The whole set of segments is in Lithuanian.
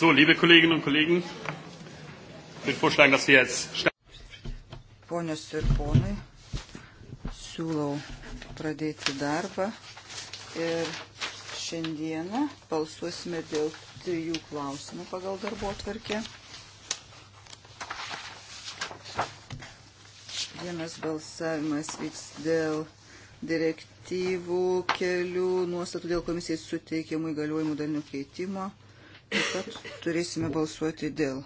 So, liebe Kolleginnen und Kollegen, ich würde vorschlagen, dass wir jetzt Ponios ir ponai, siūlau pradėti darbą ir šiandieną balsuosime dėl trijų klausimų pagal darbo atvarkę. Vienas balsavimas vyks dėl direktyvų kelių nuostatų dėl komisijai suteikiamų įgaliojimų dalinių keitimo taip pat turėsime balsuoti dėl.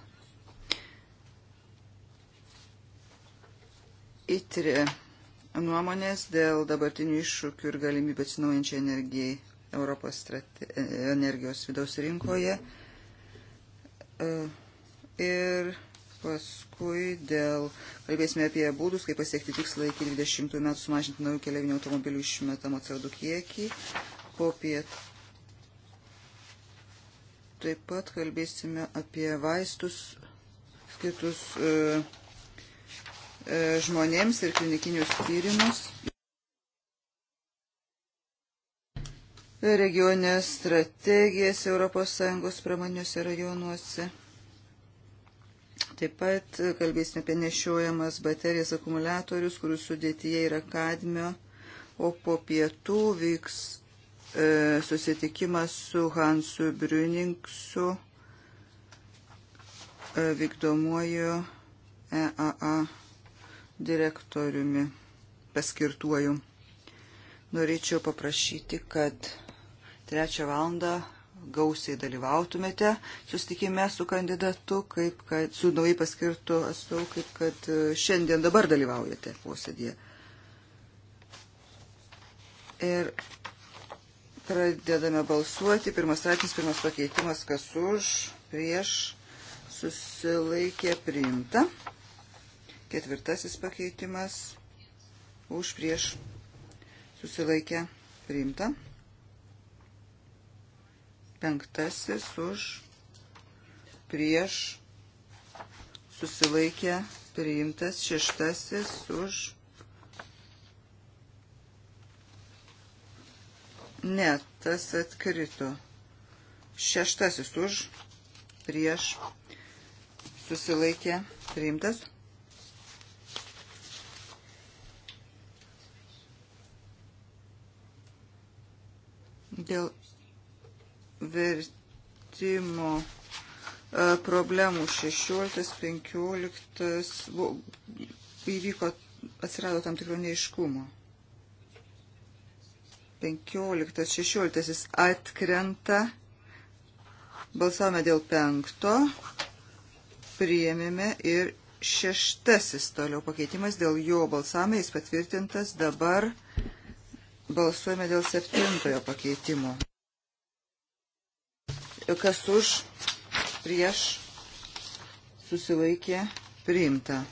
Įtrė nuomonės dėl dabartinių iššūkių ir galimybę atsinaujančiai energijai Europos strate, energijos vidaus rinkoje. E, ir paskui dėl, kalbėsime apie būdus, kaip pasiekti tikslą iki 20 metų sumažinti naujų keliavinių automobilių išmetamo CO2 kiekį. Po pietų Taip pat kalbėsime apie vaistus skirtus e, e, žmonėms ir klinikinius tyrimus. Regionės strategijas ES pramoniniuose rajonuose. Taip pat kalbėsime apie nešiojamas baterijas akumuliatorius, kurių sudėtyje yra kadmio, o po pietų vyks E, susitikimas su Hansu Brüningsu, e, vykdomuoju EAA direktoriumi paskirtuoju. Norėčiau paprašyti, kad trečią valandą gausiai dalyvautumėte susitikime su kandidatu, kaip kad su naujai paskirtu atstovu, kaip kad e, šiandien dabar dalyvaujate posėdėje. Ir Pradedame balsuoti. Pirmas straipsnis, pirmas pakeitimas, kas už, prieš, susilaikė priimta. Ketvirtasis pakeitimas, už, prieš, susilaikė priimta. Penktasis už, prieš, susilaikė priimtas. Šeštasis už, prieš Ne, tas atkrito. Šeštasis už, prieš, susilaikė, priimtas. Dėl vertimo e, problemų 16, 15 įvyko, atsirado tam tikro neiškumo. 15-16 atkrenta. Balsavome dėl penkto, priėmėme ir šeštasis toliau pakeitimas, dėl jo balsavome jis patvirtintas, dabar balsuojame dėl septintojo pakeitimo. Kas už, prieš, susilaikė, priimta.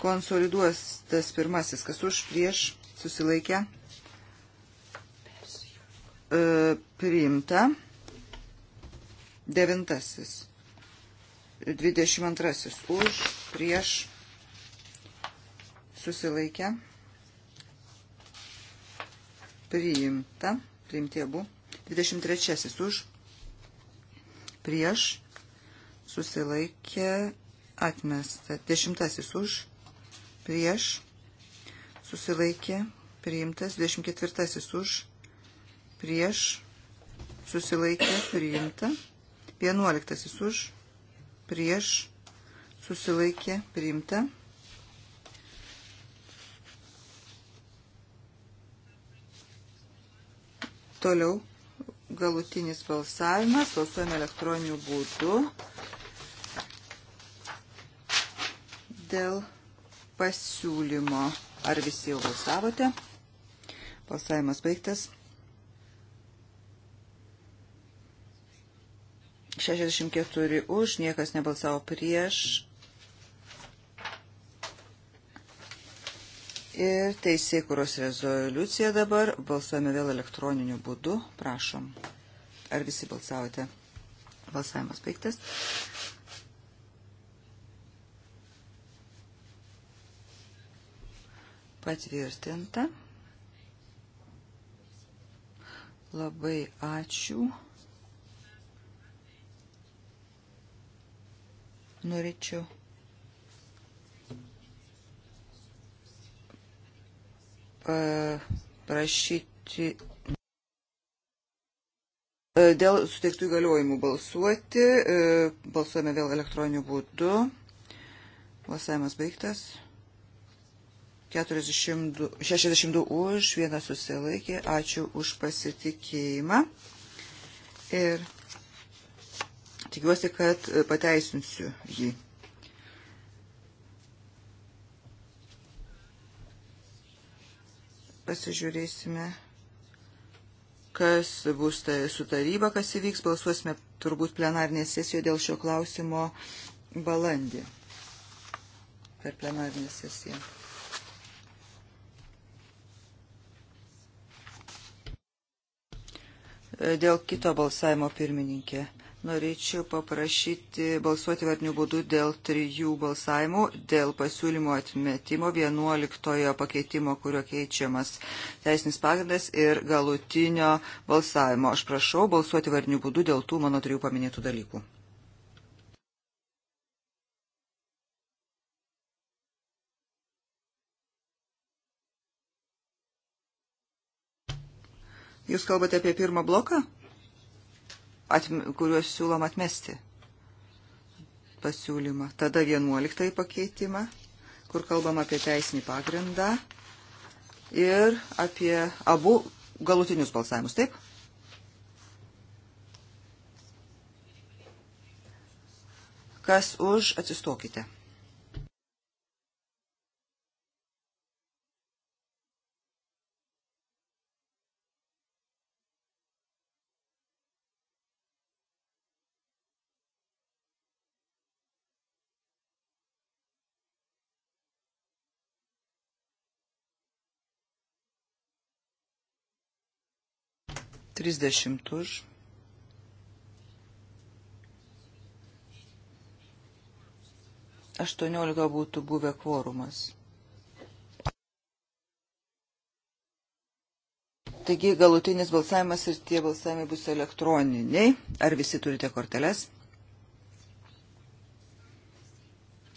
konsoliduos tas pirmasis, kas už prieš susilaikę e, priimta. Devintasis. 22. Už prieš susilaikę priimta. Priimti abu. 23. Už prieš susilaikė atmesta. Dešimtasis už prieš, susilaikė, priimtas. 24 už, prieš, susilaikė, priimta. 11 už, prieš, susilaikė, priimta. Toliau galutinis balsavimas, balsuojame elektroniniu būdu dėl pasiūlymo. Ar visi jau balsavote? Balsavimas baigtas. 64 už, niekas nebalsavo prieš. Ir teisėkuros rezoliucija dabar. Balsuojame vėl elektroniniu būdu. Prašom. Ar visi balsavote? Balsavimas baigtas. patvirtinta. Labai ačiū. Norėčiau prašyti dėl suteiktų įgaliojimų balsuoti. Balsuojame vėl elektroniniu būdu. Balsavimas baigtas. 42, 62 už, vienas susilaikė. Ačiū už pasitikėjimą. Ir tikiuosi, kad pateisinsiu jį. Pasižiūrėsime, kas bus tai su taryba, kas įvyks. Balsuosime turbūt plenarnėje sesijoje dėl šio klausimo balandį per plenarinę sesiją. Dėl kito balsavimo pirmininkė. Norėčiau paprašyti balsuoti vardinių būdų dėl trijų balsavimų, dėl pasiūlymo atmetimo, vienuoliktojo pakeitimo, kurio keičiamas teisinis pagrindas ir galutinio balsavimo. Aš prašau balsuoti vardinių būdų dėl tų mano trijų paminėtų dalykų. Jūs kalbate apie pirmą bloką, atme, kuriuos siūlom atmesti pasiūlymą. Tada vienuoliktąjį pakeitimą, kur kalbam apie teisinį pagrindą ir apie abu galutinius balsavimus, taip? Kas už atsistokite. 30 už. Aštuoniolika būtų buvę kvorumas. Taigi galutinis balsavimas ir tie balsavimai bus elektroniniai. Ar visi turite korteles?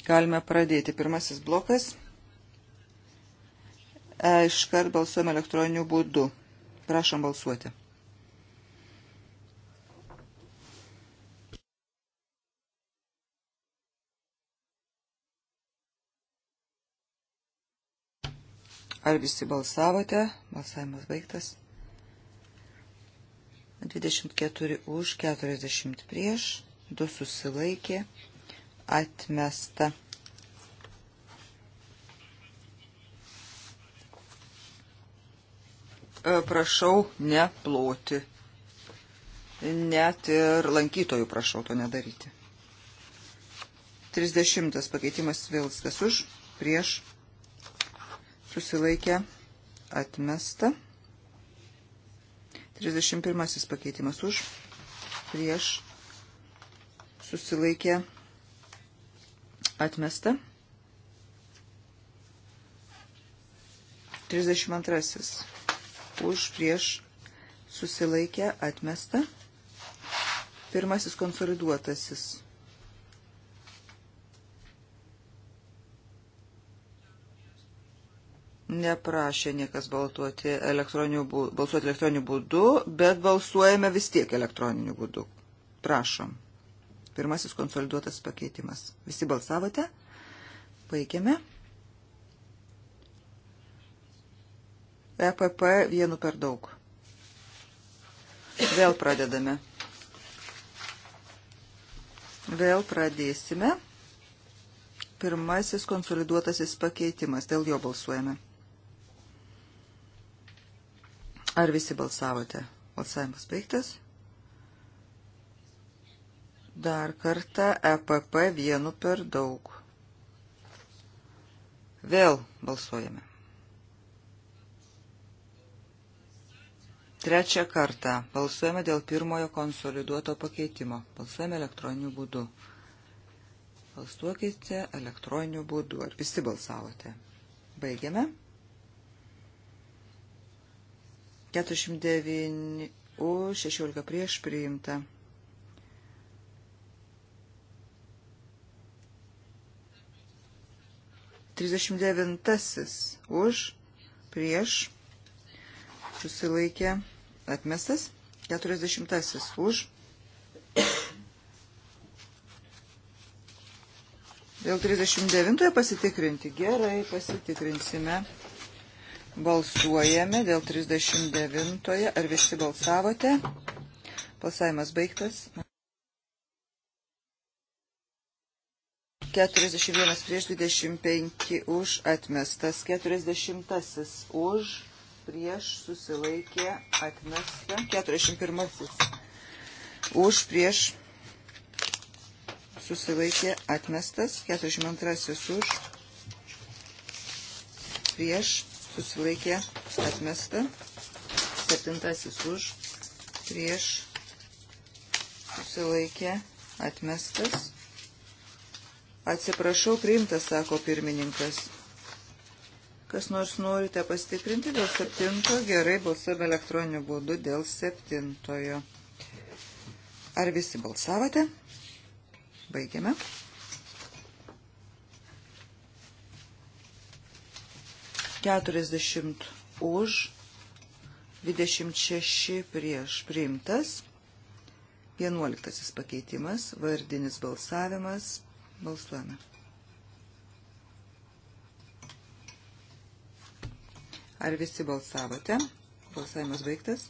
Galime pradėti. Pirmasis blokas. E, iškart balsuojame elektroniniu būdu. Prašom balsuoti. Ar visi balsavote? Balsavimas baigtas. 24 už, 40 prieš, 2 susilaikė, atmesta. E, prašau neploti. Net ir lankytojų prašau to nedaryti. 30 pakeitimas vėl viskas už, prieš, susilaikė atmesta. 31 pakeitimas už, prieš, susilaikė atmesta. 32 už, prieš, susilaikė atmesta. Pirmasis konsoliduotasis neprašė niekas balsuoti elektroniniu, balsuoti elektroniniu būdu, bet balsuojame vis tiek elektroniniu būdu. Prašom. Pirmasis konsoliduotas pakeitimas. Visi balsavote? Paikėme. EPP vienu per daug. Vėl pradedame. Vėl pradėsime. Pirmasis konsoliduotasis pakeitimas. Dėl jo balsuojame. Ar visi balsavote? Balsavimas baigtas. Dar kartą EPP vienu per daug. Vėl balsuojame. Trečią kartą balsuojame dėl pirmojo konsoliduoto pakeitimo. Balsuojame elektroniniu būdu. Balsuokite elektroniniu būdu. Ar visi balsavote? Baigiame. 49 už, 16 prieš priimta. Trisdešimt devintasis už, prieš, susilaikė, atmestas, keturiasdešimtasis už, Dėl 39 pasitikrinti. Gerai, pasitikrinsime. Balsuojame dėl 39. Ar visi balsavote? Balsavimas baigtas. 41 prieš 25 už atmestas. 40 už prieš susilaikė atmesta. 41 už prieš susilaikė atmestas. 42 už prieš susilaikė atmesta. Septintasis už prieš susilaikė atmestas. Atsiprašau, priimtas, sako pirmininkas. Kas nors norite pastikrinti dėl septinto, gerai balsuojame elektroniniu būdu dėl septintojo. Ar visi balsavote? Baigiame. 40 už, 26 prieš priimtas, 11 pakeitimas, vardinis balsavimas, balsuojame. Ar visi balsavote? Balsavimas baigtas.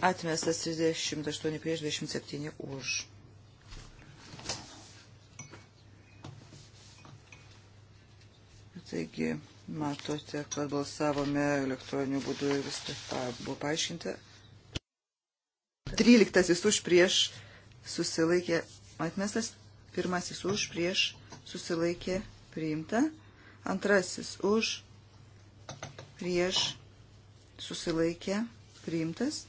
Atmestas 38 prieš 27 už. Taigi, matote, kad balsavome elektroniniu būdu ir viskas ta, buvo paaiškinta. Tryliktasis už prieš susilaikė atmestas, pirmasis už prieš susilaikė priimta, antrasis už prieš susilaikė priimtas,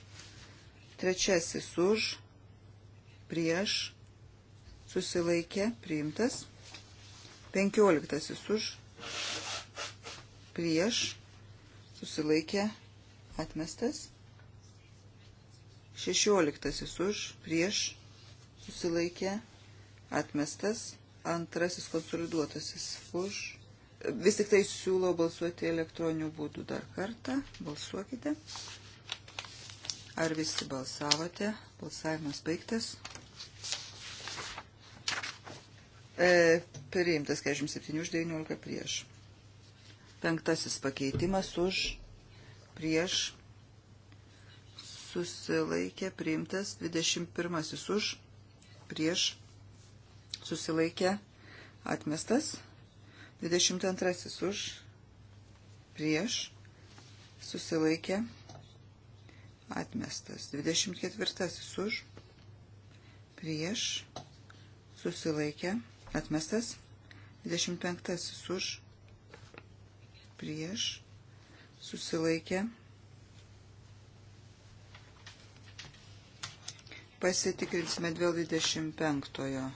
trečiasis už prieš susilaikė priimtas, penkioliktasis už prieš susilaikė atmestas. Šešioliktasis už prieš susilaikė atmestas. Antrasis konsoliduotasis už. Vis tik tai siūlau balsuoti elektroniniu būdu dar kartą. Balsuokite. Ar visi balsavote? Balsavimas baigtas. E, priimtas 47 už 19 prieš. Penktasis pakeitimas už prieš susilaikė priimtas 21 už prieš susilaikė atmestas 22 už prieš susilaikė atmestas 24 už prieš susilaikė atmestas atmestas. 25 už, prieš, susilaikė. Pasitikrinsime dėl 25-ojo.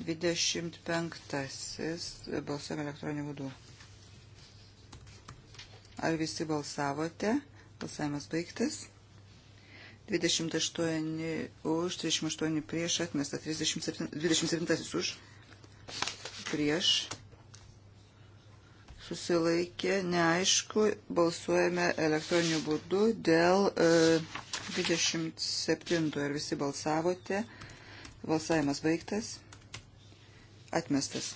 25-asis balsuojame elektroniniu būdu. Ar visi balsavote? Balsavimas baigtas. 28 už, 38 prieš, atmesta 37, 27 už, prieš, susilaikė, neaišku, balsuojame elektroniniu būdu dėl e, 27 ir visi balsavote. Balsavimas baigtas, atmestas.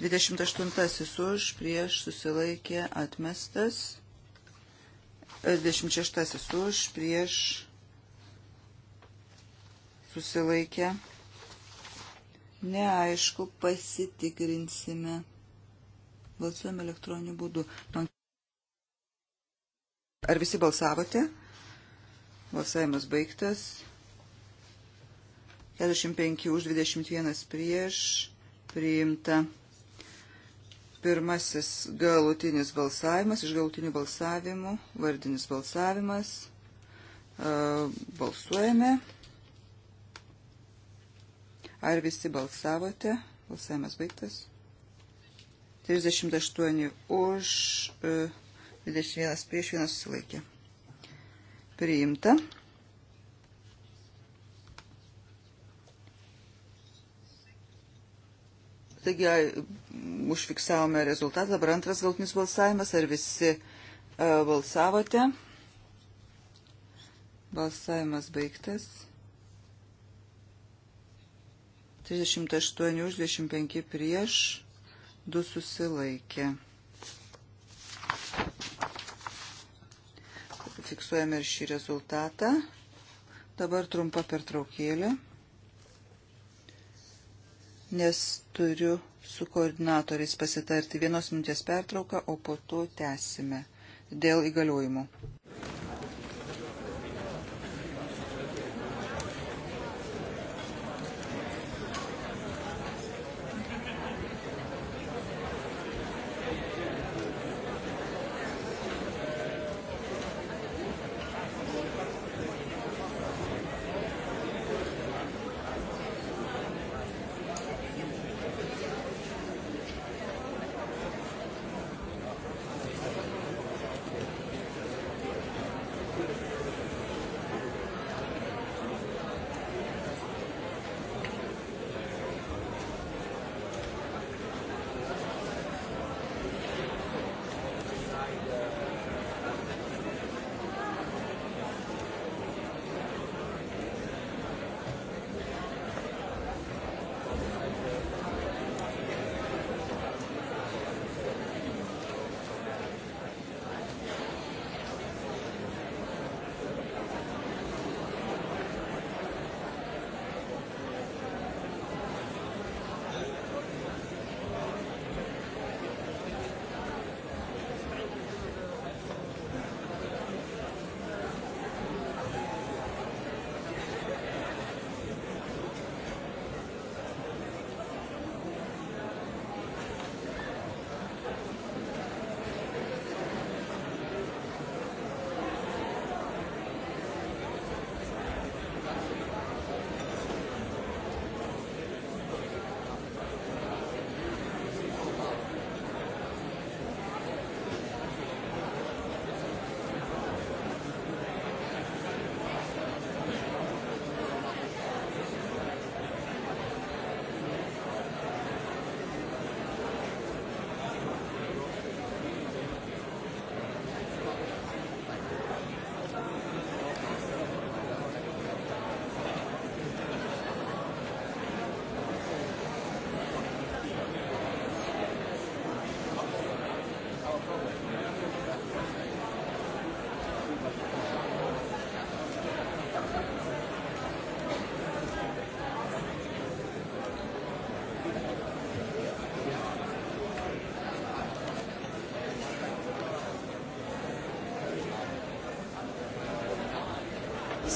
28 už, prieš, susilaikė, atmestas. 26 e, už, prieš, susilaikė, atmestas Neaišku, pasitikrinsime. Balsuojame elektroniniu būdu. Ar visi balsavote? Balsavimas baigtas. 45 už 21 prieš priimta pirmasis galutinis balsavimas, iš galutinių balsavimų, vardinis balsavimas. Balsuojame. Ar visi balsavote? Balsavimas baigtas. 38 už, 21 e, prieš, 1 susilaikė. Priimta. Taigi užfiksavome rezultatą, dabar antras galtinis balsavimas, ar visi e, balsavote. Balsavimas baigtas. 38 už 25 prieš, 2 susilaikė. Fiksuojame ir šį rezultatą. Dabar trumpa pertraukėlė, nes turiu su koordinatoriais pasitarti vienos minties pertrauką, o po to tęsime dėl įgaliojimų.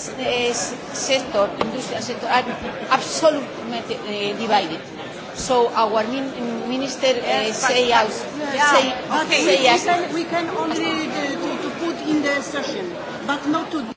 uh, sector, industrial sector, are absolutely uh, eh, divided. So our min minister uh, yes, say out, yeah. say, okay. say we, we, can, we can only uh, to, to put in the session, but not to.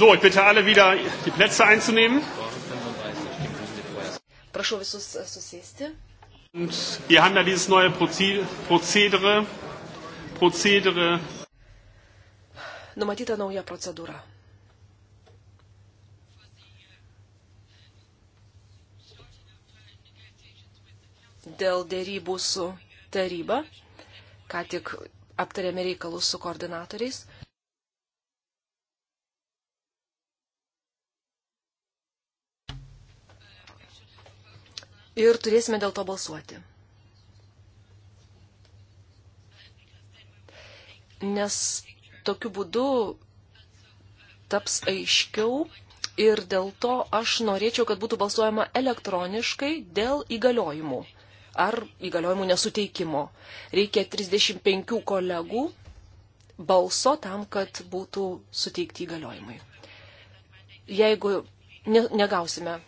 So, ich bitte alle wieder, die Plätze einzunehmen. Прошу visus äh, susėsti. Und wir haben ja dieses neue Prozedere. Prozedere. Numatyta nauja procedūra. Dėl dėrybų su taryba, ką tik aptarėme reikalus su koordinatoriais, ir turėsime dėl to balsuoti. Nes tokiu būdu taps aiškiau ir dėl to aš norėčiau, kad būtų balsuojama elektroniškai dėl įgaliojimų ar įgaliojimų nesuteikimo. Reikia 35 kolegų balso tam, kad būtų suteikti įgaliojimai. Jeigu ne, negausime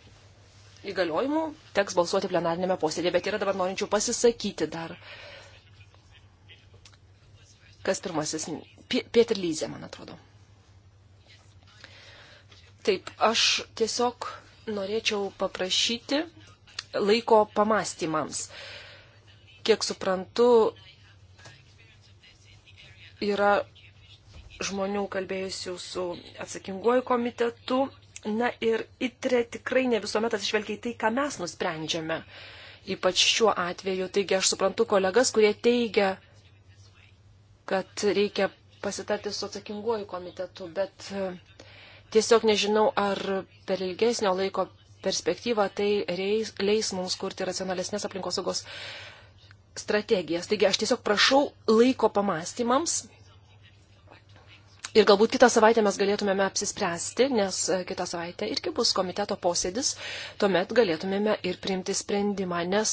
įgaliojimų teks balsuoti plenarinėme posėdėje, bet yra dabar norinčių pasisakyti dar. Kas pirmasis? Pieter Lyzė, man atrodo. Taip, aš tiesiog norėčiau paprašyti laiko pamastymams. Kiek suprantu, yra žmonių kalbėjusių su atsakinguoju komitetu Na ir itre tikrai ne visuomet atsižvelgia į tai, ką mes nusprendžiame. Ypač šiuo atveju. Taigi aš suprantu kolegas, kurie teigia, kad reikia pasitarti su atsakinguoju komitetu, bet e, tiesiog nežinau, ar per ilgesnio laiko perspektyvą tai reis, leis mums kurti racionalesnės aplinkosaugos strategijas. Taigi aš tiesiog prašau laiko pamastymams Ir galbūt kitą savaitę mes galėtumėme apsispręsti, nes e, kitą savaitę irgi bus komiteto posėdis, tuomet galėtumėme ir priimti sprendimą, nes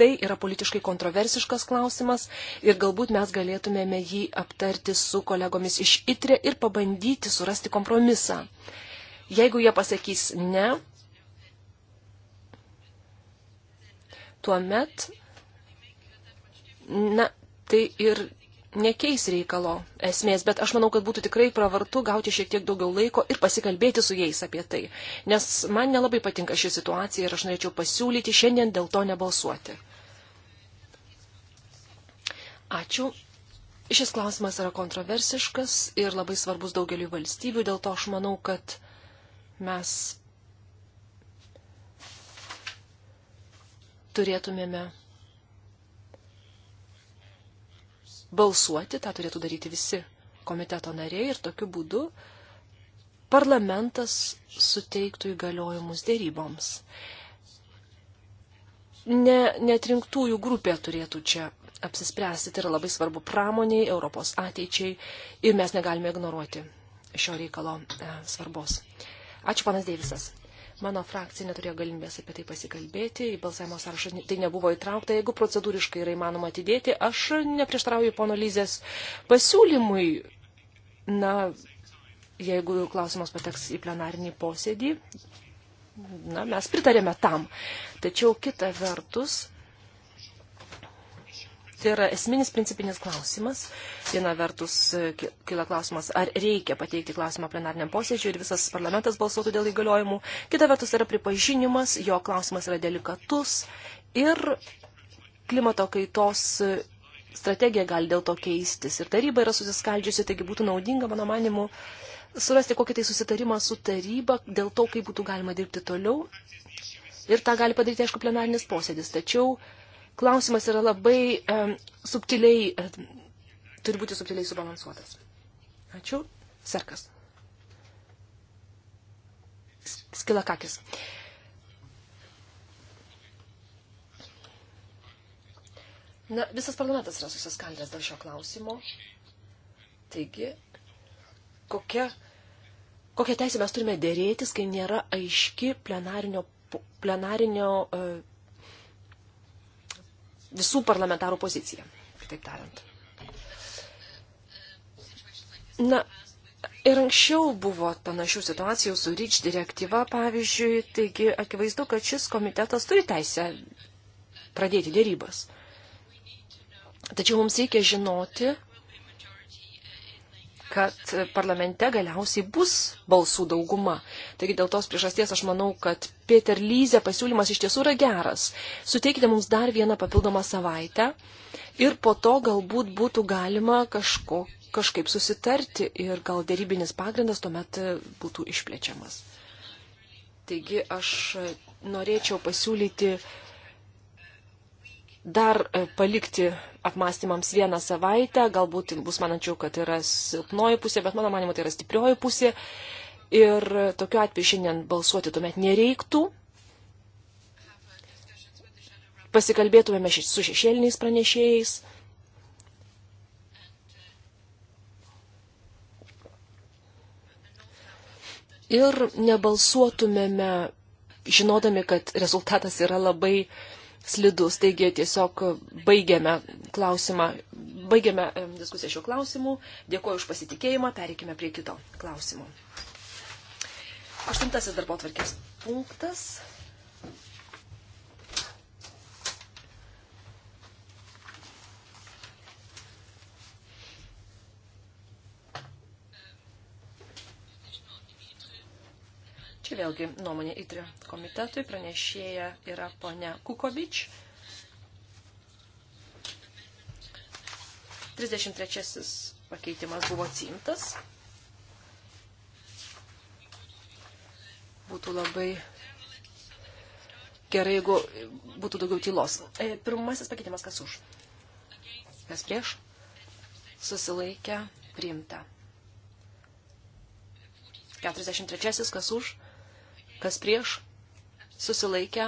tai yra politiškai kontroversiškas klausimas ir galbūt mes galėtumėme jį aptarti su kolegomis iš ITRE ir pabandyti surasti kompromisą. Jeigu jie pasakys ne, tuomet, na, tai ir nekeis reikalo esmės, bet aš manau, kad būtų tikrai pravartu gauti šiek tiek daugiau laiko ir pasikalbėti su jais apie tai. Nes man nelabai patinka ši situacija ir aš norėčiau pasiūlyti šiandien dėl to nebalsuoti. Ačiū. Šis klausimas yra kontroversiškas ir labai svarbus daugeliu valstybių, dėl to aš manau, kad mes turėtumėme balsuoti, tą turėtų daryti visi komiteto nariai ir tokiu būdu parlamentas suteiktų įgaliojimus dėryboms. Ne, netrinktųjų grupė turėtų čia apsispręsti, tai yra labai svarbu pramoniai, Europos ateičiai ir mes negalime ignoruoti šio reikalo e, svarbos. Ačiū, panas Deivisas. Mano frakcija neturėjo galimybės apie tai pasikalbėti, į balsavimo sąrašą tai nebuvo įtraukta. Jeigu procedūriškai yra įmanoma atidėti, aš neprieštarauju pono Lyzės pasiūlymui. Na, jeigu klausimas pateks į plenarinį posėdį, na, mes pritarėme tam. Tačiau kita vertus, Tai yra esminis principinis klausimas. Viena vertus e, kyla klausimas, ar reikia pateikti klausimą plenariniam posėdžiui ir visas parlamentas balsuotų dėl įgaliojimų. Kita vertus yra pripažinimas, jo klausimas yra delikatus ir klimato kaitos e, strategija gali dėl to keistis. Ir taryba yra susiskaldžiusi, taigi būtų naudinga, mano manimu, surasti kokį tai susitarimą su taryba dėl to, kaip būtų galima dirbti toliau. Ir tą gali padaryti, aišku, plenarinis posėdis. Tačiau klausimas yra labai um, subtiliai, um, turi būti subtiliai subalansuotas. Ačiū. Serkas. Skilakakis. Na, visas parlamentas yra susiskaldęs dėl šio klausimo. Taigi, kokia, kokią teisę mes turime dėrėtis, kai nėra aiški plenarinio, plenarinio uh, visų parlamentarų poziciją, kitaip tariant. Na, ir anksčiau buvo panašių situacijų su REACH direktyva, pavyzdžiui, taigi akivaizdu, kad šis komitetas turi teisę pradėti dėrybas. Tačiau mums reikia žinoti, kad parlamente galiausiai bus balsų dauguma. Taigi dėl tos priežasties aš manau, kad Peter Lyze pasiūlymas iš tiesų yra geras. Suteikite mums dar vieną papildomą savaitę ir po to galbūt būtų galima kažko, kažkaip susitarti ir gal dėrybinis pagrindas tuomet e, būtų išplečiamas. Taigi aš norėčiau pasiūlyti dar e, palikti apmąstymams vieną savaitę, galbūt bus manančių, kad yra silpnoji pusė, bet mano manimo tai yra stiprioji pusė. Ir tokiu atveju šiandien balsuoti tuomet nereiktų. Pasikalbėtumėme su šešėliniais pranešėjais. Ir nebalsuotumėme žinodami, kad rezultatas yra labai uh, slidus. Taigi tiesiog baigiame klausimą, baigiame diskusiją šiuo klausimu. Dėkuoju už pasitikėjimą, pereikime prie kito klausimo. Aštuntasis darbo tvarkės punktas. Čia vėlgi nuomonė įtrio komitetui pranešėja yra ponia Kukovič. 33 pakeitimas buvo atsimtas. Būtų labai gerai, jeigu būtų daugiau tylos. E, pirmasis pakeitimas, kas už? Kas prieš? Susilaikę, priimta. 43. Kas už? Kas prieš? Susilaikę?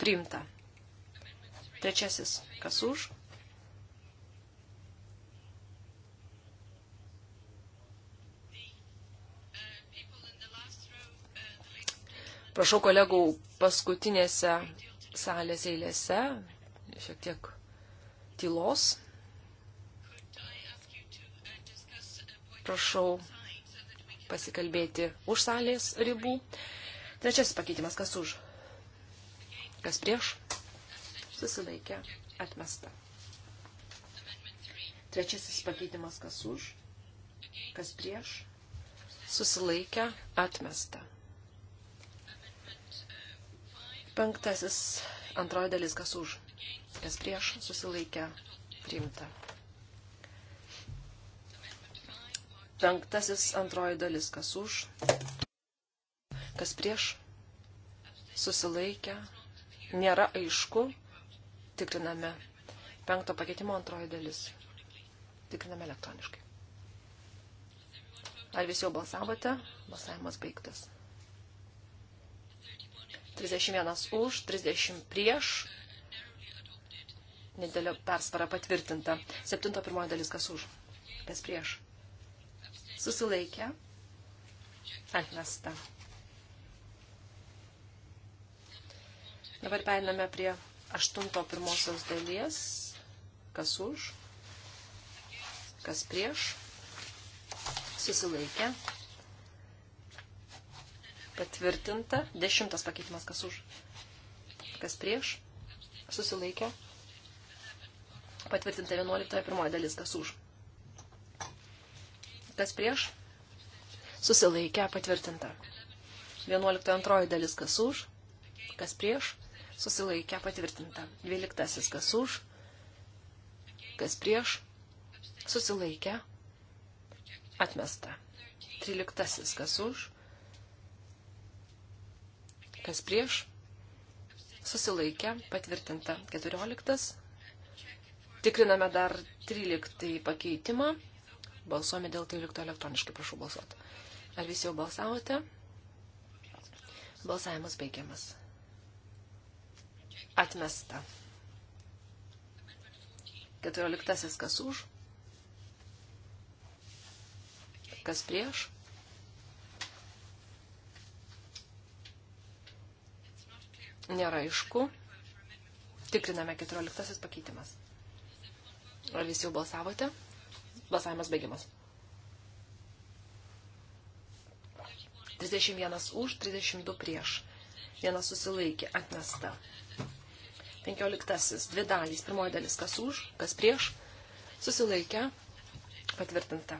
Priimta. Trečiasis. Kas už? Prašau kolegų paskutinėse salės eilėse, šiek tiek tylos. Prašau pasikalbėti už salės ribų. Trečiasis pakeitimas, kas už, kas prieš, susilaikė, atmesta. Trečiasis pakeitimas, kas už, kas prieš, susilaikė, atmesta. Penktasis, antroji dalis, kas už, kas prieš, susilaikė, priimta. Penktasis antroji dalis, kas už, kas prieš, susilaikę, nėra aišku, tikriname. Penkto pakeitimo antroji dalis. Tikriname elektroniškai. Ar visi jau balsavote? Balsavimas baigtas. 31 už, 30 prieš. Nedėlio persvara patvirtinta. 7 pirmoji dalis kas už, kas prieš. Susilaikę. Atmesta. Dabar periname prie aštunto pirmosios dalies. Kas už, kas prieš, susilaikė, patvirtinta. Dešimtas pakeitimas, kas už, kas prieš, susilaikė, patvirtinta vienuoliktoje pirmoji dalis, kas už, kas prieš, susilaikė, patvirtinta. Vienuoliktoje antroji dalis, kas už, kas prieš, susilaikę patvirtinta. 12 kas už, kas prieš, susilaikę atmesta. 13 kas už, kas prieš, susilaikę patvirtinta. 14 tikriname dar 13 pakeitimą. Balsuome dėl 13 elektroniškai, prašau balsuoti. Ar visi jau balsavote? Balsavimas baigiamas. Atmesta. Keturioliktasis kas už. Kas prieš. Nėra aišku. Tikriname keturioliktasis pakeitimas. Ar visi jau balsavote? Balsavimas baigiamas. 31 už, 32 prieš. Vienas susilaikė, atmesta. 15. Dvi dalys. Pirmoji dalis kas už, kas prieš. Susilaikę. Patvirtinta.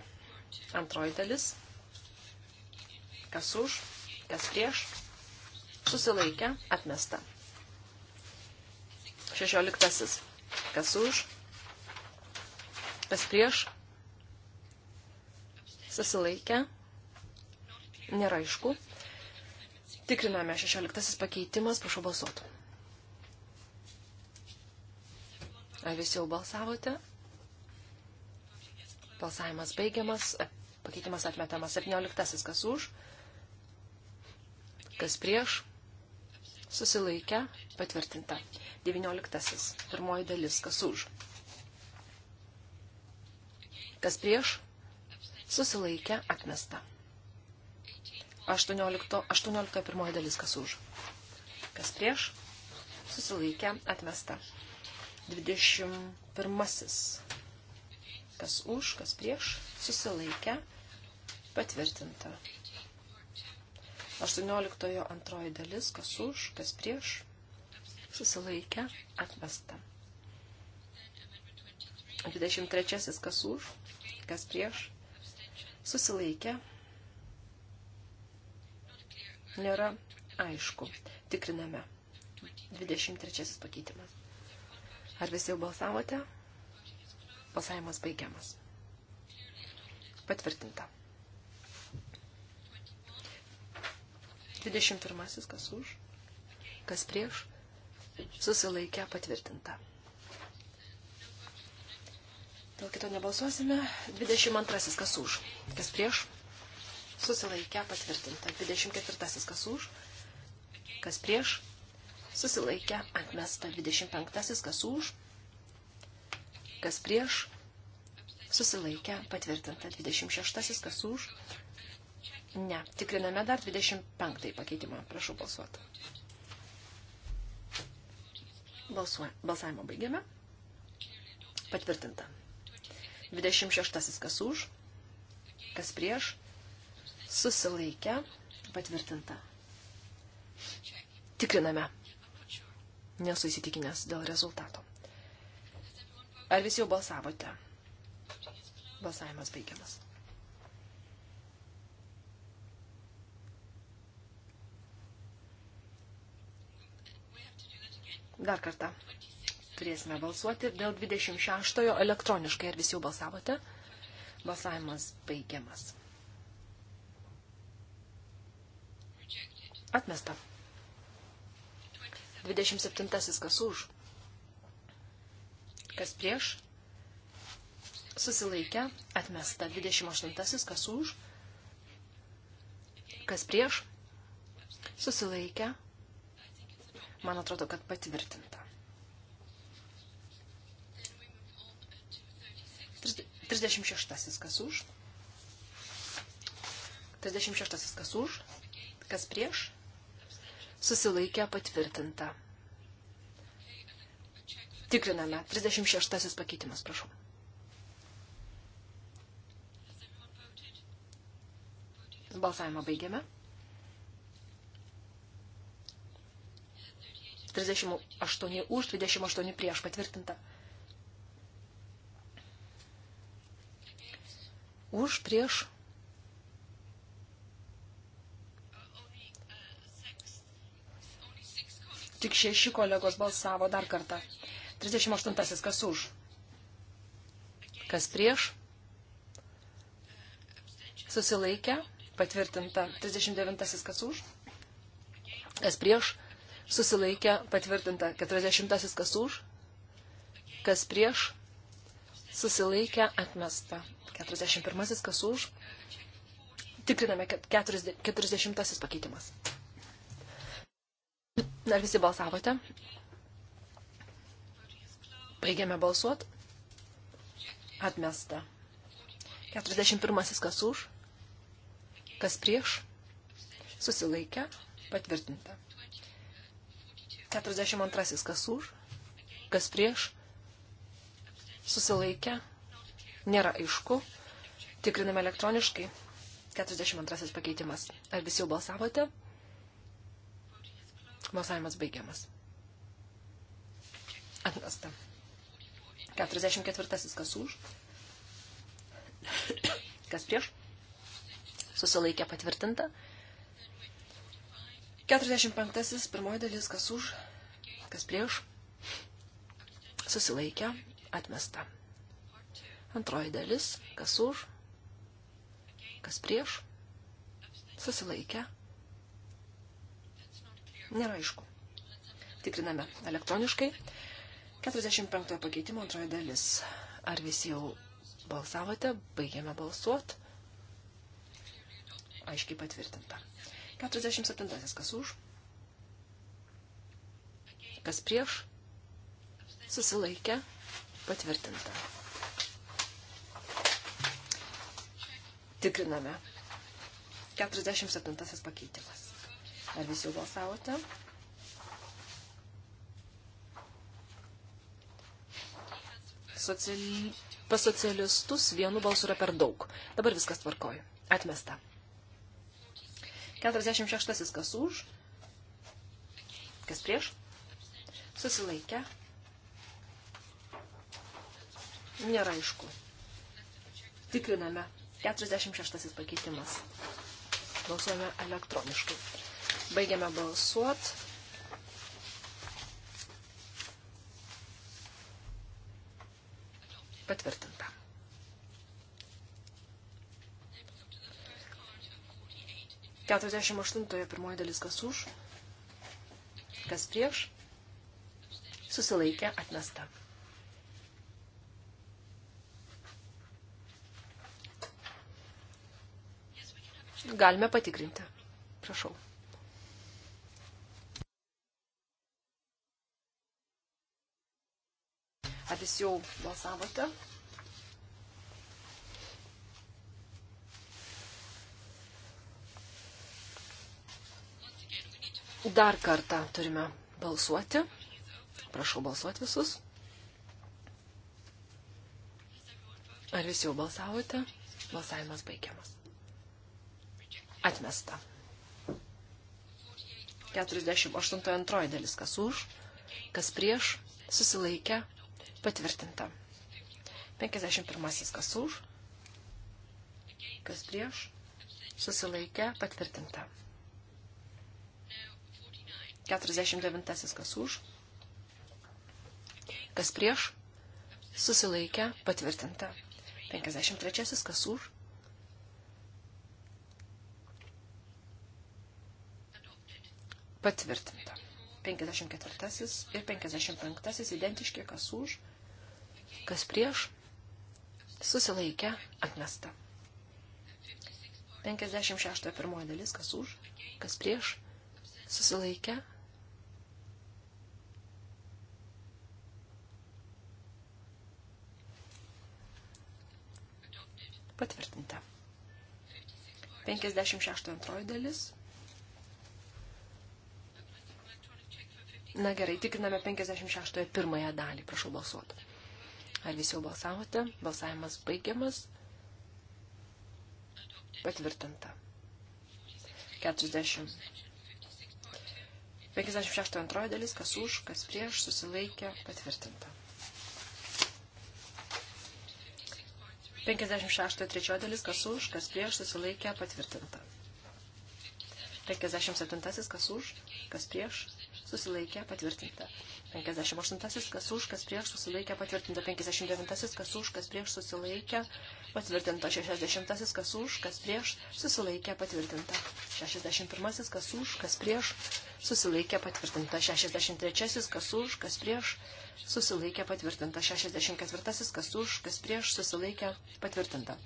Antroji dalis. Kas už, kas prieš. Susilaikę. Atmesta. 16. Kas už, kas prieš. Susilaikę. Nėra aišku. Tikriname 16 pakeitimas, prašau balsuoti. Ar visi jau balsavote? Balsavimas baigiamas, pakeitimas atmetamas 17. Kas už? Kas prieš? Susilaikę, patvirtinta. 19. Pirmoji dalis. Kas už? Kas prieš? Susilaikę, atmesta. 18. 18. Pirmoji dalis. Kas už? Kas prieš? Susilaikę, atmesta. 21. Kas už, kas prieš, susilaikę, patvirtinta. 18. antroji dalis, kas už, kas prieš, susilaikę, atmesta. 23. kas už, kas prieš, susilaikę, nėra aišku. Tikriname. 23. pakeitimas. Ar visi jau balsavote? Balsavimas baigiamas. Patvirtinta. 21. Kas už? Kas prieš? Susilaikę patvirtinta. Dėl kito nebalsuosime. 22. Kas už? Kas prieš? Susilaikę patvirtinta. 24. Kas už? Kas prieš? susilaikė atmesta 25, kas už, kas prieš, susilaikė patvirtinta 26, kas už. Ne, tikriname dar 25 pakeitimą, prašau balsuoti. Balsuoja. Balsavimo baigiame. Patvirtinta. 26 kas už, kas prieš, susilaikę, patvirtinta. Tikriname nesu įsitikinęs dėl rezultato. Ar visi jau balsavote? Balsavimas baigiamas. Dar kartą. Turėsime balsuoti dėl 26-ojo elektroniškai. Ar visi jau balsavote? Balsavimas baigiamas. Atmesta. 27. Kas už? Kas prieš? Susilaikę. Atmesta. 28. Kas už? Kas prieš? Susilaikę. Man atrodo, kad patvirtinta. 36. Kas už? 36. Kas už? Kas prieš? susilaikė patvirtinta. Tikriname. 36 pakeitimas, prašau. Balsavimą baigiame. 38 už, 28 prieš patvirtinta. Už, prieš Tik šeši kolegos balsavo dar kartą. 38. Kas už? Kas prieš? Susilaikę. Patvirtinta. 39. Kas už? Kas prieš? Susilaikę. Patvirtinta. 40. Kas už? Kas prieš? Susilaikę. Atmesta. 41. Kas už? Tikriname 40 pakeitimas. Ar visi balsavote? Baigėme balsuot. Atmesta. 41. Kas už? Kas prieš? Susilaikę. Patvirtinta. 42. Kas už? Kas prieš? Susilaikę. Nėra aišku. Tikriname elektroniškai. 42. pakeitimas. Ar visi jau balsavote? Balsavimas baigiamas. Atmesta. 44. Kas už? Kas prieš? Susilaikė patvirtinta. 45. Pirmoji dalis. Kas už? Kas prieš? Susilaikė atmesta. Antroji dalis. Kas už? Kas prieš? Susilaikė Nėra aišku. Tikriname elektroniškai. 45 pakeitimo antroji dalis. Ar visi jau balsavote? Baigėme balsuot. Aiškiai patvirtinta. 47. Kas už? Kas prieš? Susilaikę. Patvirtinta. Tikriname. 47 pakeitimas. Ar visi jau balsavote? Sociali... Pas socialistus vienu balsu yra per daug. Dabar viskas tvarkoju. Atmesta. 46 kas už, kas prieš, susilaikę, nėra aišku. Tikriname 46 pakeitimas. Balsuojame elektroniškai. Baigiame balsuot. Patvirtinta. Keturiasdešimt aštuntojo pirmoji dalis kas už, kas prieš, susilaikė atmesta. Galime patikrinti. Prašau. Ar visi jau balsavote? Dar kartą turime balsuoti. Prašau balsuoti visus. Ar visi jau balsavote? Balsavimas baigiamas. Atmesta. 48 dalis kas už, kas prieš, susilaikę, Patvirtinta. 51 kas už, kas prieš, susilaikę, patvirtinta. 49 kas už, kas prieš, susilaikę, patvirtinta. 53 kas už, patvirtinta. 54 ir 55 identiški, kas už, kas prieš, susilaikę, atmesta. 56 pirmoji dalis, kas už, kas prieš, susilaikę. Patvirtinta. 56 antroji dalis, Na gerai, tikriname 56 pirmąją dalį. Prašau balsuoti. Ar visi jau balsavote? Balsavimas baigiamas. Patvirtinta. 40. 56 antroji dalis, kas už, kas prieš, susilaikė, patvirtinta. 56 trečioji dalis, kas už, kas prieš, susilaikė, patvirtinta. 57 kas už, kas prieš, susilaikė patvirtinta. 58. Kas už, kas prieš susilaikė patvirtinta. 59. Kas už, kas prieš susilaikė patvirtinta. 60. Kas už, kas prieš susilaikė patvirtinta. 61. Kas už, kas prieš susilaikė patvirtinta. 63. Kas už, kas prieš susilaikė patvirtinta. 64. Kas už, kas prieš susilaikė patvirtinta.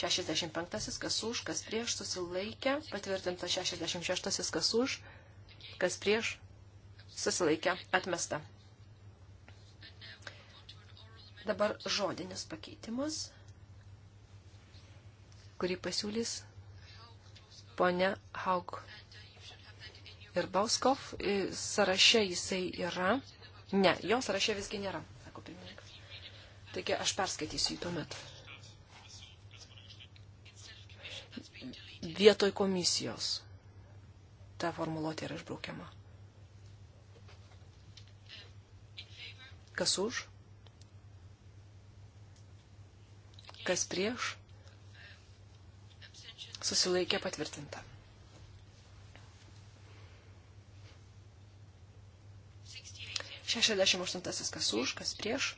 65. Kas už, kas prieš susilaikė patvirtinta. 66. Kas už, kas prieš susilaikė atmesta. Dabar žodinis pakeitimas, kurį pasiūlys ponia Haug ir Bauskov. Saraše jisai yra. Ne, jo saraše visgi nėra, sako pirmininkas. Taigi aš perskaitysiu jį tuomet. Vietoj komisijos ta formuluotė yra išbraukiama. Kas už? Kas prieš? Susilaikė patvirtinta. 68 kas už, kas prieš,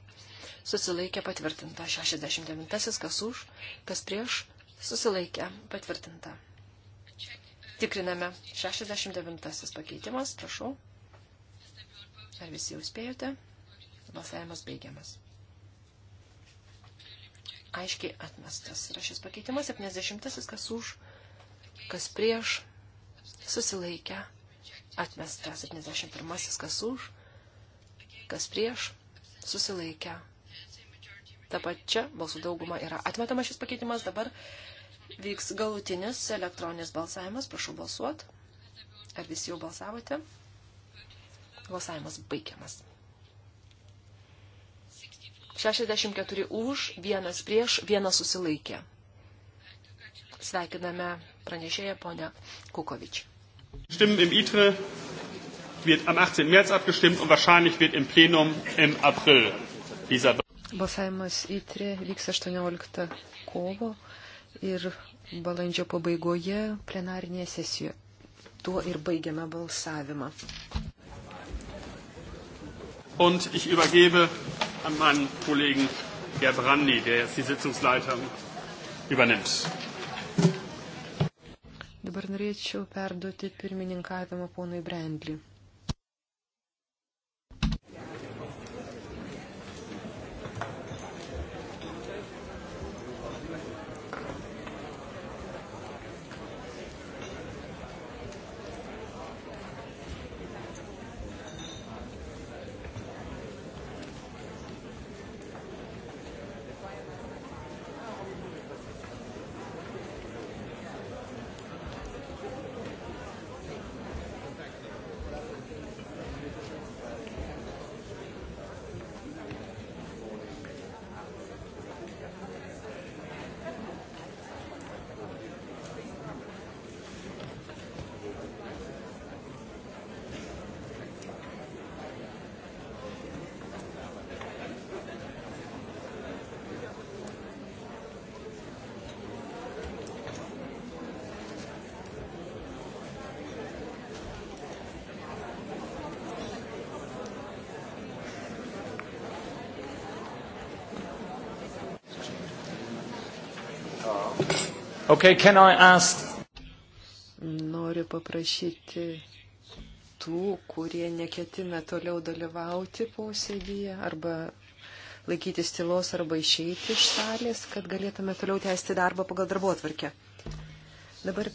susilaikė patvirtinta. 69 kas už, kas prieš, susilaikė patvirtinta. Tikriname 69 pakeitimas, prašau. Ar visi jau spėjote? Balsavimas baigiamas. Aiškiai atmestas yra šis pakeitimas. 70. Kas už, kas prieš, susilaikę, atmestas. 71. Kas už, kas prieš, susilaikę. Ta pačia balsų dauguma yra atmetamas šis pakeitimas. Dabar vyks galutinis elektroninis balsavimas. Prašau balsuot. Ar visi jau balsavote? Balsavimas baigiamas. 64 už, vienas prieš, vienas susilaikė. Sveikiname pranešėją ponę Kukovič. Stimmen im ITRE wird am 18. März abgestimmt und wahrscheinlich wird im Plenum im April dieser. Balsavimas ITRE vyks 18 kovo ir balandžio pabaigoje plenarinėje sesijoje. Tuo ir baigiame balsavimą. Und ich übergebe an meinen Kollegen Gerbrandi, der jetzt die Sitzungsleitung übernimmt. Dabar norėčiau perduoti pirmininkavimą ponui Brendliui. Okay, can I ask? Noriu paprašyti tų, kurie neketina toliau dalyvauti posėdyje arba laikytis tylos arba išeiti iš salės, kad galėtume toliau tęsti darbą pagal darbo atvarkę. Dabar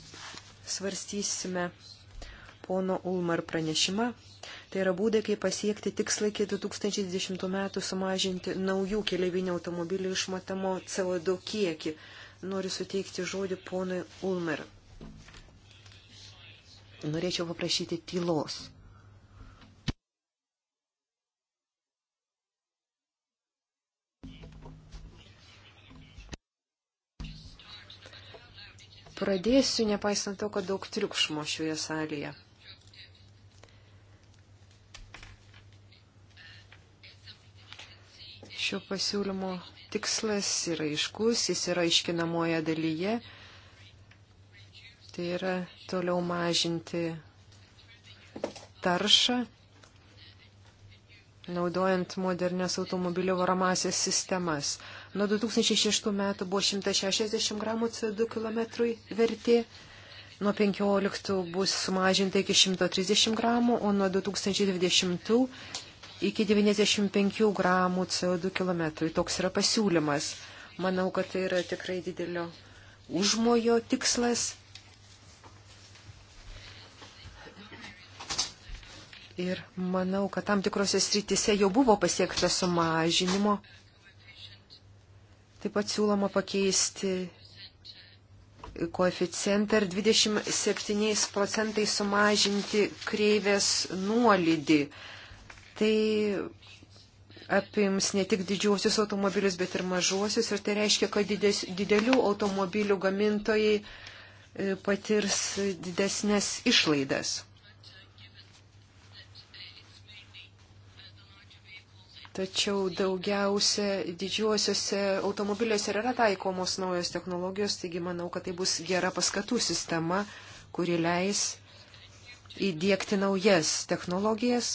svarstysime pono Ulmar pranešimą. Tai yra būdai, kaip pasiekti tikslai iki 2010 metų sumažinti naujų keliavinių automobilių išmatamo CO2 kiekį noriu suteikti žodį ponui Ulmer. Norėčiau paprašyti tylos. Pradėsiu, nepaisant to, kad daug triukšmo šioje salėje. Šio pasiūlymo tikslas yra iškus, jis yra iškinamoje dalyje. Tai yra toliau mažinti taršą, naudojant modernės automobilio varomasias sistemas. Nuo 2006 metų buvo 160 gramų CO2 km vertė, nuo 15 bus sumažinta iki 130 gramų, o nuo 2020 iki 95 gramų CO2 kilometrui. Toks yra pasiūlymas. Manau, kad tai yra tikrai didelio užmojo tikslas. Ir manau, kad tam tikrose srityse jau buvo pasiekta sumažinimo. Taip pat siūloma pakeisti koeficientą ir 27 procentai sumažinti kreivės nuolydį tai apims ne tik didžiuosius automobilius, bet ir mažuosius. Ir tai reiškia, kad dides, didelių automobilių gamintojai e, patirs didesnės išlaidas. Tačiau daugiausia didžiuosiuose automobiliuose yra taikomos naujos technologijos, taigi manau, kad tai bus gera paskatų sistema, kuri leis įdėkti naujas technologijas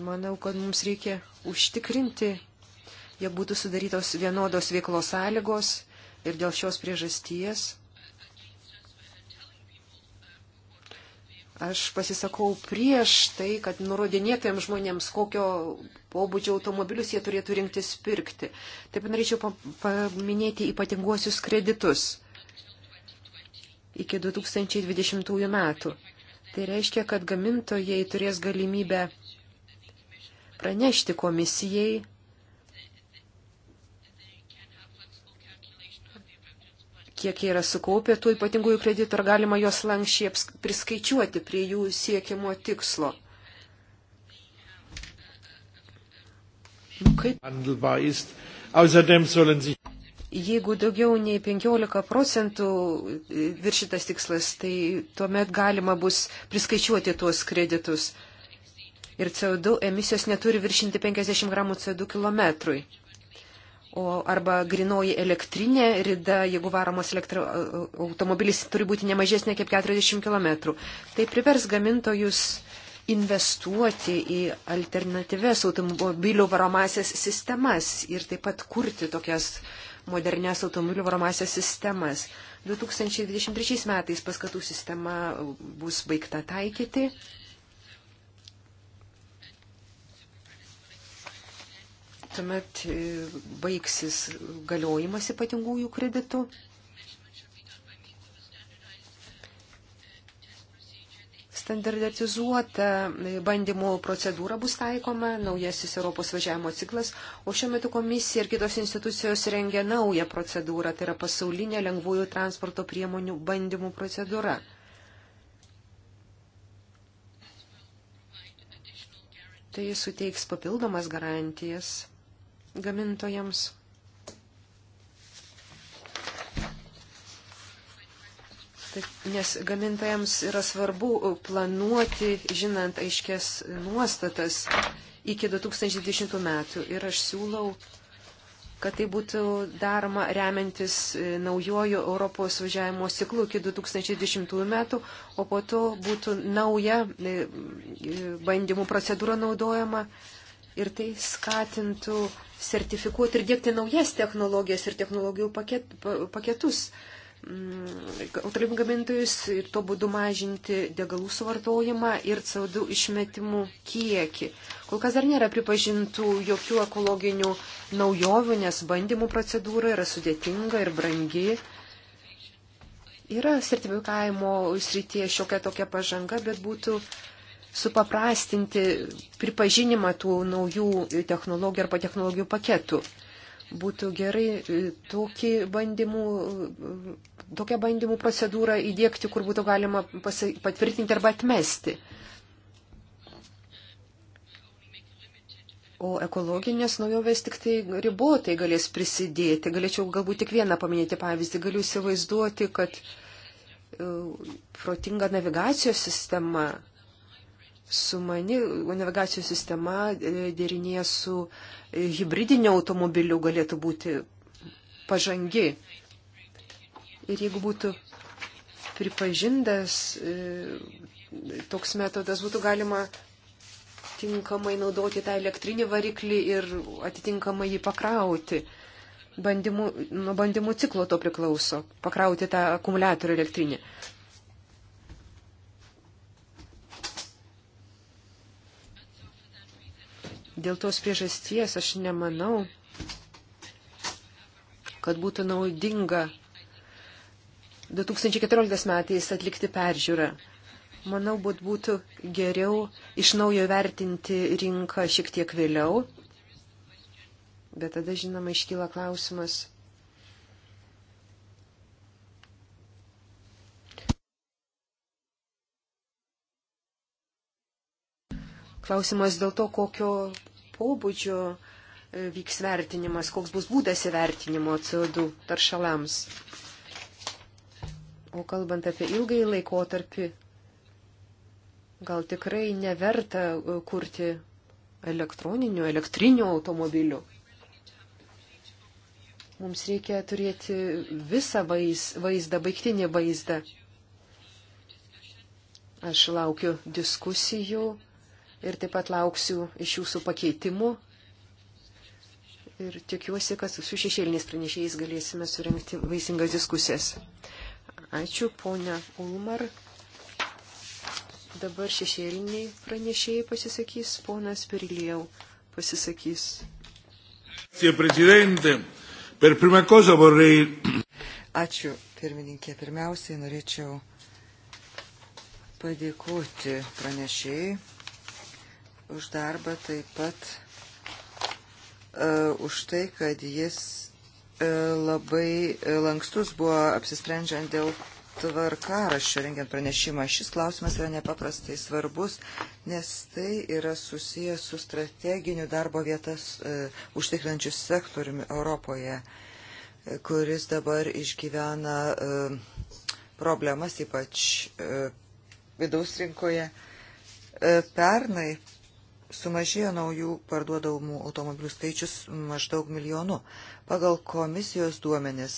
Manau, kad mums reikia užtikrinti, jog būtų sudarytos vienodos veiklos sąlygos ir dėl šios priežasties aš pasisakau prieš tai, kad nurodinėtėm žmonėms, kokio pobūdžio automobilius jie turėtų rinktis pirkti. Taip norėčiau paminėti ypatinguosius kreditus iki 2020 metų. Tai reiškia, kad gamintojai turės galimybę pranešti komisijai, kiek jie yra sukaupę tų ypatingųjų kreditų, ar galima juos lankščiai priskaičiuoti prie jų siekiamo tikslo. Nu, kaip? Jeigu daugiau nei 15 procentų viršitas tikslas, tai tuomet galima bus priskaičiuoti tuos kreditus ir CO2 emisijos neturi viršinti 50 gramų CO2 kilometrui. O arba grinoji elektrinė rida, jeigu varomas elektro, automobilis turi būti nemažesnė kaip 40 km. Tai privers gamintojus investuoti į alternatyves automobilių varomasias sistemas ir taip pat kurti tokias modernės automobilių varomasias sistemas. 2023 metais paskatų sistema bus baigta taikyti tuomet e, baigsis galiojimas ypatingųjų kreditų. Standardizuota e, bandymų procedūra bus taikoma, naujasis Europos važiavimo ciklas, o šiuo metu komisija ir kitos institucijos rengia naują procedūrą, tai yra pasaulinė lengvųjų transporto priemonių bandymų procedūra. tai suteiks papildomas garantijas gamintojams. Taip, nes gamintojams yra svarbu planuoti, žinant aiškės nuostatas iki 2020 metų. Ir aš siūlau, kad tai būtų daroma remiantis e, naujojo Europos važiavimo ciklu iki 2010 metų, o po to būtų nauja e, e, bandymų procedūra naudojama ir tai skatintų sertifikuoti ir dėkti naujas technologijas ir technologijų paket, paketus mm, automobilių gamintojus ir tuo būdu mažinti degalų suvartojimą ir CO2 išmetimų kiekį. Kol kas dar nėra pripažintų jokių ekologinių naujovių, nes bandymų procedūra yra sudėtinga ir brangi. Yra sertifikavimo srityje šiokia tokia pažanga, bet būtų uh, supaprastinti pripažinimą tų naujų technologijų arba technologijų paketų. Būtų gerai e, tokį bandymų, e, tokią bandymų procedūrą įdėkti, kur būtų galima patvirtinti arba atmesti. O ekologinės naujovės tik tai ribotai galės prisidėti. Galėčiau galbūt tik vieną paminėti pavyzdį. Galiu įsivaizduoti, kad e, protinga navigacijos sistema sumani navigacijos sistema e, dėrinė su e, hybridiniu automobiliu galėtų būti pažangi. Ir jeigu būtų pripažintas e, toks metodas, būtų galima tinkamai naudoti tą elektrinį variklį ir atitinkamai jį pakrauti. Bandymų, nuo bandymų ciklo to priklauso, pakrauti tą akumuliatorių elektrinį. Dėl tos priežasties aš nemanau, kad būtų naudinga 2014 metais atlikti peržiūrą. Manau, būt būtų geriau iš naujo vertinti rinką šiek tiek vėliau, bet tada, žinoma, iškyla klausimas. Klausimas dėl to, kokio pobūdžio e, vyks vertinimas, koks bus būdas įvertinimo CO2 taršalams. O kalbant apie ilgai laikotarpį, gal tikrai neverta e, kurti elektroninių, elektrinių automobilių. Mums reikia turėti visą vaizdą, baigtinį vaizdą. Aš laukiu diskusijų ir taip pat lauksiu iš jūsų pakeitimų. Ir tikiuosi, kad su šešėliniais pranešėjais galėsime surenkti vaisingas diskusijas. Ačiū, ponia Ulmar. Dabar šešėliniai pranešėjai pasisakys, ponas Perilijau pasisakys. Ačiū, pirmininkė. Pirmiausiai norėčiau padėkoti pranešėjai už darbą, taip pat uh, už tai, kad jis uh, labai lankstus buvo apsisprendžiant dėl tvarkaraščio rengiant pranešimą. Šis klausimas yra nepaprastai svarbus, nes tai yra susijęs su strateginiu darbo vietas uh, e, užtikrančiu sektoriumi Europoje, uh, kuris dabar išgyvena uh, problemas, ypač uh, vidaus rinkoje. Uh, pernai Sumažėjo naujų parduodamų automobilių skaičius maždaug milijonu. Pagal komisijos duomenis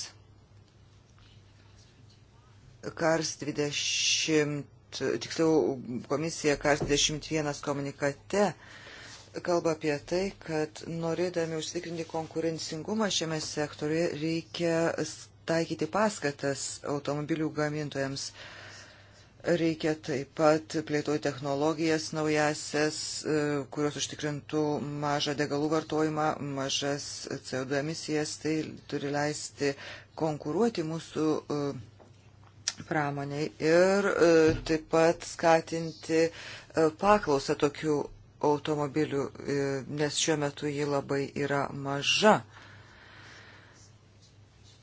Kars 20, tiksliau komisija Kars 21 komunikate kalba apie tai, kad norėdami užtikrinti konkurencingumą šiame sektoriuje reikia taikyti paskatas automobilių gamintojams. Reikia taip pat plėtoti technologijas naujasias, e, kurios užtikrintų mažą degalų vartojimą, mažas CO2 emisijas, tai turi leisti konkuruoti mūsų e, pramoniai ir e, taip pat skatinti paklausą tokių automobilių, nes šiuo metu ji labai yra maža.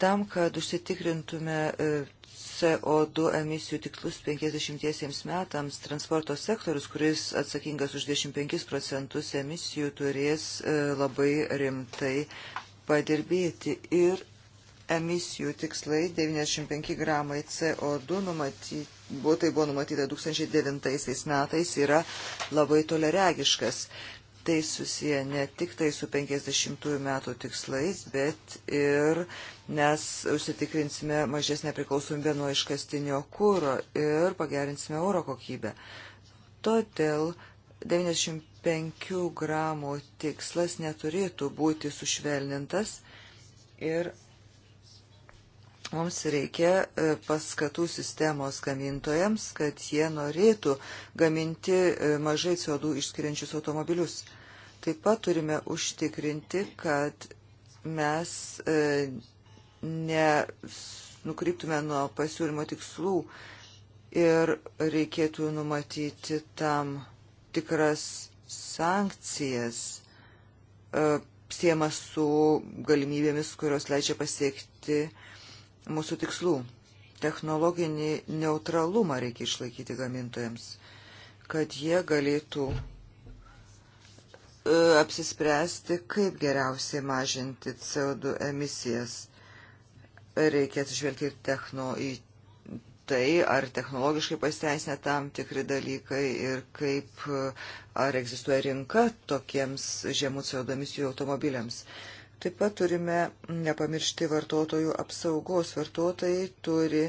Tam, kad užsitikrintume CO2 emisijų tikslus 50 metams, transporto sektorius, kuris atsakingas už 25 procentus emisijų, turės e, labai rimtai padirbėti. Ir emisijų tikslai 95 gramai CO2 numatyti. Buvo, tai buvo numatyta 2009 metais, yra labai toleregiškas tai susiję ne tik tai su 50 metų tikslais, bet ir mes užsitikrinsime mažesnę priklausomybę nuo iškastinio kūro ir pagerinsime oro kokybę. Todėl 95 gramų tikslas neturėtų būti sušvelnintas ir Mums reikia e, paskatų sistemos gamintojams, kad jie norėtų gaminti e, mažai CO2 išskiriančius automobilius. Taip pat turime užtikrinti, kad mes e, nenukryptume nuo pasiūlymo tikslų ir reikėtų numatyti tam tikras sankcijas siemas su galimybėmis, kurios leidžia pasiekti uh, mūsų tikslų. Technologinį neutralumą reikia išlaikyti gamintojams, kad jie galėtų e, apsispręsti, kaip geriausiai mažinti CO2 emisijas. Reikia atsižvelgti techno į tai, ar technologiškai pasiteisina tam tikri dalykai ir kaip, e, ar egzistuoja rinka tokiems žemų CO2 emisijų automobiliams. Uh, Taip pat turime nepamiršti vartotojų apsaugos. Vartotojai turi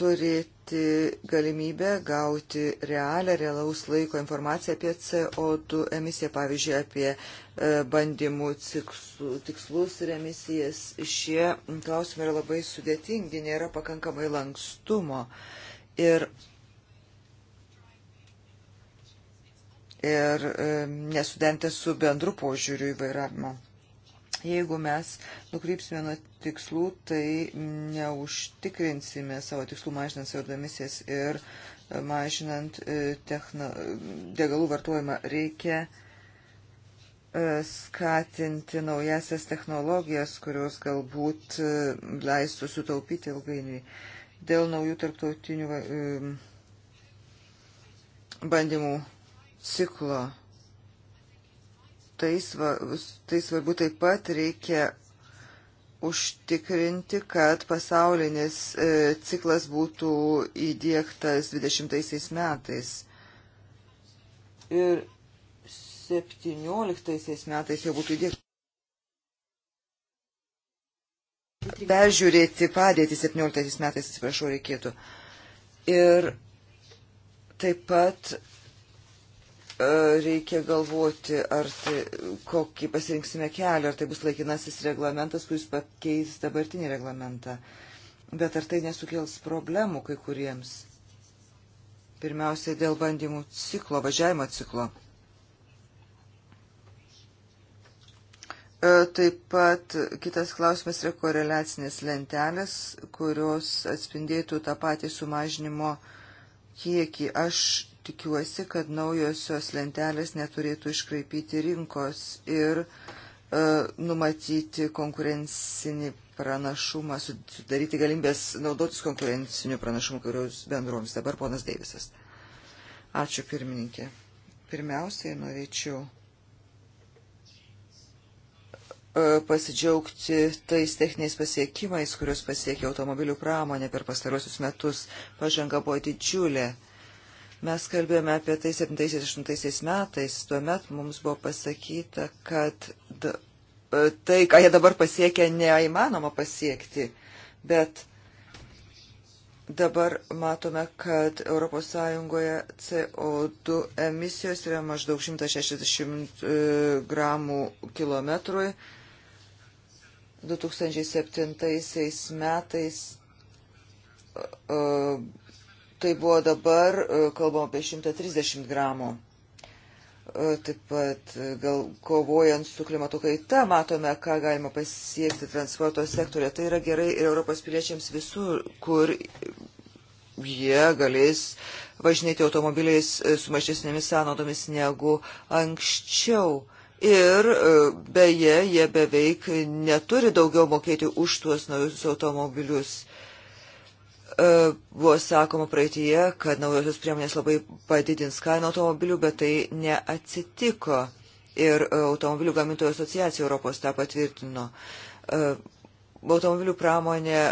turėti galimybę gauti realią, realaus laiko informaciją apie CO2 emisiją, pavyzdžiui, apie e, bandymų tikslus ir emisijas. Šie klausimai yra labai sudėtingi, nėra pakankamai lankstumo. Ir ir e, nesudentę su bendru požiūriu į vairavimą. Jeigu mes nukrypsime nuo tikslų, tai neužtikrinsime savo tikslų mažinant CO2 emisijas ir e, mažinant e, techno, degalų vartojimą. Reikia skatinti naujasias technologijas, kurios galbūt leistų sutaupyti ilgainiui. Dėl naujų tarptautinių bandymų ciklo. Tai, svar, tai svarbu taip pat reikia užtikrinti, kad pasaulinis e, ciklas būtų įdėktas 20 metais. Ir 17 metais jau būtų įdėktas. Peržiūrėti padėtį 17 metais, atsiprašau, reikėtų. Ir taip pat E, reikia galvoti, ar tai, kokį pasirinksime kelią, ar tai bus laikinasis reglamentas, kuris pakeis dabartinį reglamentą. Bet ar tai nesukels problemų kai kuriems? Pirmiausiai dėl bandymų ciklo, važiavimo ciklo. E, taip pat kitas klausimas yra koreliacinės lentelės, kurios atspindėtų tą patį sumažinimo kiekį. Aš tikiuosi, kad naujosios lentelės neturėtų iškraipyti rinkos ir e, numatyti konkurencinį pranašumą, sudaryti galimybės naudotis konkurenciniu pranašumu kurios bendroms. Dabar ponas Deivisas. Ačiū pirmininkė. Pirmiausiai norėčiau e, pasidžiaugti tais techniniais pasiekimais, kuriuos pasiekė automobilių pramonė per pastarosius metus. Pažanga buvo didžiulė. Mes kalbėjome apie tai 7-8 metais, tuomet mums buvo pasakyta, kad e, tai, ką jie dabar pasiekia, neįmanoma pasiekti, bet dabar matome, kad ES CO2 emisijos yra maždaug 160 e, gramų kilometrui. 2007 metais e, tai buvo dabar, e, kalbam apie 130 gramų. E, taip pat e, gal kovojant su klimato kaita matome, ką galima pasiekti transporto sektorė. Tai yra gerai ir Europos piliečiams visur, kur jie galės važinėti automobiliais su mažesnėmis sąnaudomis negu anksčiau. Ir beje, jie beveik neturi daugiau mokėti už tuos naujus automobilius. E, buvo sakoma praeitie, kad naujosios priemonės labai padidins kainą automobilių, bet tai neatsitiko. Ir e, automobilių gamintojų asociacija Europos tą patvirtino. E, automobilių pramonė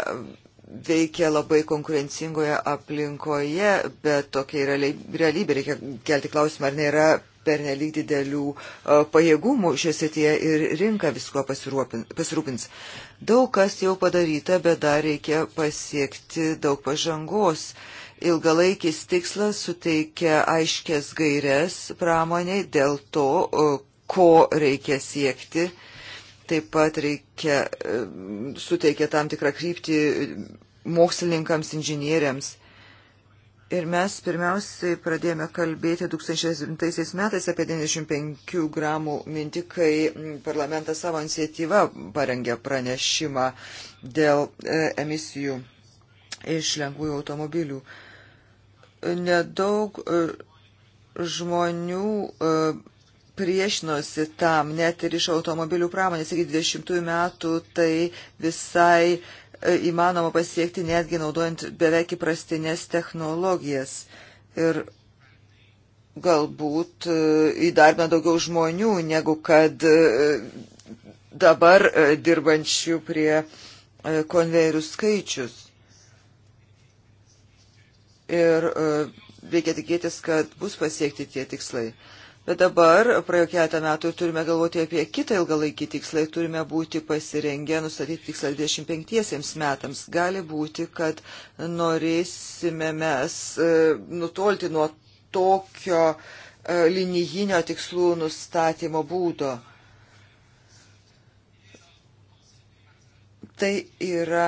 veikia labai konkurencingoje aplinkoje, bet tokia yra realybė. Reikia kelti klausimą, ar nėra pernelyg didelių e, pajėgumų šioje srityje ir rinka viskuo pasirūpins. Daug kas jau padaryta, bet dar reikia pasiekti daug pažangos. Ilgalaikis tikslas suteikia aiškės gairias pramoniai dėl to, e, ko reikia siekti. Taip pat reikia, e, suteikia tam tikrą kryptį mokslininkams, inžinieriams. Ir mes pirmiausiai pradėjome kalbėti 2007 metais apie 95 gramų mintį, kai parlamentas savo iniciatyvą parengė pranešimą dėl e, emisijų iš lengvųjų automobilių. Nedaug e, žmonių e, priešinosi tam, net ir iš automobilių pramonės iki 20 metų, tai visai uh, įmanoma pasiekti netgi naudojant beveik įprastinės technologijas. Ir galbūt e, įdarbina daugiau žmonių, negu kad e, dabar e, dirbančių prie konvejerių skaičius. Ir reikia tikėtis, kad bus pasiekti tie tikslai. Bet dabar, praėjo keletą metų, turime galvoti apie kitą ilgalaikį tikslą ir turime būti pasirengę nustatyti tikslą 25 metams. Gali būti, kad norėsime mes e, nutolti nuo tokio e, linijinio tikslų nustatymo būdo. Tai yra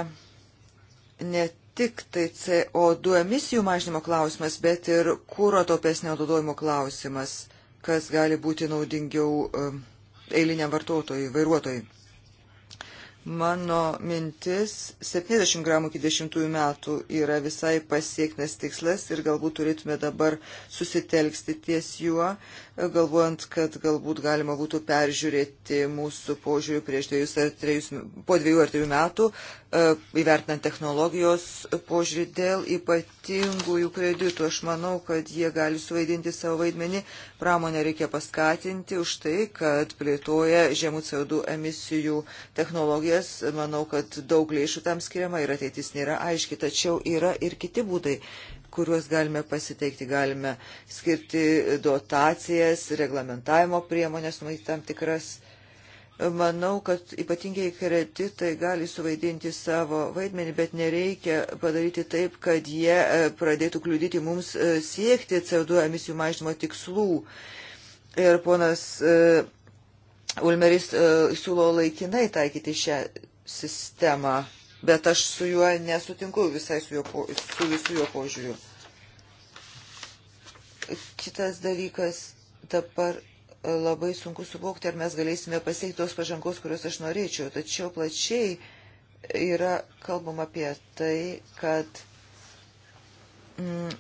ne tik tai CO2 emisijų mažinimo klausimas, bet ir kūro taupesnio naudojimo klausimas kas gali būti naudingiau eiliniam vartotojui, vairuotojui. Mano mintis 70 gramų iki 10 metų yra visai pasiektas tikslas ir galbūt turėtume dabar susitelksti ties juo galvojant, kad galbūt galima būtų peržiūrėti mūsų požiūrį prieš dviejus ar trejus, po dviejų ar trijų metų, e, įvertinant technologijos požiūrį dėl ypatingųjų kreditų. Aš manau, kad jie gali suvaidinti savo vaidmenį. Pramonę reikia paskatinti už tai, kad plėtoja žemų CO2 emisijų technologijas. Manau, kad daug lėšų tam skiriama ir ateitis nėra aiški, tačiau yra ir kiti būdai kuriuos galime pasiteikti. Galime skirti dotacijas, reglamentavimo priemonės, numatyti tam tikras. Manau, kad ypatingiai kreditai gali suvaidinti savo vaidmenį, bet nereikia padaryti taip, kad jie e, pradėtų kliudyti mums e, siekti CO2 emisijų mažinimo tikslų. Ir ponas e, Ulmeris siūlo laikinai taikyti šią sistemą bet aš su juo nesutinku visai su, jo, su visų jo požiūriu. Kitas dalykas dabar labai sunku suvokti, ar mes galėsime pasiekti tos pažangos, kurios aš norėčiau. Tačiau plačiai yra kalbama apie tai, kad mm,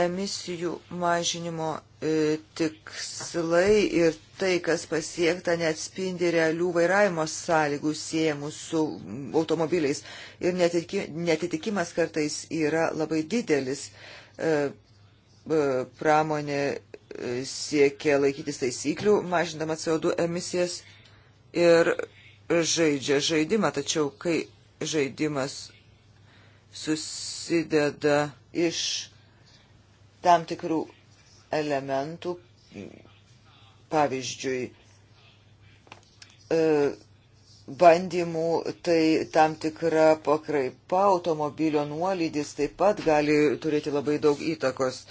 emisijų mažinimo e, tikslai ir tai, kas pasiekta, neatspindi realių vairavimo sąlygų siejamų su automobiliais. Ir netitikimas kartais yra labai didelis. E, e, pramonė siekia laikytis taisyklių, mažindama CO2 emisijas ir žaidžia žaidimą, tačiau kai žaidimas susideda iš tam tikrų elementų, pavyzdžiui, e, bandymų, tai tam tikra pakraipa automobilio nuolydis taip pat gali turėti labai daug įtakos.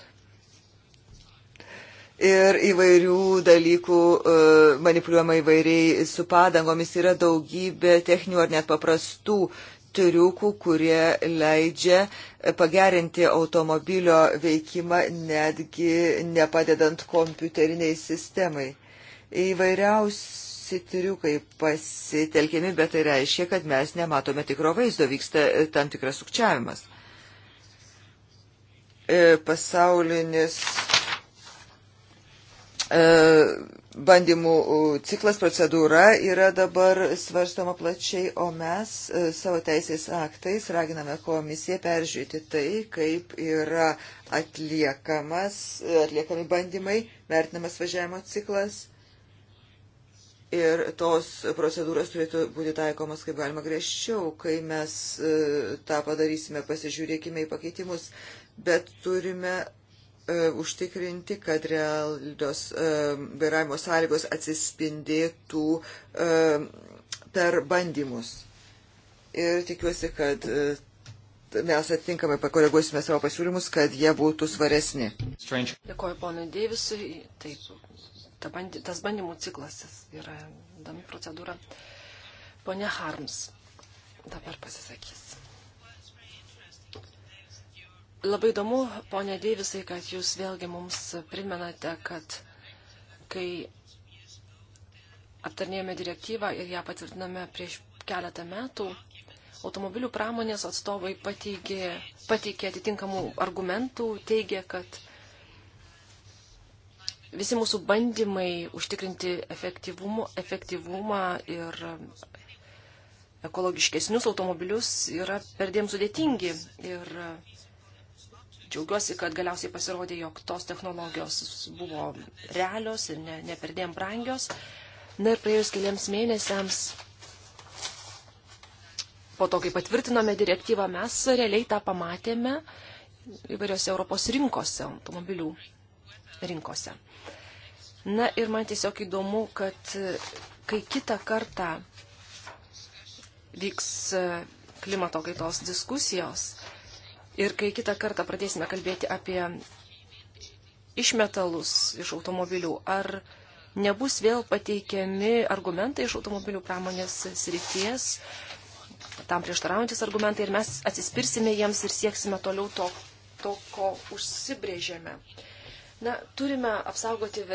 Ir įvairių dalykų e, manipuliuojama įvairiai su padangomis yra daugybė techninių ar net paprastų triukų, kurie leidžia pagerinti automobilio veikimą netgi nepadedant kompiuteriniai sistemai. Įvairiausi triukai pasitelkiami, bet tai reiškia, kad mes nematome tikro vaizdo, vyksta tam tikras sukčiavimas. E, pasaulinis e, bandymų ciklas procedūra yra dabar svarstoma plačiai, o mes e, savo teisės aktais raginame komisiją peržiūrėti tai, kaip yra atliekamas, e, atliekami bandymai, vertinamas važiavimo ciklas. Ir tos procedūros turėtų būti taikomas kaip galima griežčiau, kai mes e, tą padarysime, pasižiūrėkime į pakeitimus, bet turime E, užtikrinti, kad realios e, vairavimo sąlygos atsispindėtų e, per bandymus. Ir tikiuosi, kad mes atitinkamai pakoreguosime savo pasiūlymus, kad jie būtų svaresni. Dėkuoju ponui Deivisui. Taip, ta bandy, tas bandymų ciklas yra įdomi procedūra. Pone Harms dabar pasisakys. Labai įdomu, ponė Deivisai, kad jūs vėlgi mums primenate, kad kai aptarnėjome direktyvą ir ją patvirtiname prieš keletą metų, automobilių pramonės atstovai pateikė, pateikė atitinkamų argumentų, teigė, kad visi mūsų bandymai užtikrinti efektyvumą ir ekologiškesnius automobilius yra perdėm sudėtingi. Ir Džiaugiuosi, kad galiausiai pasirodė, jog tos technologijos buvo realios ir ne, ne perdėm brangios. Na ir praėjus keliams mėnesiams, po to, kai patvirtinome direktyvą, mes realiai tą pamatėme įvairiose Europos rinkose, automobilių rinkose. Na ir man tiesiog įdomu, kad kai kitą kartą vyks klimato kaitos diskusijos, Ir kai kitą kartą pradėsime kalbėti apie išmetalus iš automobilių, ar nebus vėl pateikiami argumentai iš automobilių pramonės srities, tam prieštaraujantis argumentai ir mes atsispirsime jiems ir sieksime toliau to, to ko užsibrėžėme. Na, turime apsaugoti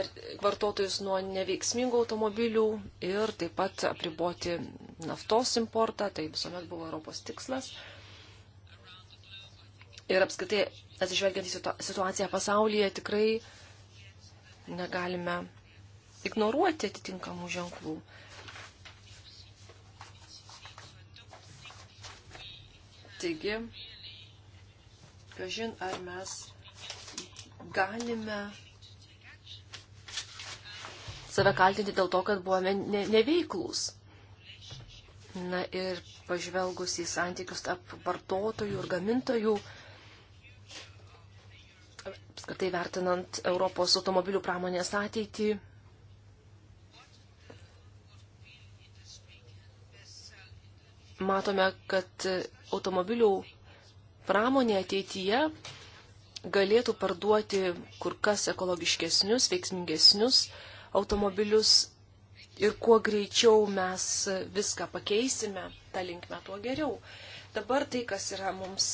vartotojus nuo neveiksmingų automobilių ir taip pat apriboti naftos importą, tai visuomet buvo Europos tikslas ir apskritai atsižvelgiant į situaciją pasaulyje tikrai negalime ignoruoti atitinkamų ženklų. Taigi, kažin ar mes galime save kaltinti dėl to, kad buvome ne, neveiklus. Na ir pažvelgus į santykius tarp vartotojų ir gamintojų, apskritai vertinant Europos automobilių pramonės ateitį. Matome, kad automobilių pramonė ateityje galėtų parduoti kur kas ekologiškesnius, veiksmingesnius automobilius ir kuo greičiau mes viską pakeisime, tą linkmę tuo geriau. Dabar tai, kas yra mums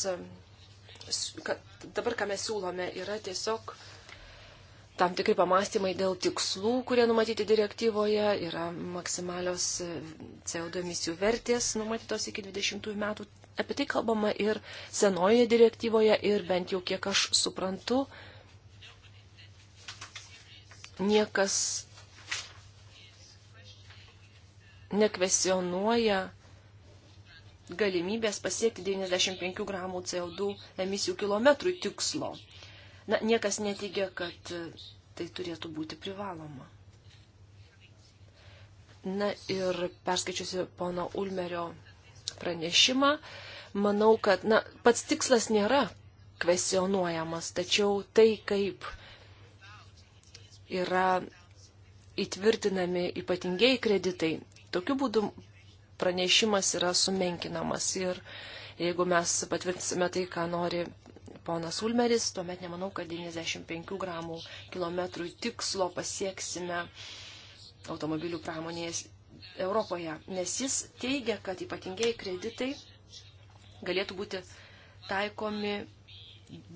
kad dabar, ką mes siūlome, yra tiesiog tam tikri pamastymai dėl tikslų, kurie numatyti direktyvoje, yra maksimalios e, CO2 emisijų vertės numatytos iki 20 metų. Apie tai kalbama ir senojoje direktyvoje ir bent jau kiek aš suprantu, niekas nekvesionuoja galimybės pasiekti 95 gramų CO2 emisijų kilometrų tikslo. Na, niekas netigia, kad e, tai turėtų būti privaloma. Na ir perskaičiusi pono Ulmerio pranešimą, manau, kad na, pats tikslas nėra kvesionuojamas, tačiau tai, kaip yra įtvirtinami ypatingiai kreditai, tokiu būdu pranešimas yra sumenkinamas. Ir jeigu mes patvirtinsime tai, ką nori ponas Ulmeris, tuomet nemanau, kad 95 gramų kilometrų tikslo pasieksime automobilių pramonėje Europoje, nes jis teigia, kad ypatingiai kreditai galėtų būti taikomi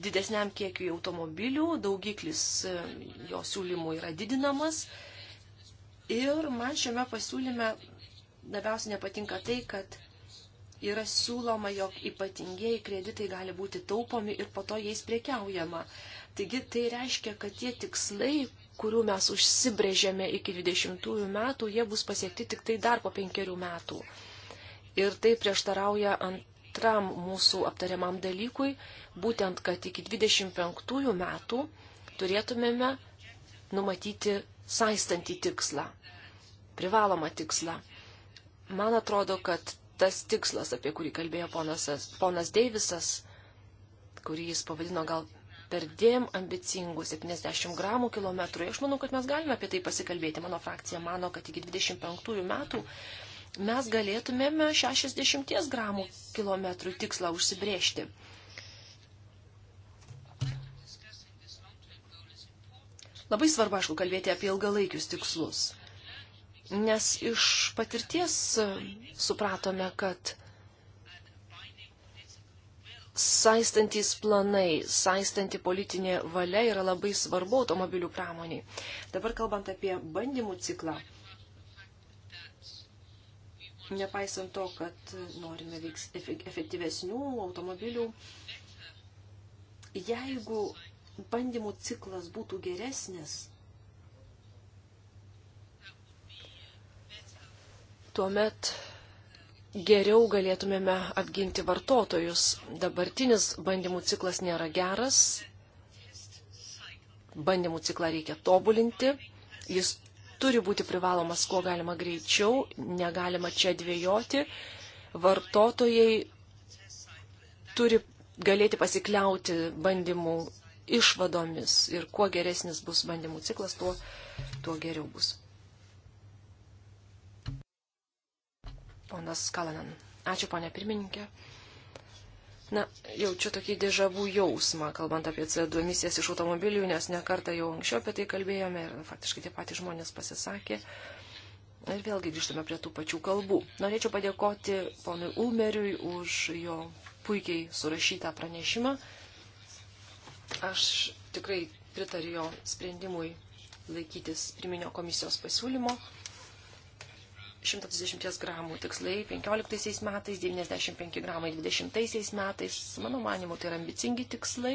didesniam kiekiu automobilių, daugiklis e, jo siūlymų yra didinamas. Ir man šiame pasiūlyme labiausiai nepatinka tai, kad yra siūloma, jog ypatingieji kreditai gali būti taupomi ir po to jais priekiaujama. Taigi tai reiškia, kad tie tikslai, kurių mes užsibrėžėme iki 20 metų, jie bus pasiekti tik tai dar po penkerių metų. Ir tai prieštarauja antram mūsų aptariamam dalykui, būtent, kad iki 25 metų turėtumėme numatyti saistantį tikslą, privalomą tikslą. Man atrodo, kad tas tikslas, apie kurį kalbėjo ponas, ponas Deivisas, kurį jis pavadino gal per dėm ambicingų 70 gramų kilometrų, aš manau, kad mes galime apie tai pasikalbėti. Mano frakcija mano, kad iki 25 metų mes galėtumėme 60 gramų kilometrų tikslą užsibriežti. Labai svarbu, aišku, kalbėti apie ilgalaikius tikslus nes iš patirties supratome, kad saistantys planai, saistanti politinė valia yra labai svarbu automobilių pramoniai. Dabar kalbant apie bandymų ciklą, nepaisant to, kad norime veiks efektyvesnių automobilių, jeigu bandymų ciklas būtų geresnis, tuomet geriau galėtumėme apginti vartotojus. Dabartinis bandymų ciklas nėra geras, bandymų ciklą reikia tobulinti, jis turi būti privalomas kuo galima greičiau, negalima čia dvėjoti. Vartotojai turi galėti pasikliauti bandymų išvadomis ir kuo geresnis bus bandymų ciklas, tuo, tuo geriau bus. ponas Kalanan. Ačiū, ponė pirmininkė. Na, jaučiu tokį dėžavų jausmą, kalbant apie CO2 emisijas iš automobilių, nes nekartą jau anksčiau apie tai kalbėjome ir faktiškai tie patys žmonės pasisakė. Ir vėlgi grįžtame prie tų pačių kalbų. Norėčiau padėkoti ponui Ulmeriui už jo puikiai surašytą pranešimą. Aš tikrai pritariu jo sprendimui laikytis priminio komisijos pasiūlymo. 120 gramų tikslai 15 metais, 95 gramai 20 metais. Mano manimu, tai yra ambicingi tikslai.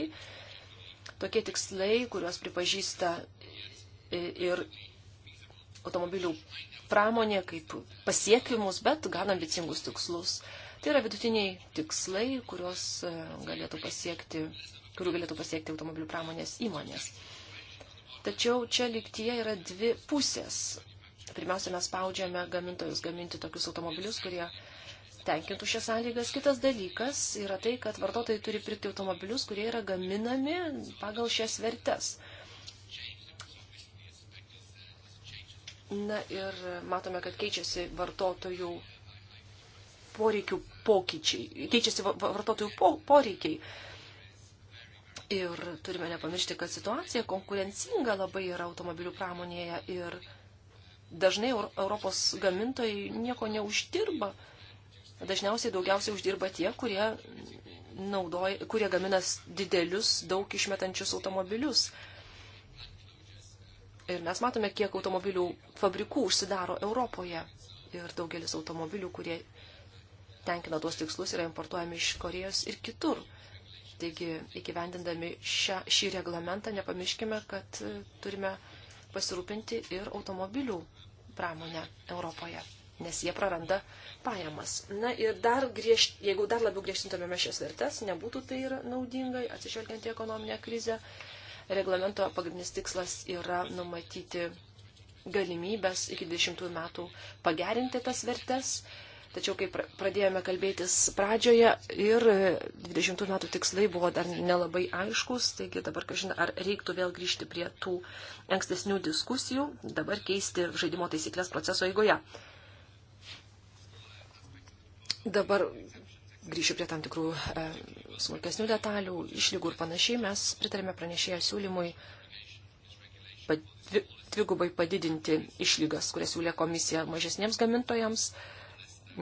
Tokie tikslai, kuriuos pripažįsta ir automobilių pramonė kaip pasiekimus, bet gan ambicingus tikslus. Tai yra vidutiniai tikslai, kuriuos e, galėtų pasiekti, kurių galėtų pasiekti automobilių pramonės įmonės. Tačiau čia liktie yra dvi pusės Pirmiausia, mes spaudžiame gamintojus gaminti tokius automobilius, kurie tenkintų šias sąlygas. Kitas dalykas yra tai, kad vartotojai turi pirkti automobilius, kurie yra gaminami pagal šias vertes. Na ir matome, kad keičiasi vartotojų poreikių pokyčiai, keičiasi vartotojų po, poreikiai. Ir turime nepamiršti, kad situacija konkurencinga labai yra automobilių pramonėje ir dažnai Europos gamintojai nieko neuždirba. Dažniausiai daugiausiai uždirba tie, kurie, naudoj, kurie gamina didelius, daug išmetančius automobilius. Ir mes matome, kiek automobilių fabrikų užsidaro Europoje. Ir daugelis automobilių, kurie tenkina tuos tikslus, yra importuojami iš Korejos ir kitur. Taigi, įgyvendindami šią, šį reglamentą, nepamirškime, kad e, turime pasirūpinti ir automobilių pramonę Europoje, nes jie praranda pajamas. Na ir dar griež, jeigu dar labiau griežtintumėme šias vertes, nebūtų tai ir naudingai, atsižvelgiant į ekonominę krizę. Reglamento pagrindinis tikslas yra numatyti galimybės iki 20 metų pagerinti tas vertes, Tačiau, kai pradėjome kalbėtis pradžioje ir 20 metų tikslai buvo dar nelabai aiškus, taigi dabar, kažin, ar reiktų vėl grįžti prie tų ankstesnių diskusijų, dabar keisti žaidimo taisyklės proceso eigoje. Dabar grįšiu prie tam tikrų e, smulkesnių detalių, išlygų ir panašiai. Mes pritarėme pranešėjo siūlymui dvigubai padidinti išlygas, kurias siūlė komisija mažesniems gamintojams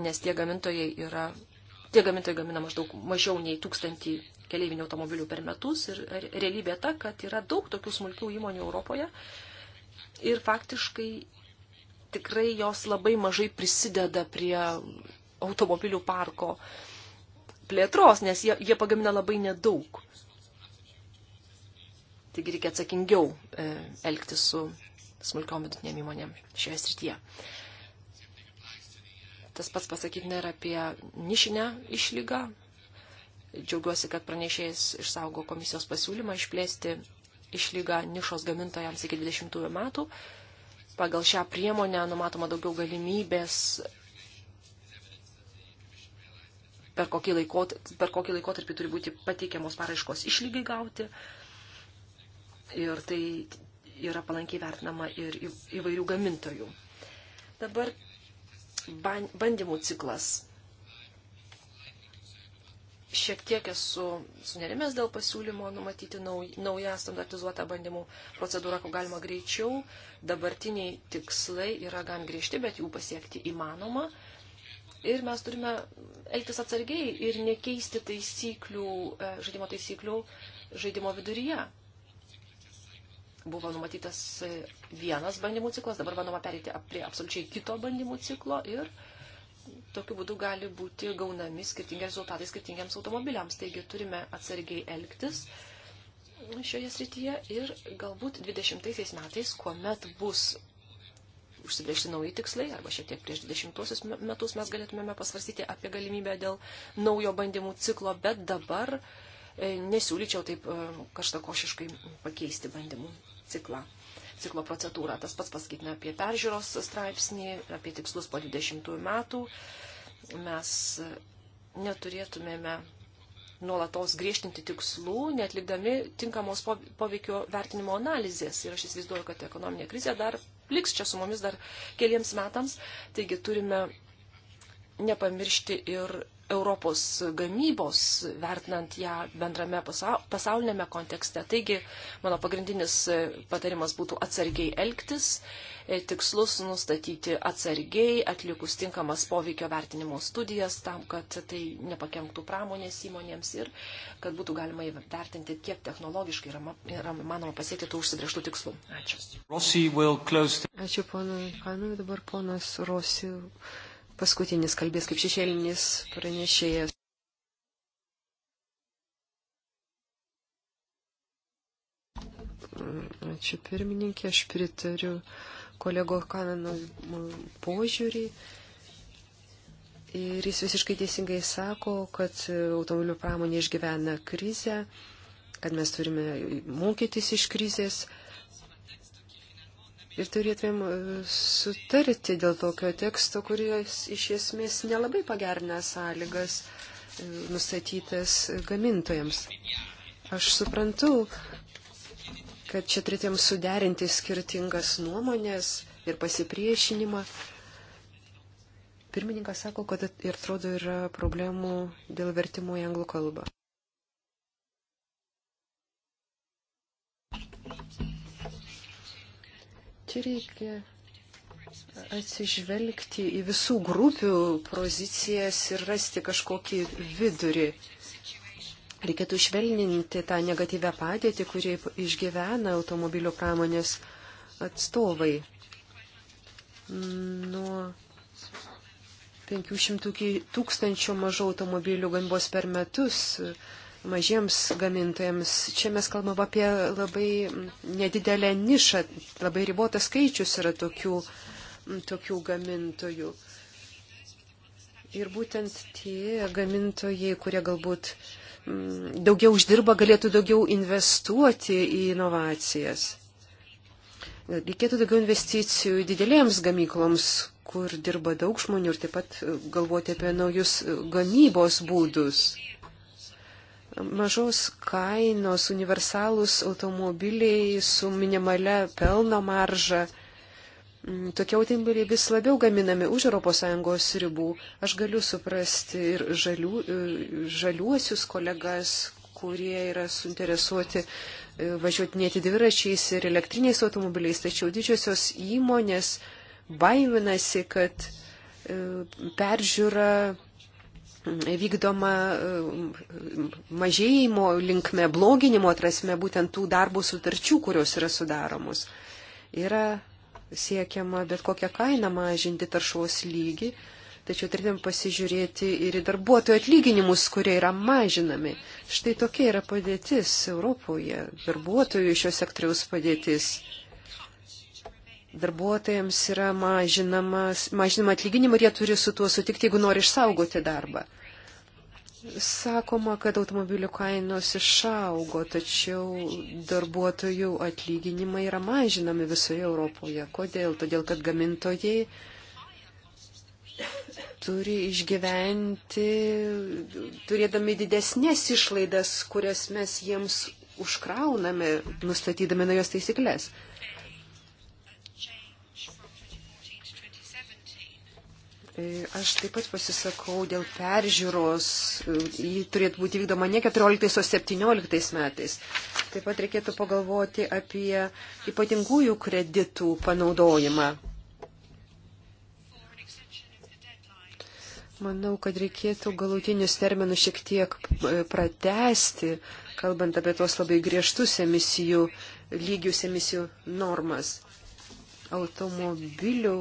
nes tie gamintojai yra, tie gamintojai gamina maždaug mažiau nei tūkstantį keleivinių automobilių per metus ir realybė ta, kad yra daug tokių smulkių įmonių Europoje ir faktiškai tikrai jos labai mažai prisideda prie automobilių parko plėtros, nes jie, jie pagamina labai nedaug. Taigi reikia atsakingiau e, elgtis su smulkiom vidutinėm įmonėm šioje srityje. E, Tas pats pasakytina ir apie nišinę išlygą. Džiaugiuosi, kad pranešėjas išsaugo komisijos pasiūlymą išplėsti išlygą nišos gamintojams iki 20 metų. Pagal šią priemonę numatoma daugiau galimybės per kokį, laikot, per kokį laikotarpį turi būti pateikiamos paraiškos išlygai gauti. Ir tai yra palankiai vertinama ir įvairių gamintojų. Dabar bandymų ciklas. Šiek tiek esu sunerimęs dėl pasiūlymo numatyti naują standartizuotą bandymų procedūrą, ko galima greičiau. Dabartiniai tikslai yra gan griežti, bet jų pasiekti įmanoma. Ir mes turime elgtis atsargiai ir nekeisti taisyklių, e, žaidimo taisyklių žaidimo viduryje buvo numatytas vienas bandymų ciklas, dabar bandoma perėti prie absoliučiai kito bandymų ciklo ir tokiu būdu gali būti gaunami skirtingi rezultatai skirtingiams automobiliams. Taigi turime atsargiai elgtis šioje srityje ir galbūt 20 metais, kuomet bus užsibriežti nauji tikslai, arba šiek tiek prieš 20 metus mes galėtumėme pasvarstyti apie galimybę dėl naujo bandymų ciklo, bet dabar e, nesiūlyčiau taip e, karštakošiškai pakeisti bandymų ciklą, ciklo procedūrą. Tas pats pasakytina apie peržiūros straipsnį, apie tikslus po 20 metų. Mes neturėtumėme nuolatos griežtinti tikslų, netlikdami tinkamos poveikio vertinimo analizės. Ir aš įsivaizduoju, kad ekonominė krizė dar liks čia su mumis dar keliems metams. Taigi turime nepamiršti ir Europos gamybos, vertinant ją bendrame pasaulinėme kontekste. Taigi, mano pagrindinis e, patarimas būtų atsargiai elgtis, e, tikslus nustatyti atsargiai, atlikus tinkamas poveikio vertinimo studijas, tam, kad tai nepakenktų pramonės įmonėms ir kad būtų galima įvertinti, kiek technologiškai yra, yra manoma pasiekti tų užsibrieštų tikslų. Ačiū. Ačiū ponui Kanui, dabar ponas Rosi paskutinis kalbės kaip šešėlinis pranešėjas. Ačiū pirmininkė, aš pritariu kolego Kanano požiūrį. Ir jis visiškai teisingai sako, kad automobilių pramonė išgyvena krizę, kad mes turime mokytis iš krizės. Ir turėtumėm e, sutarti dėl tokio teksto, kuris iš esmės nelabai pagerina sąlygas e, nustatytas gamintojams. Aš suprantu, kad čia turėtumėm suderinti skirtingas nuomonės ir pasipriešinimą. Pirmininkas sako, kad ir atrodo yra problemų dėl vertimo į anglų kalbą. čia reikia atsižvelgti į visų grupių pozicijas ir rasti kažkokį vidurį. Reikėtų švelninti tą negatyvę padėtį, kurį išgyvena automobilių pramonės atstovai. Nuo 500 tūkstančių mažų automobilių gamybos per metus mažiems gamintojams. Čia mes kalbam apie labai nedidelę nišą, labai ribotas skaičius yra tokių, tokių gamintojų. Ir būtent tie gamintojai, kurie galbūt daugiau uždirba, galėtų daugiau investuoti į inovacijas. Reikėtų daugiau investicijų didelėms gamykloms, kur dirba daug žmonių ir taip pat galvoti apie naujus gamybos būdus mažos kainos universalūs automobiliai su minimale pelno marža. Mm, tokie automobiliai vis labiau gaminami už ES ribų. Aš galiu suprasti ir žalių, žaliuosius kolegas, kurie yra suinteresuoti e, važiuotinėti dviračiais ir elektriniais automobiliais, tačiau didžiosios įmonės baiminasi, kad e, peržiūra vykdoma e, mažėjimo linkme, bloginimo atrasme būtent tų darbo sutarčių, kurios yra sudaromos. Yra siekiama bet kokią kainą mažinti taršos lygį, tačiau turėtume pasižiūrėti ir į darbuotojų atlyginimus, kurie yra mažinami. Štai tokia yra padėtis Europoje, darbuotojų šios sektoriaus padėtis darbuotojams yra mažinama atlyginimai ir jie turi su tuo sutikti, jeigu nori išsaugoti darbą. Sakoma, kad automobilių kainos išaugo, tačiau darbuotojų atlyginimai yra mažinami visoje Europoje. Kodėl? Todėl, kad gamintojai turi išgyventi, turėdami didesnės išlaidas, kurias mes jiems užkrauname, nustatydami nuo jos taisyklės. E, aš taip pat pasisakau dėl peržiūros, e, jį turėtų būti vykdoma ne 14, o 17 metais. Taip pat reikėtų pagalvoti apie ypatingųjų kreditų panaudojimą. Manau, kad reikėtų galutinius terminus šiek tiek e, pratesti, kalbant apie tuos labai griežtus emisijų, lygius emisijų normas automobilių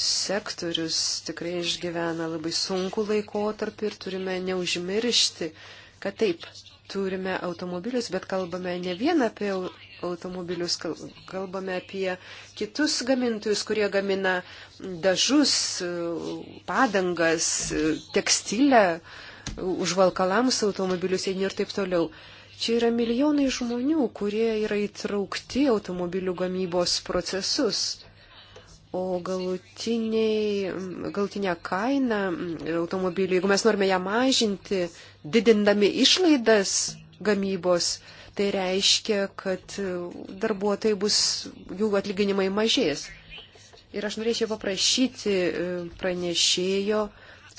sektorius tikrai išgyvena labai sunku laikotarpį ir turime neužmiršti, kad taip, turime automobilius, bet kalbame ne vien apie automobilius, kalbame apie kitus gamintojus, kurie gamina dažus, padangas, tekstilę, užvalkalams automobilius ir taip toliau. Čia yra milijonai žmonių, kurie yra įtraukti automobilių gamybos procesus. O galutinė kaina automobilių, jeigu mes norime ją mažinti, didindami išlaidas gamybos, tai reiškia, kad darbuotojai bus, jų atlyginimai mažės. Ir aš norėčiau paprašyti e, pranešėjo,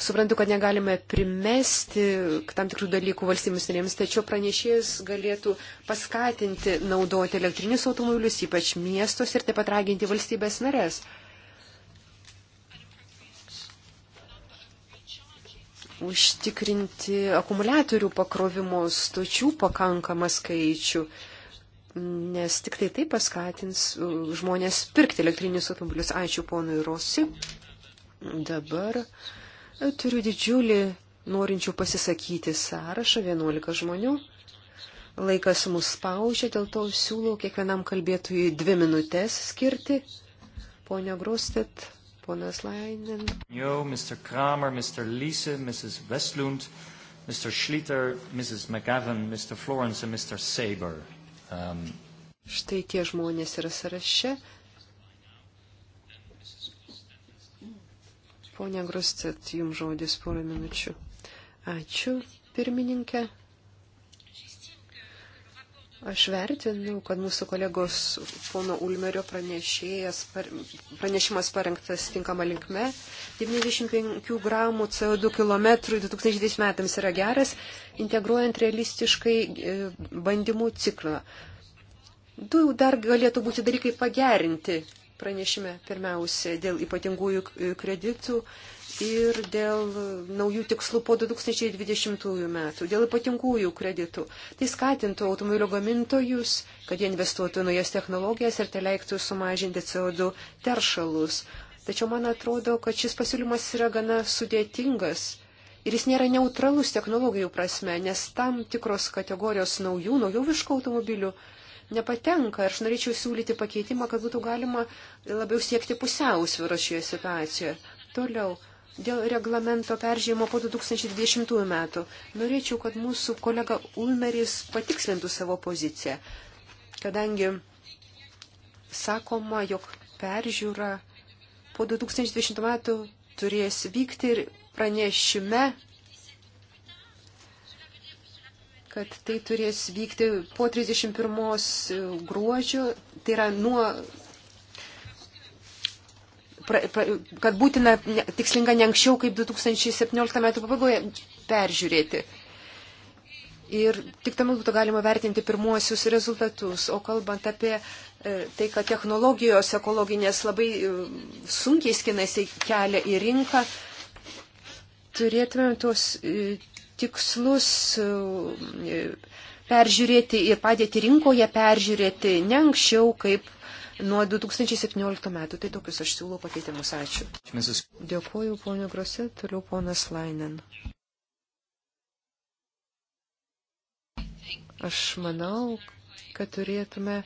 suprantu, kad negalime primesti tam tikrų dalykų valstybėms narėms, tačiau pranešėjas galėtų paskatinti naudoti elektrinius automobilius, ypač miestus ir taip pat raginti valstybės narės užtikrinti akumuliatorių pakrovimo stočių pakankamą skaičių, nes tik tai tai paskatins uh, žmonės pirkti elektrinius automobilius. Ačiū ponui Rosi. Dabar uh, turiu didžiulį norinčių pasisakyti sąrašą 11 žmonių. Laikas mus spaudžia, dėl to siūlau kiekvienam kalbėtojui dvi minutės skirti. Pone Grostet, ponas Lainin. Jo, Mr. Kramer, Mr. Lise, Mrs. Westlund, Mr. Schlitter, Mrs. McGavin, Mr. Florence ir Mr. Saber. Um, Štai tie žmonės yra sąraše. Pone Grustet, jums žodis porą minučių. Ačiū, pirmininkė. Aš vertinu, kad mūsų kolegos pono Ulmerio pranešimas parengtas tinkama linkme. 95 gramų CO2 kilometrų 2010 metams yra geras, integruojant realistiškai e, bandymų ciklą. Du dar galėtų būti dalykai pagerinti pranešime pirmiausia dėl ypatingųjų kreditų ir dėl naujų tikslų po 2020 metų, dėl ypatingųjų kreditų. Tai skatintų automobilių gamintojus, kad jie investuotų naujas technologijas ir tai leiktų sumažinti CO2 teršalus. Tačiau man atrodo, kad šis pasiūlymas yra gana sudėtingas. Ir jis nėra neutralus technologijų prasme, nes tam tikros kategorijos naujų, naujoviškų automobilių nepatenka. Aš norėčiau siūlyti pakeitimą, kad būtų galima labiau siekti pusiausvėros šioje situacijoje. Toliau dėl reglamento peržėjimo po 2020 metų. Norėčiau, kad mūsų kolega Ulmeris patikslintų savo poziciją, kadangi sakoma, jog peržiūra po 2020 metų turės vykti ir pranešime, kad tai turės vykti po 31 gruodžio, tai yra nuo pra, pra, kad būtina ne, tikslinga ne anksčiau kaip 2017 metų pabaigoje peržiūrėti. Ir tik tam būtų galima vertinti pirmuosius rezultatus. O kalbant apie e, tai, kad technologijos ekologinės labai e, sunkiai skinasi kelią į rinką, turėtume tuos e, tikslus e, peržiūrėti ir padėti rinkoje peržiūrėti ne anksčiau kaip nuo 2017 metų. Tai tokius aš siūlau pakeitimus. Ačiū. Dėkuoju, ponio Grose, toliau ponas Lainen. Aš manau, kad turėtume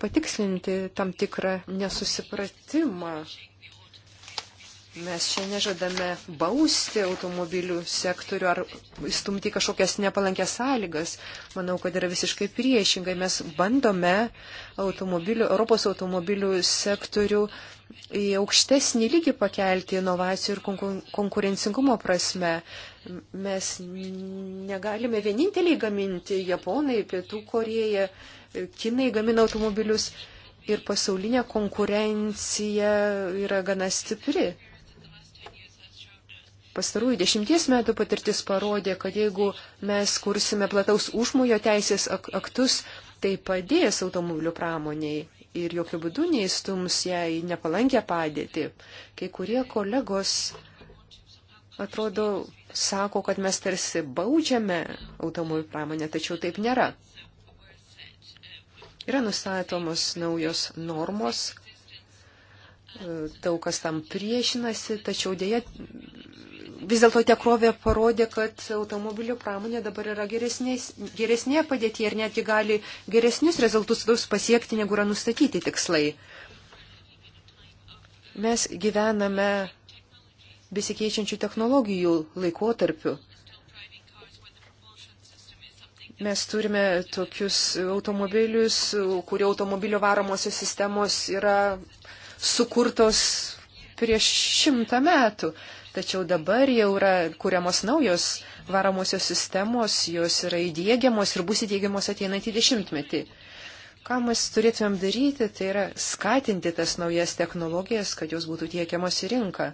patikslinti tam tikrą nesusipratimą Mes šiandien žadame bausti automobilių sektorių ar įstumti kažkokias nepalankės sąlygas. Manau, kad yra visiškai priešingai. Mes bandome automobilių, Europos automobilių sektorių į aukštesnį lygį pakelti inovacijų ir konkurencingumo prasme. Mes negalime vieninteliai gaminti. Japonai, Pietų Koreja, Kinai gamina automobilius. Ir pasaulinė konkurencija yra gana stipri pastarųjų dešimties metų patirtis parodė, kad jeigu mes kursime plataus užmojo teisės aktus, tai padės automobilių pramoniai ir jokių būdų neįstums ją į nepalankę padėtį. Kai kurie kolegos atrodo sako, kad mes tarsi baudžiame automobilių pramonę, tačiau taip nėra. Yra nustatomos naujos normos, e, daug kas tam priešinasi, tačiau dėja vis dėlto tikrovė parodė, kad automobilių pramonė dabar yra geresnėje padėtyje ir netgi gali geresnius rezultatus pasiekti, negu yra nustatyti tikslai. Mes gyvename besikeičiančių technologijų laikotarpiu. Mes turime tokius automobilius, kurio automobilio varomosios sistemos yra sukurtos prieš šimtą metų. Tačiau dabar jau yra kuriamos naujos varomosios sistemos, jos yra įdėgiamos ir bus įdėgiamos ateinantį dešimtmetį. Ką mes turėtumėm daryti, tai yra skatinti tas naujas technologijas, kad jos būtų tiekiamos į rinką.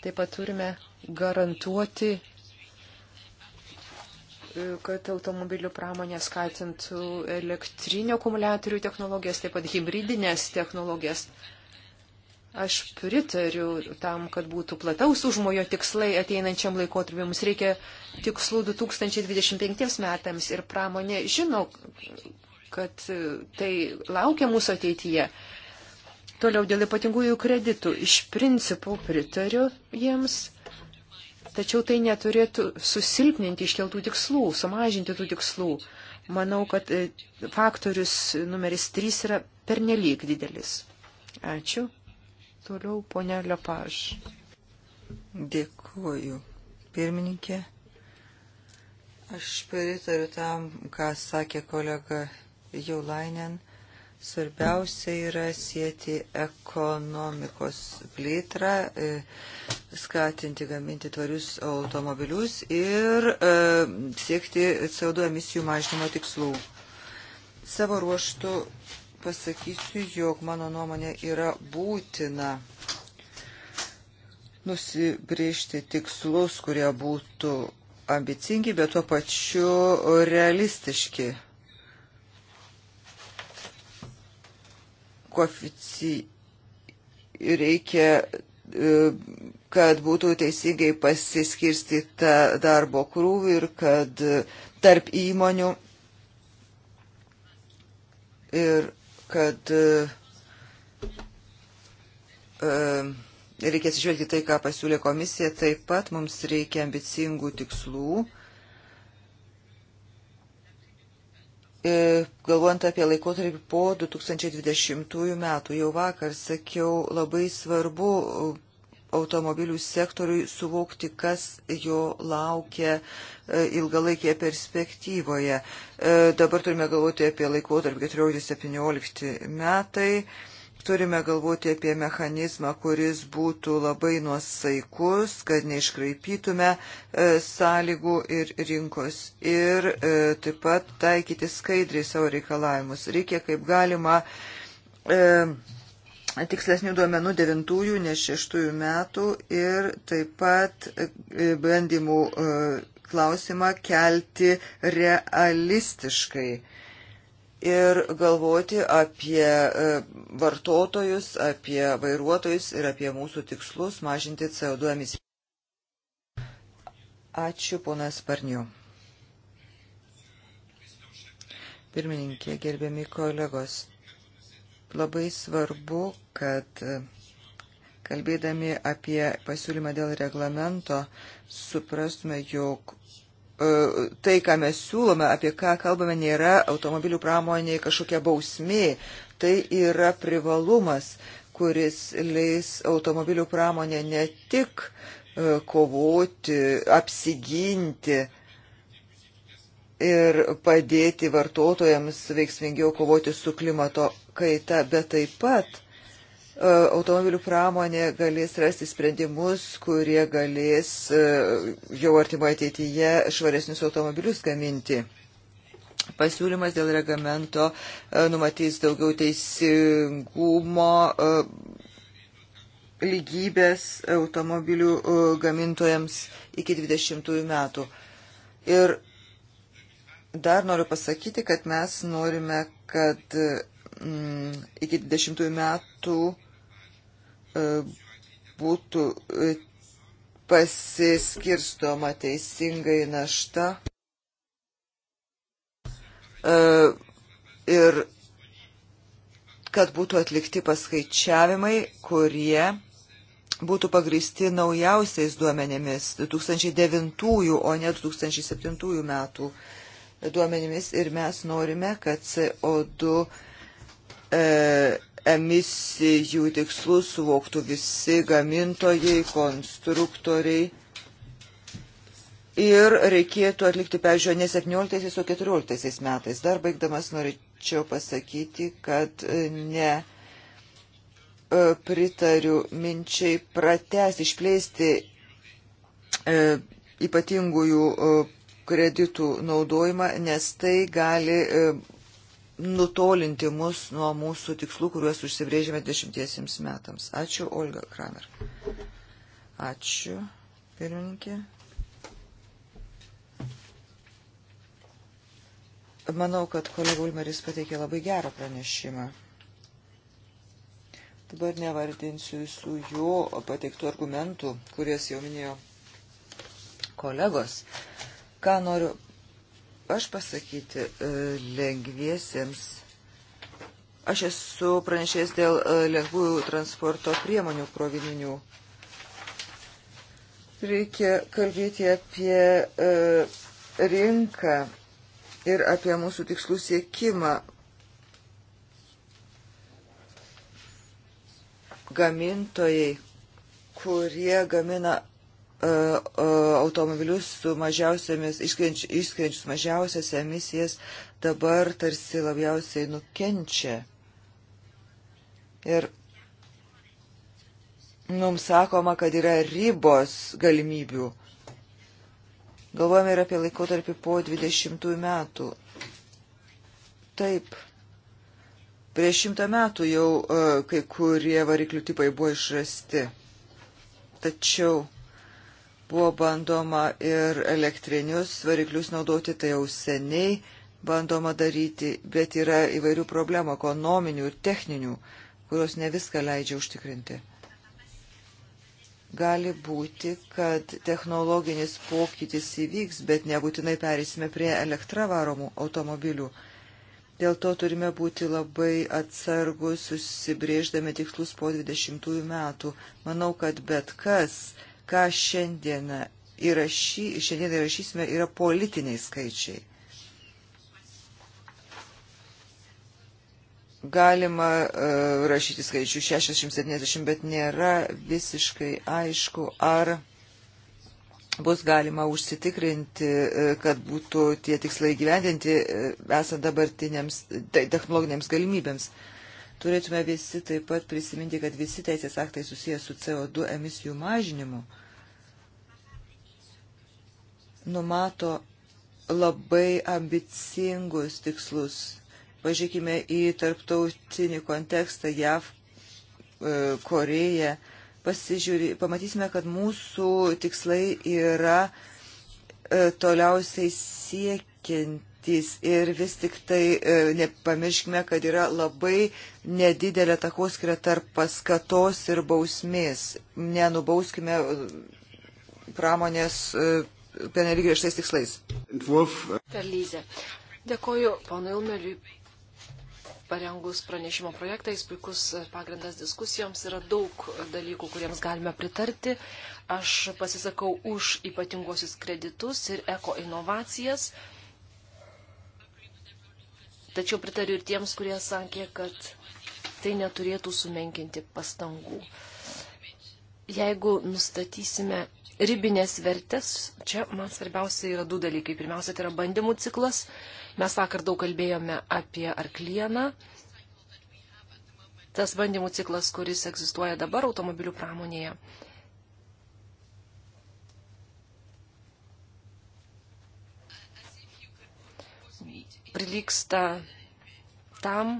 Taip pat turime garantuoti, kad automobilių pramonė skatintų elektrinio akumuliatorių technologijas, taip pat hybridinės technologijas. Aš pritariu tam, kad būtų plataus užmojo tikslai ateinančiam laikotarpiu. Mums reikia tikslų 2025 metams ir pramonė žino, kad tai laukia mūsų ateityje. Toliau dėl ypatingųjų kreditų. Iš principų pritariu jiems, tačiau tai neturėtų susilpninti iškeltų tikslų, sumažinti tų tikslų. Manau, kad e, faktorius numeris 3 yra pernelyg didelis. Ačiū. Toliau ponia Lepaž. Dėkuoju, pirmininkė. Aš pritariu tam, ką sakė kolega Jaulainen. Svarbiausia yra sieti ekonomikos plėtrą, e, skatinti gaminti tvarius automobilius ir e, siekti CO2 emisijų mažinimo tikslų. Savo ruoštų pasakysiu, jog mano nuomonė yra būtina nusibriežti tikslus, kurie būtų ambicingi, bet tuo pačiu realistiški. Kofici reikia, e, kad būtų teisingai pasiskirstyta darbo krūvį ir kad e, tarp įmonių ir kad e, e, reikės išvelgti tai, ką pasiūlė komisija, taip pat mums reikia ambicingų tikslų. E, galvojant apie laikotarpį po 2020 metų, jau vakar sakiau, labai svarbu automobilių sektoriui suvokti, kas jo laukia e, ilgalaikėje perspektyvoje. E, dabar turime galvoti apie laikotarpį 14-17 metai. Turime galvoti apie mechanizmą, kuris būtų labai nuosaikus, kad neiškraipytume e, sąlygų ir rinkos. Ir taip pat taikyti skaidriai savo reikalavimus. Reikia kaip galima e, tikslesnių duomenų 9-ųjų, ne 6-ųjų metų ir taip pat e, bandymų e, klausimą kelti realistiškai ir galvoti apie e, vartotojus, apie vairuotojus ir apie mūsų tikslus mažinti CO2 emisiją. Ačiū, ponas Parniu. Pirmininkė, gerbiami kolegos Labai svarbu, kad e, kalbėdami apie pasiūlymą dėl reglamento suprastume, jog e, tai, ką mes siūlome, apie ką kalbame, nėra automobilių pramonėje kažkokia bausmė. Tai yra privalumas, kuris leis automobilių pramonė ne tik e, kovoti, apsiginti, ir padėti vartotojams veiksmingiau kovoti su klimato kaita, bet taip pat e, automobilių pramonė galės rasti sprendimus, kurie galės e, jau artimoje ateityje švaresnius automobilius gaminti. Pasiūlymas dėl reglamento e, numatys daugiau teisingumo lygybės automobilių gamintojams iki 20 metų. Ir Dar noriu pasakyti, kad mes norime, kad mm, iki 20 metų e, būtų e, pasiskirstoma teisingai našta. E, ir kad būtų atlikti paskaičiavimai, kurie būtų pagristi naujausiais duomenėmis 2009, o ne 2007 metų duomenimis ir mes norime, kad CO2 e, emisijų tikslus suvoktų visi gamintojai, konstruktoriai. Ir reikėtų atlikti peržiūrą ne 17, o 14 metais. Dar baigdamas norėčiau pasakyti, kad e, ne e, pritariu minčiai pratesti, išplėsti e, ypatingųjų e, kreditų naudojimą, nes tai gali e, nutolinti mus nuo mūsų tikslų, kuriuos užsibrėžėme dešimtiesiems metams. Ačiū, Olga Kramer. Ačiū, pirmininkė. Manau, kad kolega Ulmeris pateikė labai gerą pranešimą. Dabar nevardinsiu visų jo pateiktų argumentų, kurias jau minėjo kolegos. Uh, Ką noriu aš pasakyti e, lengviesiems. Aš esu pranešęs dėl e, lengvųjų transporto priemonių krovininių. Reikia kalbėti apie e, rinką ir apie mūsų tikslų siekimą. Gamintojai, kurie gamina E, e, automobilius su mažiausiamis, išskrenčius mažiausias emisijas, dabar tarsi labiausiai nukenčia. Ir mums sakoma, kad yra ribos galimybių. Galvojame ir apie laikotarpį po 20 metų. Taip. Prieš šimtą metų jau e, kai kurie variklių tipai buvo išrasti. Tačiau Buvo bandoma ir elektrinius variklius naudoti, tai jau seniai bandoma daryti, bet yra įvairių problemų ekonominių ir techninių, kurios ne viską leidžia užtikrinti. Gali būti, kad technologinis pokytis įvyks, bet nebūtinai perėsime prie elektra varomų automobilių. Dėl to turime būti labai atsargus, susibrėždami tikslus po 20 metų. Manau, kad bet kas ką šiandieną, įrašy, šiandieną įrašysime, yra politiniai skaičiai. galima uh, rašyti skaičių 60-70, bet nėra visiškai aišku, ar bus galima užsitikrinti, e, kad būtų tie tikslai gyvendinti e, esant dabartiniams technologinėms galimybėms. Turėtume visi taip pat prisiminti, kad visi teisės aktai susijęs su CO2 emisijų mažinimu. Uh, numato labai ambicingus tikslus. Pažiūrėkime į tarptautinį kontekstą JAV, e, Koreją. Pasižiūrė, pamatysime, kad mūsų tikslai yra e, toliausiai siekiantys ir vis tik tai e, nepamirškime, kad yra labai nedidelė takoskira tarp paskatos ir bausmės. Nenubauskime pramonės penelį griežtais tikslais. Perlyzė. Dėkoju ponui Ilmeriui parengus pranešimo projektą, jis puikus pagrindas diskusijoms, yra daug dalykų, kuriems galime pritarti. Aš pasisakau už ypatinguosius kreditus ir eko inovacijas. Tačiau pritariu ir tiems, kurie sakė, kad tai neturėtų sumenkinti pastangų. Jeigu nustatysime ribinės vertės, čia man svarbiausia yra du dalykai. Pirmiausia, tai yra bandymų ciklas. Mes vakar daug kalbėjome apie arklieną. Tas bandymų ciklas, kuris egzistuoja dabar automobilių pramonėje. Prilyksta tam,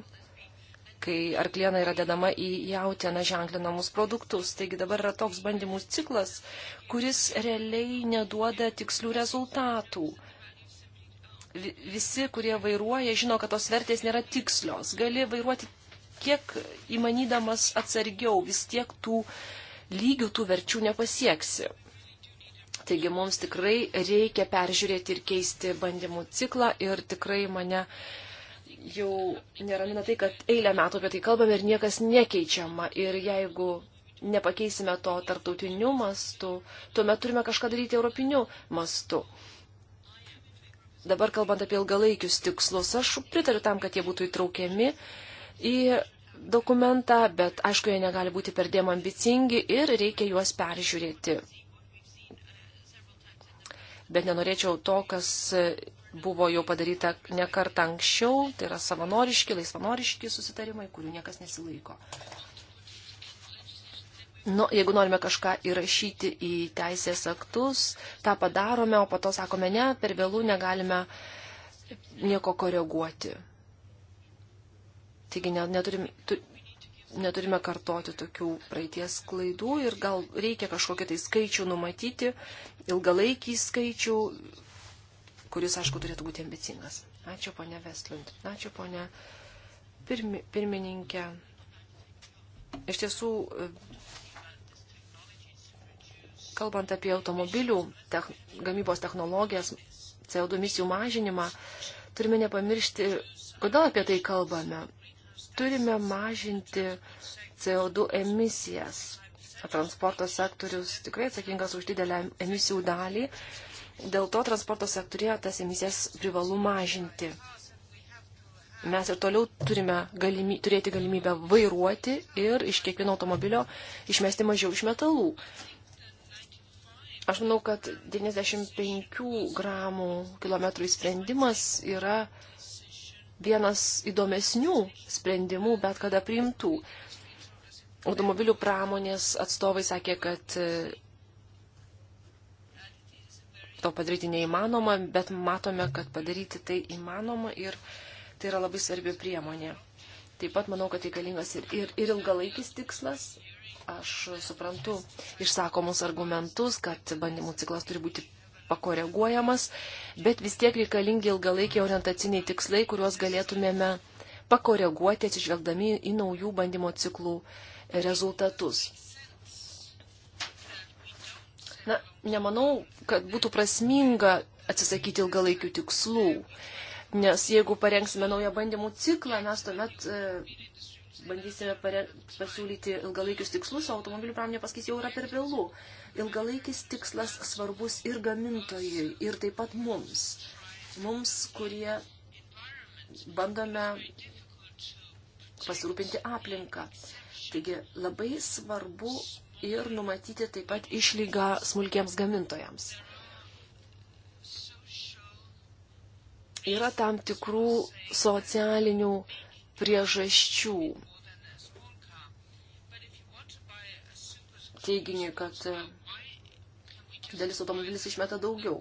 kai arkliena yra dedama į jautieną ženklinamus produktus. Taigi dabar yra toks bandymų ciklas, kuris realiai neduoda tikslių rezultatų. Visi, kurie vairuoja, žino, kad tos vertės nėra tikslios. Gali vairuoti kiek įmanydamas atsargiau, vis tiek tų lygių, tų verčių nepasieksi. Taigi mums tikrai reikia peržiūrėti ir keisti bandymų ciklą ir tikrai mane uh, jau neramina tai, kad eilę metų apie tai kalbame ir niekas nekeičiama. Ir jeigu nepakeisime to tarptautiniu mastu, tuomet turime kažką daryti europiniu mastu. Dabar kalbant apie ilgalaikius tikslus, aš pritariu tam, kad jie būtų įtraukiami į dokumentą, bet aišku, jie negali būti perdėm ambicingi ir reikia juos peržiūrėti. Bet nenorėčiau to, kas buvo jau padaryta ne kartą anksčiau, tai yra savanoriški, laisvanoriški susitarimai, kurių niekas nesilaiko. Nu, jeigu norime kažką įrašyti į teisės aktus, tą padarome, o po to sakome, ne, per vėlų negalime nieko koreguoti. Taigi neturime, tu, neturime kartoti tokių praeities klaidų ir gal reikia kažkokį tai skaičių numatyti, ilgalaikį skaičių, kuris, aišku, turėtų būti ambicingas. Ačiū, ponia Vestlund. Ačiū, ponia pirmi, pirmininkė. Iš tiesų, e, kalbant apie automobilių tech, gamybos technologijas, CO2 emisijų mažinimą, turime nepamiršti, kodėl apie tai kalbame. Turime mažinti CO2 emisijas. Transporto sektorius tikrai atsakingas už didelę emisijų dalį Dėl to transporto sektorija tas emisijas privalu mažinti. Mes ir toliau turime galimy, turėti galimybę vairuoti ir iš kiekvieno automobilio išmesti mažiau iš metalų. Aš manau, kad 95 gramų kilometrų sprendimas yra vienas įdomesnių sprendimų, bet kada priimtų. Automobilių pramonės atstovai sakė, kad to padaryti neįmanoma, bet matome, kad padaryti tai įmanoma ir tai yra labai svarbi priemonė. Taip pat manau, kad reikalingas ir, ir, ir ilgalaikis tikslas. Aš suprantu išsakomus argumentus, kad bandymų ciklas turi būti pakoreguojamas, bet vis tiek reikalingi ilgalaikiai orientaciniai tikslai, kuriuos galėtumėme pakoreguoti atsižvelgdami į naujų bandymo ciklų rezultatus. nemanau, kad būtų prasminga atsisakyti ilgalaikių tikslų, nes jeigu parengsime naują bandymų ciklą, mes tuomet e, bandysime pare... pasiūlyti ilgalaikius tikslus, o automobilių pramonė pasakys jau yra per vėlų. Ilgalaikis tikslas svarbus ir gamintojui, ir taip pat mums. Mums, kurie bandome pasirūpinti aplinką. Taigi labai svarbu ir numatyti taip pat išlygą smulkiems gamintojams. Yra tam tikrų socialinių priežasčių teiginiui, kad dalis automobilis išmeta daugiau.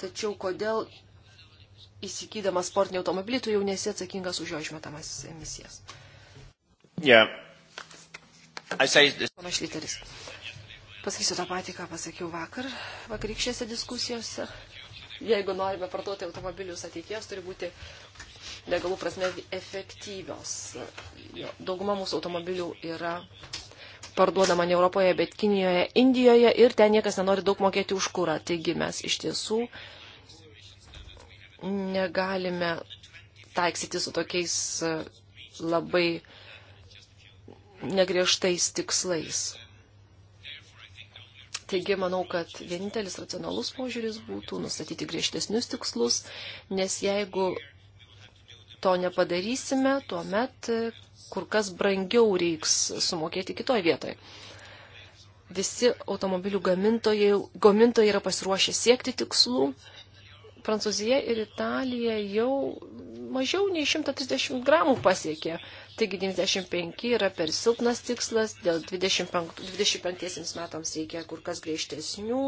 Tačiau kodėl įsigydamas sportinį automobilį, tu jau nesi atsakingas už jo išmetamas emisijas. Yeah. Pana Šliteris. Pasakysiu tą patį, ką pasakiau vakar, vakarykščiose diskusijose. Jeigu norime parduoti automobilius ateities, turi būti degalų prasme efektyvios. Dauguma mūsų automobilių yra parduodama ne Europoje, bet Kinijoje, Indijoje ir ten niekas nenori daug mokėti už kūrą. Taigi mes iš tiesų negalime taiksyti su tokiais labai negriežtais tikslais. Taigi manau, kad vienintelis racionalus požiūris būtų nustatyti griežtesnius tikslus, nes jeigu to nepadarysime, tuomet e, kur kas brangiau reiks sumokėti kitoje vietoje. Visi automobilių gamintojai, gamintojai yra pasiruošę siekti tikslų, Prancūzija ir Italija jau mažiau nei 130 gramų pasiekė. Taigi 95 yra per silpnas tikslas, dėl 25, 25 metams reikia kur kas griežtesnių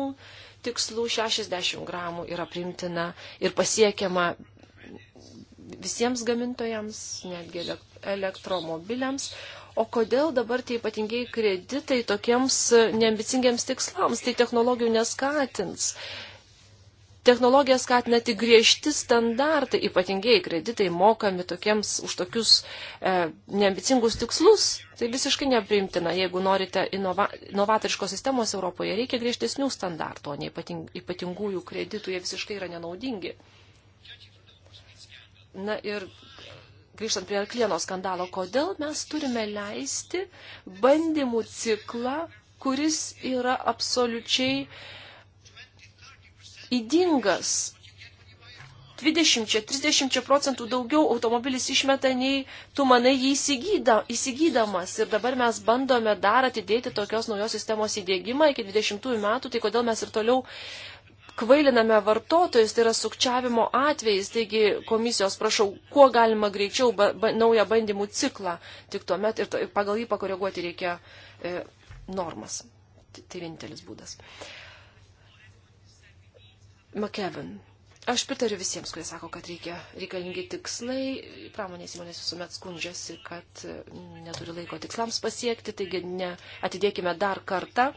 tikslų, 60 gramų yra primtina ir pasiekiama visiems gamintojams, netgi elektromobiliams. O kodėl dabar tie ypatingiai kreditai tokiems neambicingiams tikslams, tai technologijų neskatins. Uh, technologijas skatina tik griežti standartai, ypatingiai kreditai mokami tokiems už tokius e, neambicingus tikslus. Tai visiškai nepriimtina. Jeigu norite inova, inovatoriškos sistemos Europoje, reikia griežtesnių standartų, o ne ypating, ypatingųjų kreditų, jie visiškai yra nenaudingi. Na ir grįžtant prie Arklieno skandalo, kodėl mes turime leisti bandymų ciklą, kuris yra absoliučiai uh, įdingas. 20-30 procentų daugiau automobilis išmeta, nei tu manai jį įsigyda, įsigydamas. Ir dabar mes bandome dar atidėti tokios naujos sistemos įdėgymą iki 20 metų, tai kodėl mes ir toliau kvailiname vartotojus, tai yra sukčiavimo atvejais. Taigi komisijos prašau, kuo galima greičiau ba, ba, naują bandymų ciklą, tik tuomet ir to, pagal jį pakoreguoti reikia e, normas. Tai, tai vienintelis būdas. E, McKevin. Aš pritariu visiems, kurie sako, kad reikia reikalingi tikslai. Pramonės įmonės visuomet skundžiasi, kad mm, neturi laiko tikslams pasiekti, taigi ne, atidėkime dar kartą,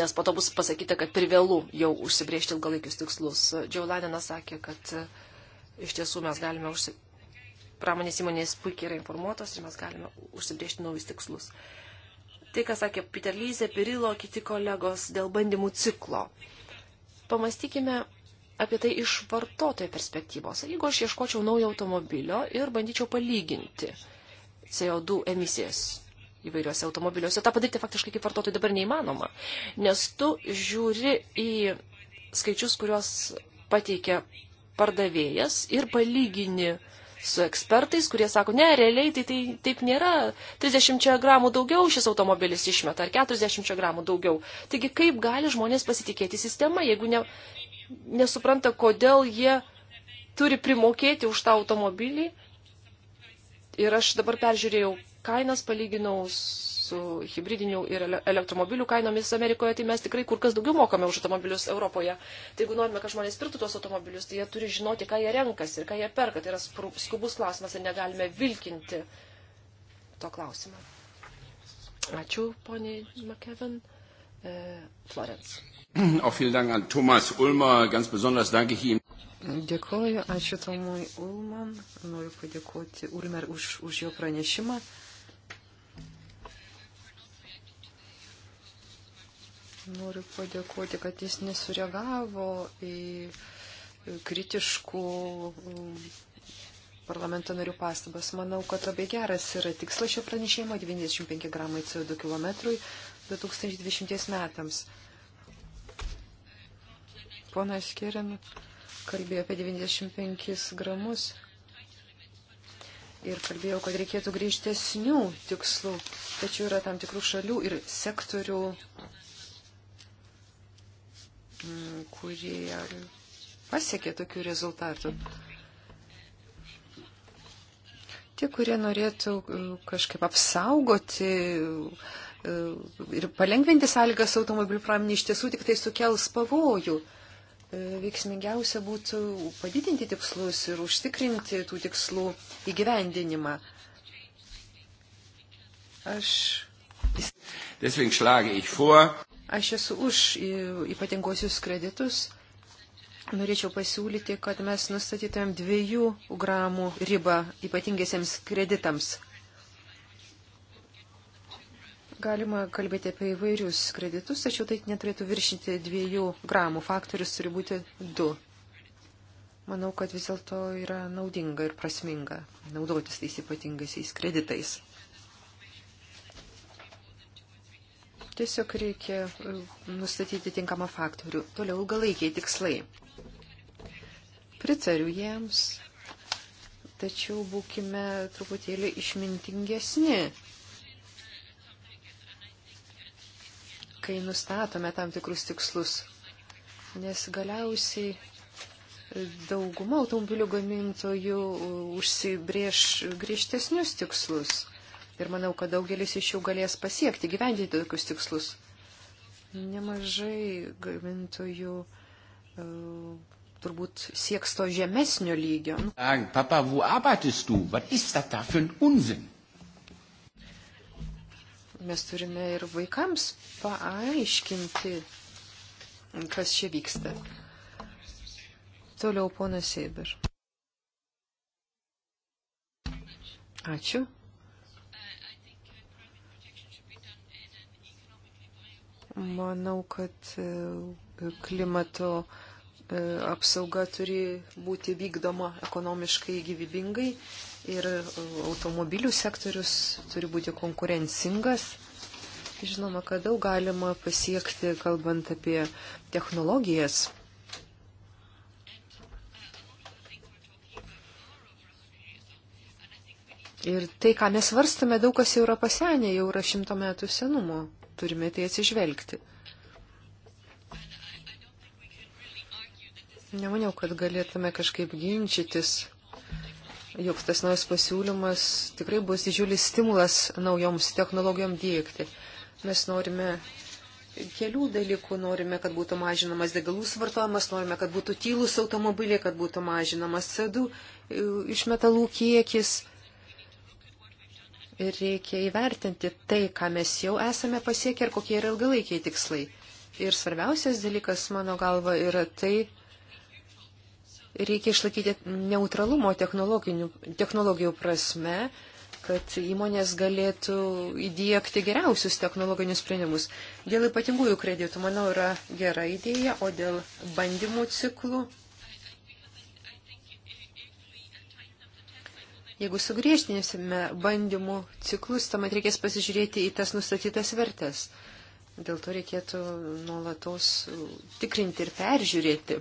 nes po to bus pasakyta, kad per vėlų jau užsibriežti ilgalaikius tikslus. Džiaulaninas sakė, kad e, iš tiesų mes galime užsi... pramonės įmonės puikiai yra informuotos ir mes galime užsibriežti naujus tikslus. Tai, ką sakė Peter Lyze, Pirilo, kiti kolegos dėl bandymų ciklo. Pamastykime apie tai iš vartotojo perspektyvos. Jeigu aš ieškočiau naujo automobilio ir bandyčiau palyginti CO2 emisijas įvairiuose automobiliuose, tą padaryti faktiškai kaip vartotojai dabar neįmanoma, nes tu žiūri į skaičius, kuriuos pateikia pardavėjas ir palygini uh, su ekspertais, kurie sako, ne, realiai tai, tai taip nėra. 30 gramų daugiau šis automobilis išmeta ar 40 gramų daugiau. Taigi kaip gali žmonės pasitikėti sistema, jeigu ne, nesupranta, kodėl jie turi primokėti už tą automobilį. Ir aš dabar peržiūrėjau kainas, palyginau su hybridinių ir elektromobilių kainomis Amerikoje, tai mes tikrai kur kas daugiau mokame už automobilius Europoje. Tai jeigu norime, kad žmonės pirktų tuos automobilius, tai jie turi žinoti, ką jie renkasi ir ką jie perka. Tai yra skubus klausimas ir negalime vilkinti to klausimą. Ačiū, poniai McKevin. E, Florence. Auch vielen Dank an Thomas Ulmer, ganz besonders danke ich ihm. Dėkoju, ačiū Tomui Ulman, noriu padėkoti Ulmer už, už jo pranešimą. noriu padėkoti, kad jis nesureagavo į kritiškų mm, parlamento narių pastabas. Manau, kad labai geras yra tikslas šio pranešimo 95 gramai CO2 kilometrui 2020 metams. Ponas Kirin kalbėjo apie 95 gramus ir kalbėjau, kad reikėtų griežtesnių tikslų, tačiau yra tam tikrų šalių ir sektorių, Mm, kurie pasiekė tokių rezultatų. Tie, kurie norėtų e, kažkaip apsaugoti e, ir palengventi sąlygas automobilių pramonė, iš tiesų tik tai sukels pavojų. E, veiksmingiausia būtų padidinti tikslus ir užtikrinti tų tikslų įgyvendinimą. Aš. Deswegen schlage ich vor. Aš esu už ypatingosius kreditus. Norėčiau pasiūlyti, kad mes nustatytumėm dviejų gramų ribą ypatingiesiems kreditams. Galima kalbėti apie įvairius kreditus, tačiau tai neturėtų viršinti dviejų gramų. Faktorius turi būti du. Manau, kad vis dėlto yra naudinga ir prasminga naudotis tais ypatingaisiais kreditais. Tiesiog reikia e, nustatyti tinkamą faktorių. Toliau ilgalaikiai tikslai. Pritariu jiems, tačiau būkime truputėlį išmintingesni, kai nustatome tam tikrus tikslus. Nes galiausiai dauguma automobilių gamintojų užsibrieš griežtesnius tikslus. Ir manau, kad daugelis iš jų galės pasiekti, gyventi tokius tikslus. Nemažai gamintojų e, turbūt sieks to žemesnio lygio. Papa, wo arbeitest du? Was ist das da für ein Unsinn? Mes turime ir vaikams paaiškinti, kas čia vyksta. Toliau ponas Seiber. Ačiū. Manau, kad e, klimato e, apsauga turi būti vykdoma ekonomiškai gyvybingai ir e, automobilių sektorius turi būti konkurencingas. Žinoma, kad daug galima pasiekti, kalbant apie technologijas. Ir tai, ką mes varstame, daug kas jau yra pasenę, jau yra šimto metų senumo. Turime tai atsižvelgti. Nemaniau, kad galėtume kažkaip ginčytis, jog tas naujas pasiūlymas tikrai bus didžiulis stimulas naujoms technologijom dėkti. Mes norime kelių dalykų, norime, kad būtų mažinamas degalų suvartojimas, norime, kad būtų tylus automobiliai, kad būtų mažinamas CO2 išmetalų kiekis Ir reikia įvertinti tai, ką mes jau esame pasiekę ir kokie yra ilgalaikiai tikslai. Ir svarbiausias dalykas, mano galva, yra tai, reikia išlaikyti neutralumo technologijų prasme, kad įmonės galėtų įdėkti geriausius technologinius sprendimus. Dėl ypatingųjų kreditų, manau, yra gera idėja, o dėl bandymų ciklų Jeigu sugriežtinėsime bandymų ciklus, tuomet reikės pasižiūrėti į tas nustatytas vertės. Dėl to reikėtų nuolatos tikrinti ir peržiūrėti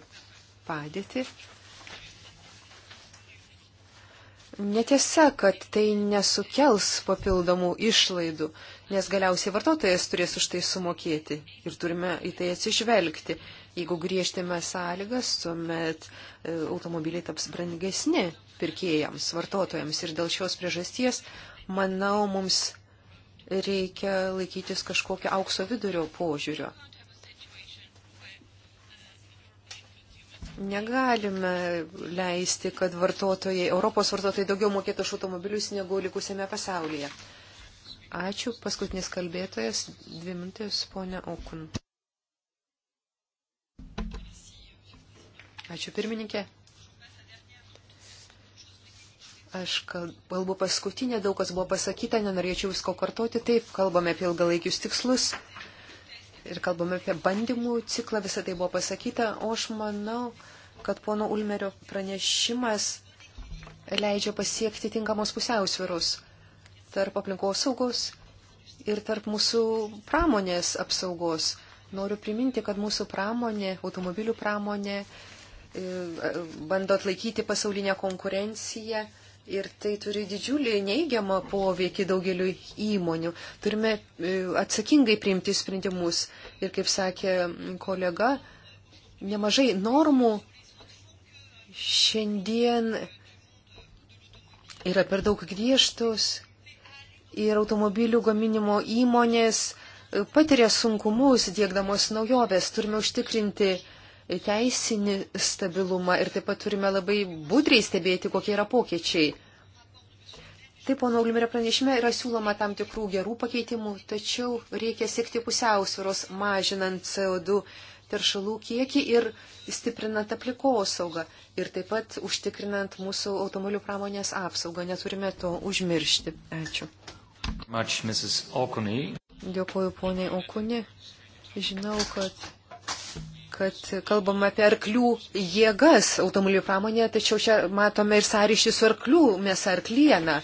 padėtį. Netiesa, kad tai nesukels papildomų išlaidų, nes galiausiai vartotojas turės už tai sumokėti ir turime į tai atsižvelgti. Jeigu griežtime sąlygas, tuomet e, automobiliai taps brangesni pirkėjams, vartotojams. Ir dėl šios priežasties, manau, mums reikia laikytis kažkokio aukso vidurio požiūrio. Negalime leisti, kad vartotojai, Europos vartotojai daugiau mokėtų už automobilius negu likusiame pasaulyje. Ačiū. Paskutinis kalbėtojas, dvi minutės, ponia Okun. Ačiū pirmininkė. Aš kalbu paskutinę, daug kas buvo pasakyta, nenorėčiau visko kartoti. Taip, kalbame apie ilgalaikius tikslus ir kalbame apie bandymų ciklą, visą tai buvo pasakyta. O aš manau, kad pono Ulmerio pranešimas leidžia pasiekti tinkamos pusiausvirus tarp aplinkos saugos ir tarp mūsų pramonės apsaugos. Noriu priminti, kad mūsų pramonė, automobilių pramonė, e, e, bando atlaikyti pasaulinę konkurenciją Ir tai turi didžiulį neigiamą poveikį daugeliu įmonių. Turime e, atsakingai priimti sprendimus. Ir kaip sakė kolega, nemažai normų šiandien yra per daug griežtus. Ir automobilių gaminimo įmonės e, patiria sunkumus, dėkdamos naujovės. Turime užtikrinti teisinį stabilumą ir taip pat turime labai budriai stebėti, kokie yra pokyčiai. Taip, pono Ulmerio pranešime yra siūloma tam tikrų gerų pakeitimų, tačiau reikia siekti pusiausvėros, mažinant CO2 teršalų kiekį ir stiprinant aplikosaugą ir taip pat užtikrinant mūsų automobilių pramonės apsaugą. Neturime to užmiršti. Ačiū. Much, Dėkuoju poniai Okuni. Žinau, kad kad kalbam apie arklių jėgas automobilių pramonėje, tačiau čia matome ir sąryšį su arklių mėsa arklieną.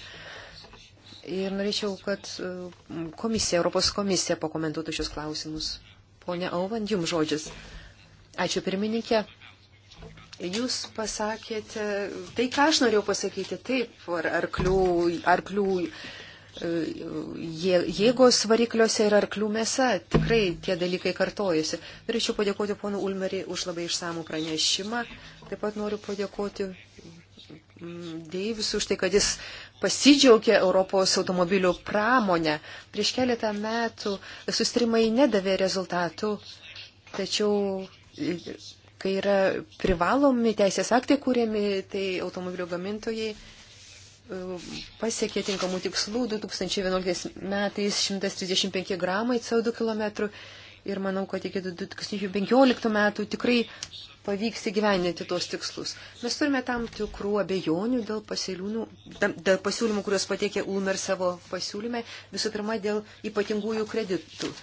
Ir norėčiau, kad uh, komisija, Europos komisija pakomentuotų šios klausimus. Pone Auvand, jums žodžius. Ačiū pirmininkė. Jūs pasakėte tai, ką aš norėjau pasakyti. Taip, ar arklių, arklių E, jėgos varikliuose ir arklių mėsa. Tikrai tie dalykai kartojasi. Norėčiau padėkoti ponu Ulmerį už labai išsamų pranešimą. Taip pat noriu padėkoti mm, Deivis už tai, kad jis pasidžiaugė Europos automobilių pramonę. Prieš keletą metų sustrimai nedavė rezultatų, tačiau e, kai yra privalomi teisės aktai kūrėmi, tai automobilių gamintojai pasiekė tinkamų tikslų 2011 metais 135 gramai CO2 km ir manau, kad iki 2015 metų tikrai pavyks įgyveninti tuos tikslus. Mes turime tam tikrų abejonių dėl, dėl pasiūlymų, kuriuos patiekė Ulmer savo pasiūlyme, visų pirma dėl ypatingųjų kreditų.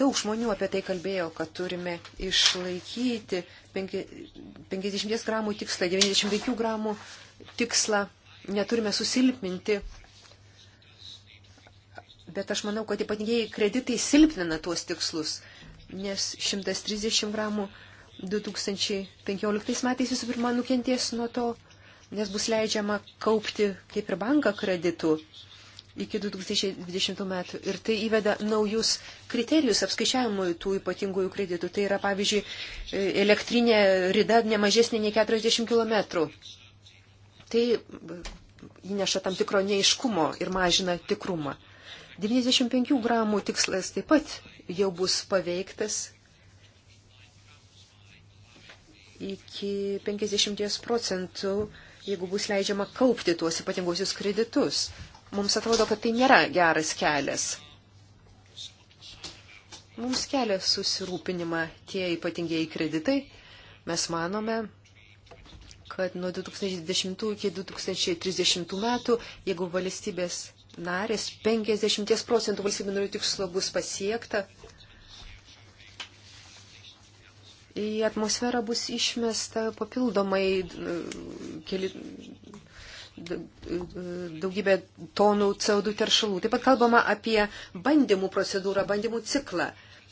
Daug žmonių apie tai kalbėjo, kad turime išlaikyti 50 gramų tikslą, 95 gramų tikslą neturime susilpninti. Bet aš manau, kad ypatingiai kreditai silpnina tuos tikslus, nes 130 gramų 2015 metais visų pirma nukentės nuo to, nes bus leidžiama kaupti kaip ir banką kreditų iki 2020 metų. Ir tai įveda naujus kriterijus apskaičiavimui tų ypatingųjų kreditų. Tai yra, pavyzdžiui, elektrinė rida nemažesnė nei 40 km tai įneša tam tikro neiškumo ir mažina tikrumą. 95 gramų tikslas taip pat jau bus paveiktas iki 50 procentų, jeigu bus leidžiama kaupti tuos ypatinguosius kreditus. Mums atrodo, kad tai nėra geras kelias. Mums kelia susirūpinimą tie ypatingieji kreditai. Mes manome, kad nuo 2010 iki 2030 metų, jeigu valstybės narės 50 procentų valstybių narių tikslo bus pasiekta, į atmosferą bus išmesta papildomai e, keli, daugybė tonų CO2 teršalų. Taip pat kalbama apie bandymų procedūrą, bandymų ciklą.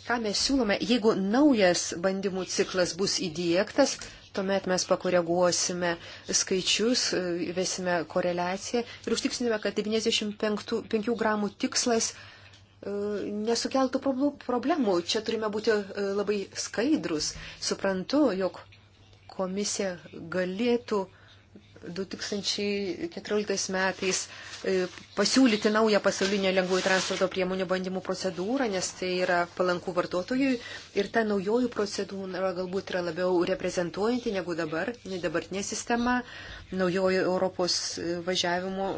Ką mes siūlome, jeigu naujas bandymų ciklas bus įdėktas, Tuomet mes pakoreguosime skaičius, įvesime koreliaciją ir užtiksime, kad 95 gramų tikslas e, nesukeltų problemų. Čia turime būti e, labai skaidrus. Suprantu, jog komisija galėtų uh, 2014 metais e, pasiūlyti naują pasaulinio lengvųjų transporto priemonių bandymų procedūrą, nes tai yra palankų vartotojui ir ta naujojų procedūra galbūt yra labiau reprezentuojanti negu dabar, nei dabartinė sistema. Naujoji Europos e, važiavimo,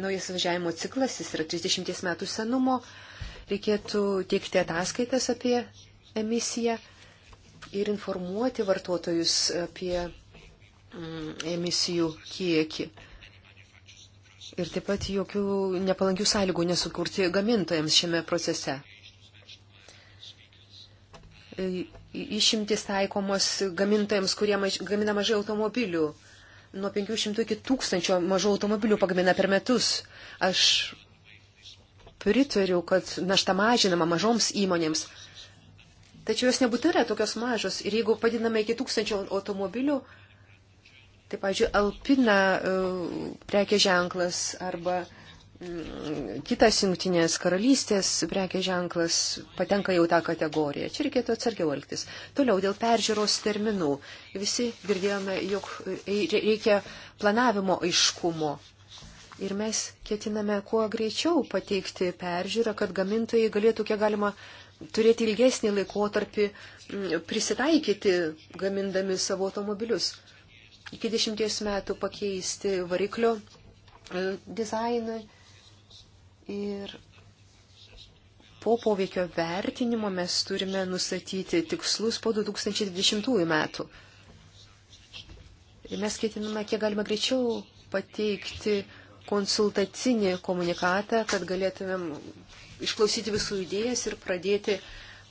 naujas važiavimo ciklas, jis yra 30 metų senumo, reikėtų teikti ataskaitas apie emisiją ir informuoti vartotojus apie Mm, emisijų kiekį. Ir taip pat jokių nepalankių sąlygų nesukurti gamintojams šiame procese. E, išimtis taikomos gamintojams, kurie maž, gamina mažai automobilių. Nuo 500 iki 1000 mažų automobilių pagamina per metus. Aš pritariu, kad našta mažinama mažoms įmonėms. Tačiau jos nebūtų yra tokios mažos. Ir jeigu padiname iki 1000 automobilių, Tai, pažiūrėjau, Alpina e, prekė ženklas arba mm, kitas jungtinės karalystės prekė ženklas patenka jau tą kategoriją. Čia reikėtų atsargiau elgtis. Toliau, dėl peržiūros terminų. Visi girdėjome, jog e, reikia planavimo aiškumo. Ir mes ketiname kuo greičiau pateikti peržiūrą, kad gamintojai galėtų kiek galima turėti ilgesnį laikotarpį mm, prisitaikyti gamindami savo automobilius iki dešimties metų pakeisti variklio e, dizainą ir po poveikio vertinimo mes turime nustatyti tikslus po 2020 metų. Ir mes ketiname, kiek galima greičiau, pateikti konsultacinį komunikatą, kad galėtumėm išklausyti visų idėjas ir pradėti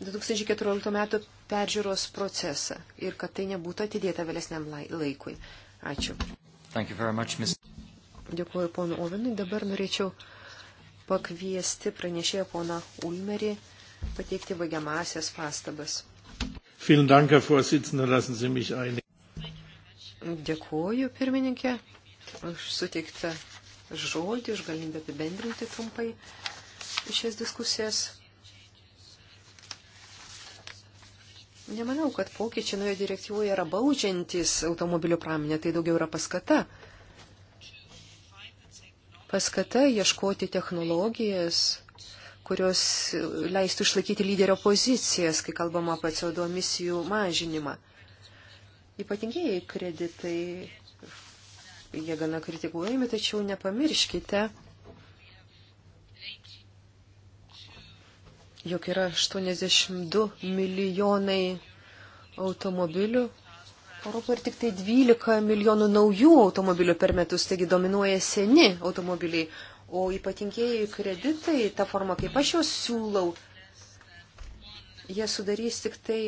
2014 metų peržiūros procesą ir kad tai nebūtų atidėta vėlesniam laikui. Ačiū. Much, Ms... Dėkuoju ponu Ovenui. Dabar norėčiau pakviesti pranešėją poną Ulmerį pateikti baigiamasias pastabas. Dank, Dėkuoju, pirmininkė, už suteiktą žodį, už galimybę apibendrinti trumpai šias diskusijas. Nemanau, kad pokyčiai nuojo direktyvoje yra baudžiantis automobilių pramonė, tai daugiau yra paskata. Paskata ieškoti technologijas, kurios leistų išlaikyti lyderio pozicijas, kai kalbama apie CO2 emisijų mažinimą. Ypatingieji kreditai, jie gana kritikuojami, tačiau nepamirškite, jog yra 82 milijonai automobilių Europoje ir tik tai 12 milijonų naujų automobilių per metus, taigi dominuoja seni automobiliai. O ypatingieji kreditai, ta forma, kaip aš juos siūlau, jie sudarys tik tai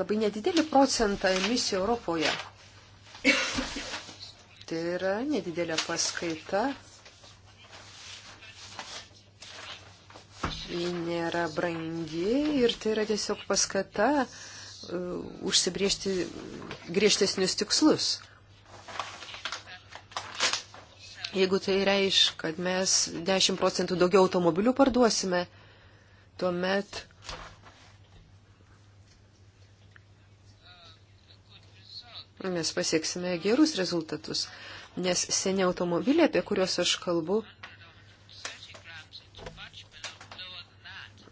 labai nedidelį procentą emisijų Europoje. Tai yra nedidelė paskaita ji nėra brangi ir tai yra tiesiog paskata e, užsibriežti griežtesnius tikslus. Jeigu tai reiškia, kad mes 10 procentų daugiau automobilių parduosime, tuomet mes pasieksime gerus rezultatus. Nes seni automobiliai, apie kuriuos aš kalbu,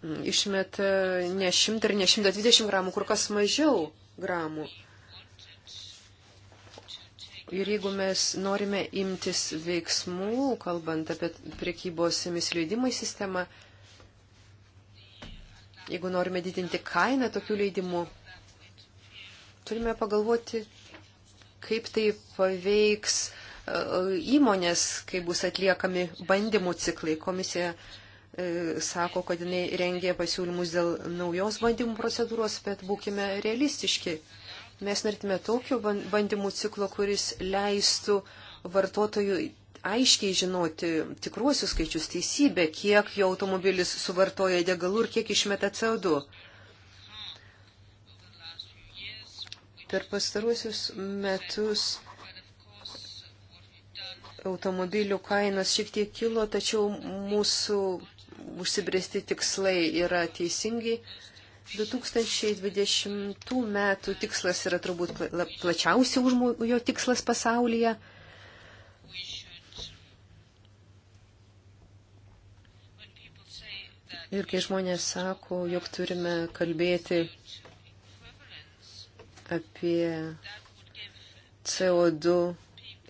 išmeta ne 100 ir ne 120 gramų, kur kas mažiau gramų. Ir jeigu mes norime imtis veiksmų, kalbant apie priekybos emis leidimai sistemą, jeigu norime didinti kainą tokių leidimų, turime pagalvoti, kaip tai paveiks e, įmonės, kai bus atliekami bandymų ciklai. Komisija uh, E, sako, kad jinai rengė pasiūlymus dėl naujos bandymų procedūros, bet būkime realistiški. Mes norėtume tokio bandymų ciklo, kuris leistų vartotojų aiškiai žinoti tikruosius skaičius teisybę, kiek jo automobilis suvartoja degalų ir kiek išmeta CO2. Per pastaruosius metus automobilių kainas šiek tiek kilo, tačiau mūsų užsibrėsti tikslai yra teisingi. 2020 metų tikslas yra turbūt plačiausiai užmojo tikslas pasaulyje. Ir kai žmonės sako, jog turime kalbėti apie CO2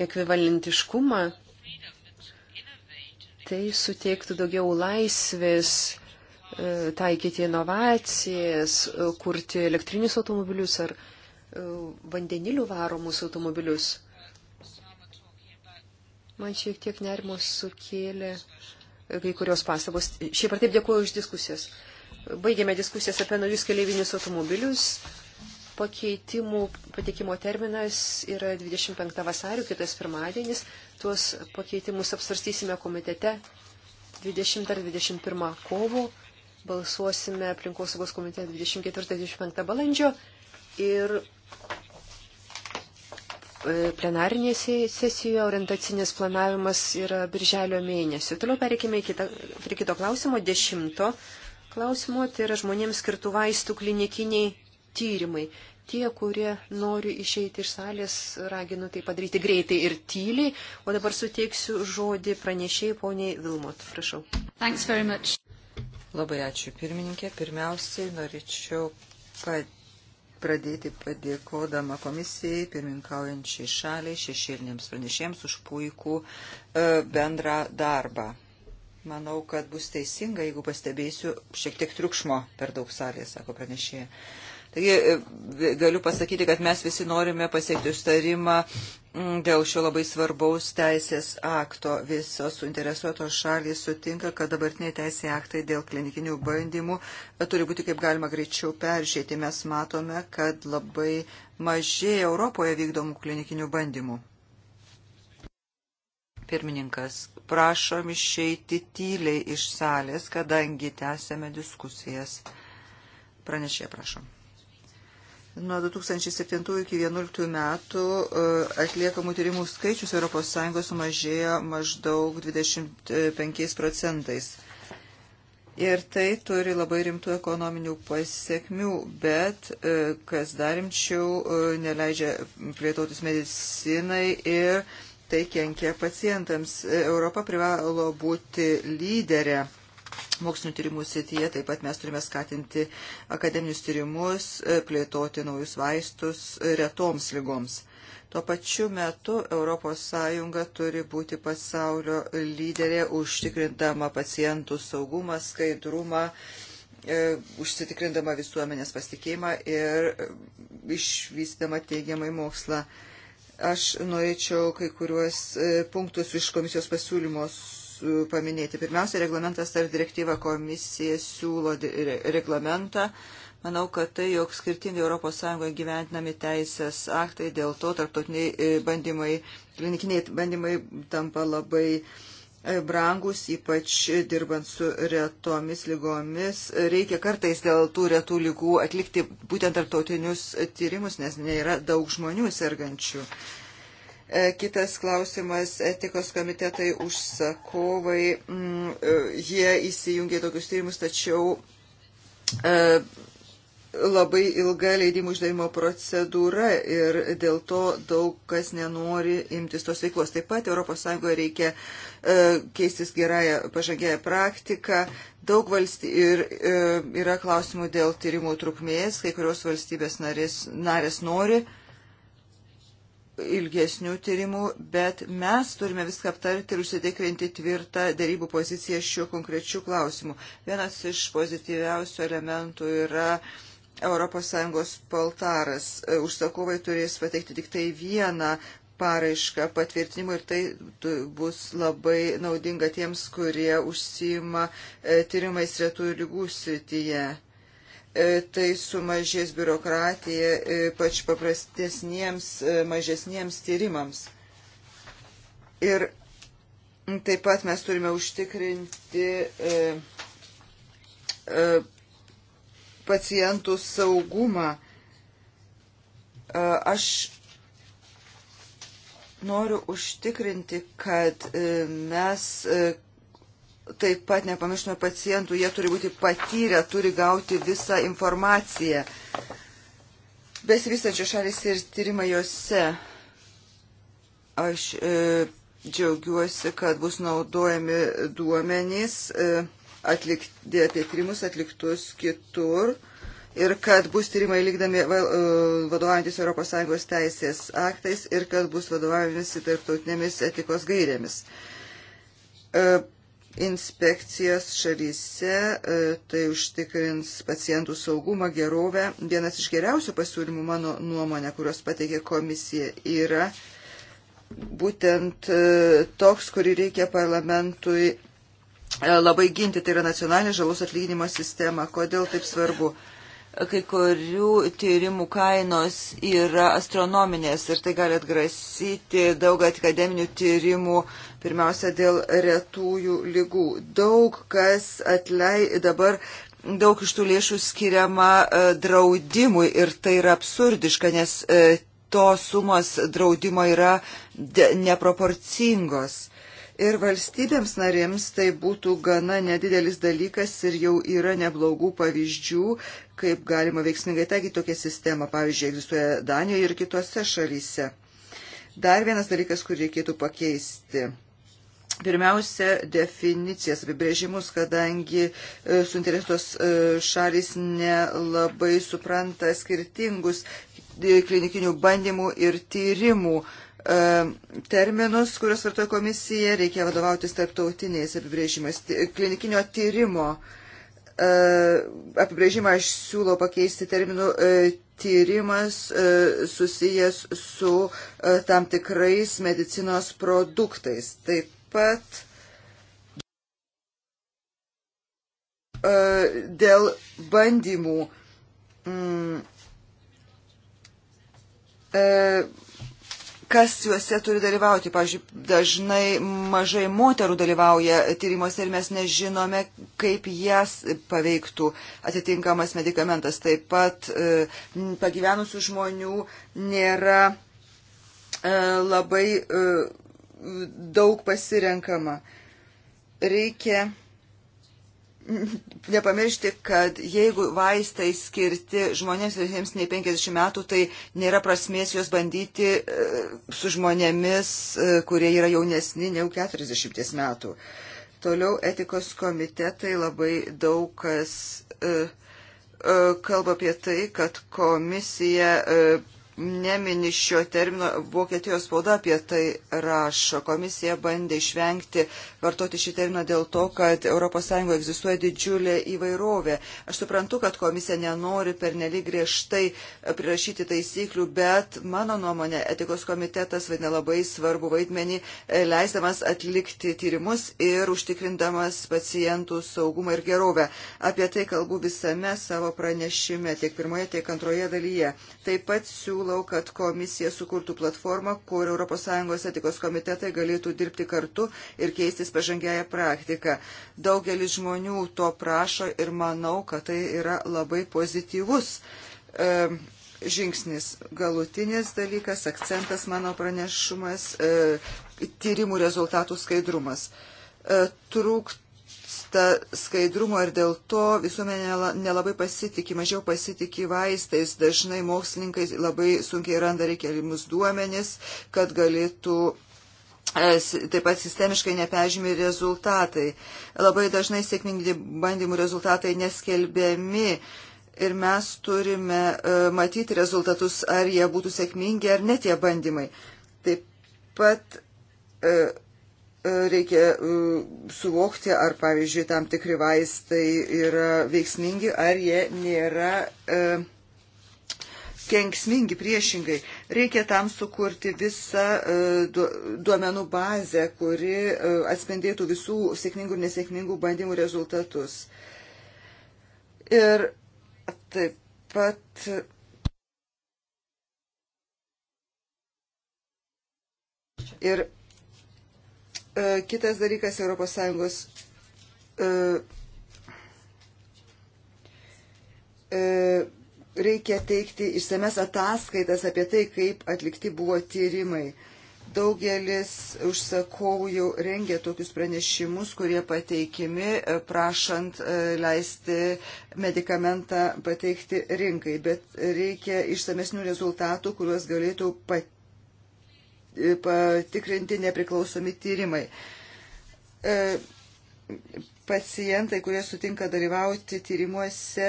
ekvivalentiškumą, Tai suteiktų daugiau laisvės e, taikyti inovacijas, e, kurti elektrinius automobilius ar e, vandenilių varomus automobilius. Man šiek tiek nerimo sukėlė kai kurios pastabos. Šiaip ar taip dėkuoju už diskusijas. Baigėme diskusijas apie naujus keleivinius automobilius. Pakeitimų patikimo terminas yra 25 vasario, kitas pirmadienis. Tuos pakeitimus apsvarstysime komitete 20 ar 21 kovo, balsuosime aplinkosaugos komitete 24-25 balandžio ir e, plenarinėje sesijoje orientacinis planavimas yra birželio mėnesio. Toliau pereikime kita, prie kito klausimo, dešimto klausimo, tai yra žmonėms skirtų vaistų klinikiniai tyrimai. Tie, kurie nori išeiti iš salės, raginu tai padaryti greitai ir tyliai. O dabar suteiksiu žodį pranešėjai poniai Vilmot. Prašau. Labai ačiū pirmininkė. Pirmiausiai norėčiau padėti pradėti padėkodama komisijai, pirmininkaujančiai šaliai, šešėlinėms pranešėjams už puikų e, bendrą darbą. Manau, kad bus teisinga, jeigu pastebėsiu šiek tiek triukšmo per daug salės, sako pranešėja. Taigi e, galiu pasakyti, kad mes visi norime pasiekti užtarimą mm, dėl šio labai svarbaus teisės akto. Visos suinteresuotos šalys sutinka, kad dabartiniai teisė aktai dėl klinikinių bandymų e, turi būti kaip galima greičiau peržiūrėti. Mes matome, kad labai mažai Europoje vykdomų klinikinių bandymų. Pirmininkas, prašom išeiti tyliai iš salės, kadangi tęsėme diskusijas. Pranešė, prašom. Nuo 2007 iki 2011 metų e, atliekamų tyrimų skaičius ES sumažėjo maždaug 25 procentais. Ir tai turi labai rimtų ekonominių pasiekmių, bet, e, kas darimčiau, e, neleidžia plėtotis medicinai ir tai kenkia pacientams. Europa privalo būti lyderė Mokslinių tyrimų srityje taip pat mes turime skatinti akademinius tyrimus, e, plėtoti naujus vaistus e, retoms lygoms. Tuo pačiu metu ES turi būti pasaulio lyderė užtikrintama pacientų saugumą, skaidrumą, e, užsitikrindama visuomenės pasitikėjimą ir išvystama teigiamai mokslą. Aš norėčiau kai kuriuos punktus iš komisijos pasiūlymos E, paminėti. Pirmiausia, reglamentas ar direktyva komisija siūlo reglamentą. Manau, kad tai, jog skirtingai ES gyventinami teisės aktai, dėl to tarptautiniai e, bandymai, klinikiniai bandymai tampa labai e, brangus, ypač dirbant su retomis lygomis. Reikia kartais dėl tų retų lygų atlikti būtent tarptautinius tyrimus, nes nėra daug žmonių sergančių. E, kitas klausimas - etikos komitetai užsakovai. Mm, e, jie įsijungia tokius tyrimus, tačiau e, labai ilga leidimų išdavimo procedūra ir dėl to daug kas nenori imtis tos veiklos. Taip pat ES reikia keistis gerąją pažangėją praktiką. Daug valstybių ir yra klausimų dėl tyrimų trukmės, kai kurios valstybės narės, narės nori ilgesnių tyrimų, bet mes turime viską aptarti ir užsitikrinti tvirtą darybų poziciją šiuo konkrečiu klausimu. Vienas iš pozityviausių elementų yra ES poltaras. Užsakovai turės pateikti tik tai vieną paraišką patvirtinimui ir tai bus labai naudinga tiems, kurie užsima e, tyrimais retų lygų srityje. E, tai sumažės biurokratija, e, ypač paprastesniems, e, mažesniems tyrimams. Ir taip pat mes turime užtikrinti pacientų saugumą. Aš noriu užtikrinti, kad mes taip pat nepamirštume pacientų, jie turi būti patyrę, turi gauti visą informaciją. Besivystančios šalis ir tyrimai juose. Aš e, džiaugiuosi, kad bus naudojami duomenys e, atlikti, apie tyrimus atliktus kitur ir kad bus tyrimai lygdami e, vadovaujantis ES teisės aktais ir kad bus vadovaujantis tarptautinėmis etikos gairėmis. E, inspekcijas šalyse, e, tai užtikrins pacientų saugumą, gerovę. Vienas iš geriausių pasiūlymų mano nuomonė, kurios pateikė komisija, yra būtent e, toks, kurį reikia parlamentui e, labai ginti, tai yra nacionalinė žalos atlyginimo sistema. Kodėl taip svarbu? kai kurių tyrimų kainos yra astronominės ir tai gali atgrasyti daug akademinių tyrimų uh, Pirmiausia, dėl retųjų lygų. Daug kas atlei dabar. Daug iš tų lėšų skiriama e, draudimui ir tai yra absurdiška, nes e, tos sumos draudimo yra neproporcingos. Ir valstybėms narėms tai būtų gana nedidelis dalykas ir jau yra neblogų pavyzdžių, kaip galima veiksmingai taikyti tokią sistemą. Pavyzdžiui, egzistuoja Danijoje ir kitose šalyse. Dar vienas dalykas, kurį reikėtų pakeisti. Pirmiausia, definicijas apibrėžimus, kadangi e, suinteresuotos e, šalis nelabai supranta skirtingus e, klinikinių bandymų ir tyrimų terminus, kuriuos vartoja komisija, reikia vadovautis tarptautiniais apibrėžimais. Klinikinio tyrimo apibrėžimą aš siūlau pakeisti terminų tyrimas susijęs su tam tikrais medicinos produktais. Taip pat e, dėl bandymų mm. e, kas juose turi dalyvauti. Pavyzdžiui, dažnai mažai moterų dalyvauja tyrimuose ir mes nežinome, kaip jas paveiktų atitinkamas medikamentas. Taip pat e, pagyvenusių žmonių nėra labai daug pasirenkama. Reikia nepamiršti, kad jeigu vaistai skirti žmonėms ir jiems nei 50 metų, tai nėra prasmės juos bandyti e, su žmonėmis, e, kurie yra jaunesni negu 40 metų. Toliau etikos komitetai labai daug kas e, kalba apie tai, kad komisija nemini šio termino, Vokietijos spauda apie tai rašo. Komisija bandė išvengti vartoti šį terminą dėl to, kad ES egzistuoja didžiulė įvairovė. Aš suprantu, kad komisija nenori pernelyg griežtai prirašyti taisyklių, bet mano nuomonė, etikos komitetas vaidina labai svarbu vaidmenį, e, leisdamas atlikti tyrimus ir užtikrindamas pacientų saugumą ir gerovę. Apie tai kalbu visame savo pranešime, tiek pirmoje, tiek antroje dalyje. Taip pat siūlau siūlau, kad komisija sukurtų platformą, kur ES etikos komitetai galėtų dirbti kartu ir keistis pažangiają praktiką. Daugelis žmonių to prašo ir manau, kad tai yra labai pozityvus. E, Žingsnis galutinis dalykas, akcentas mano pranešumas, e, tyrimų rezultatų skaidrumas. E, trūkt trūksta skaidrumo ir dėl to visuomenė nelabai pasitikė, mažiau pasitikė vaistais, dažnai mokslininkai labai sunkiai randa reikelimus duomenis, kad galėtų e, taip pat sistemiškai nepežymi rezultatai. Labai dažnai sėkmingi bandymų rezultatai neskelbiami ir mes turime e, matyti rezultatus, ar jie būtų sėkmingi ar ne tie bandymai. Taip pat e, reikia mm, suvokti, ar, pavyzdžiui, tam tikri vaistai yra veiksmingi, ar jie nėra e, kenksmingi priešingai. Reikia tam sukurti visą e, duomenų bazę, kuri e, atspindėtų visų sėkmingų ir nesėkmingų bandymų rezultatus. Ir taip pat ir E, kitas dalykas ES e, e, reikia teikti išsames ataskaitas apie tai, kaip atlikti buvo tyrimai. Daugelis užsakovų jau rengia tokius pranešimus, kurie pateikimi, prašant leisti medikamentą pateikti rinkai, bet reikia išsamesnių rezultatų, kuriuos galėtų pateikti E, patikrinti nepriklausomi tyrimai. E, pacientai, kurie sutinka dalyvauti tyrimuose,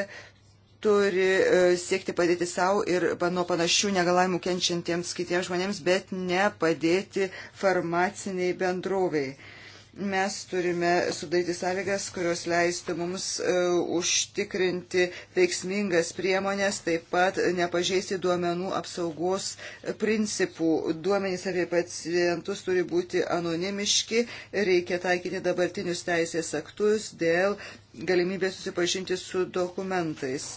turi e, siekti padėti savo ir nuo panašių negalavimų kenčiantiems kitiems žmonėms, bet ne padėti farmaciniai bendroviai mes turime sudaryti sąlygas, kurios leistų mums e, užtikrinti veiksmingas priemonės, taip pat nepažeisti duomenų apsaugos principų. Duomenys apie pacientus turi būti anonimiški, reikia taikyti dabartinius teisės aktus dėl galimybės susipažinti su dokumentais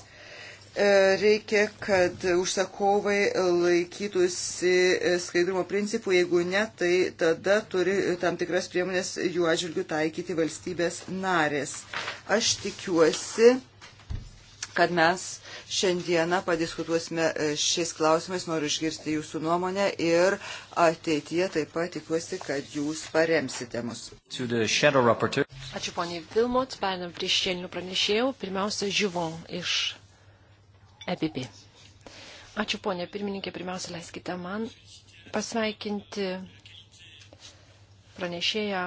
E, reikia, kad užsakovai laikytųsi e, skaidrumo principų, jeigu ne, tai tada turi tam tikras priemonės jų atžvilgių taikyti valstybės narės. Aš tikiuosi, kad mes šiandieną padiskutuosime e, šiais klausimais, noriu išgirsti jūsų nuomonę ir ateityje taip pat tikiuosi, kad jūs paremsite mus. Ačiū poniai Vilmot, perinam prie šiandien pranešėjų, pirmiausia, Živon iš EPP. Ačiū, ponė pirmininkė. Pirmiausia, leiskite man pasveikinti pranešėją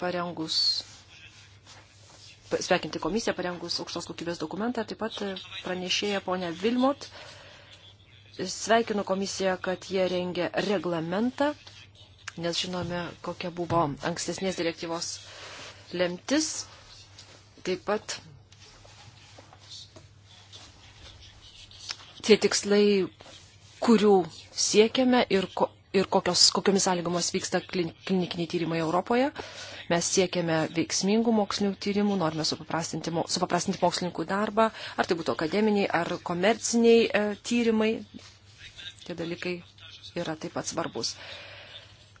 parengus, sveikinti komisiją parengus aukštos kokybės dokumentą, taip pat pranešėja ponė Vilmot. Sveikinu komisiją, kad jie rengia reglamentą, nes žinome, kokia buvo ankstesnės direktyvos lemtis. Taip pat tie tikslai, kurių siekiame ir, ko, ir kokios, kokiomis sąlygomis vyksta klinikiniai tyrimai Europoje. Mes siekiame veiksmingų mokslinių tyrimų, norime supaprastinti, supaprastinti mokslininkų darbą, ar tai būtų akademiniai ar komerciniai e, tyrimai. Tie dalykai yra taip pat svarbus.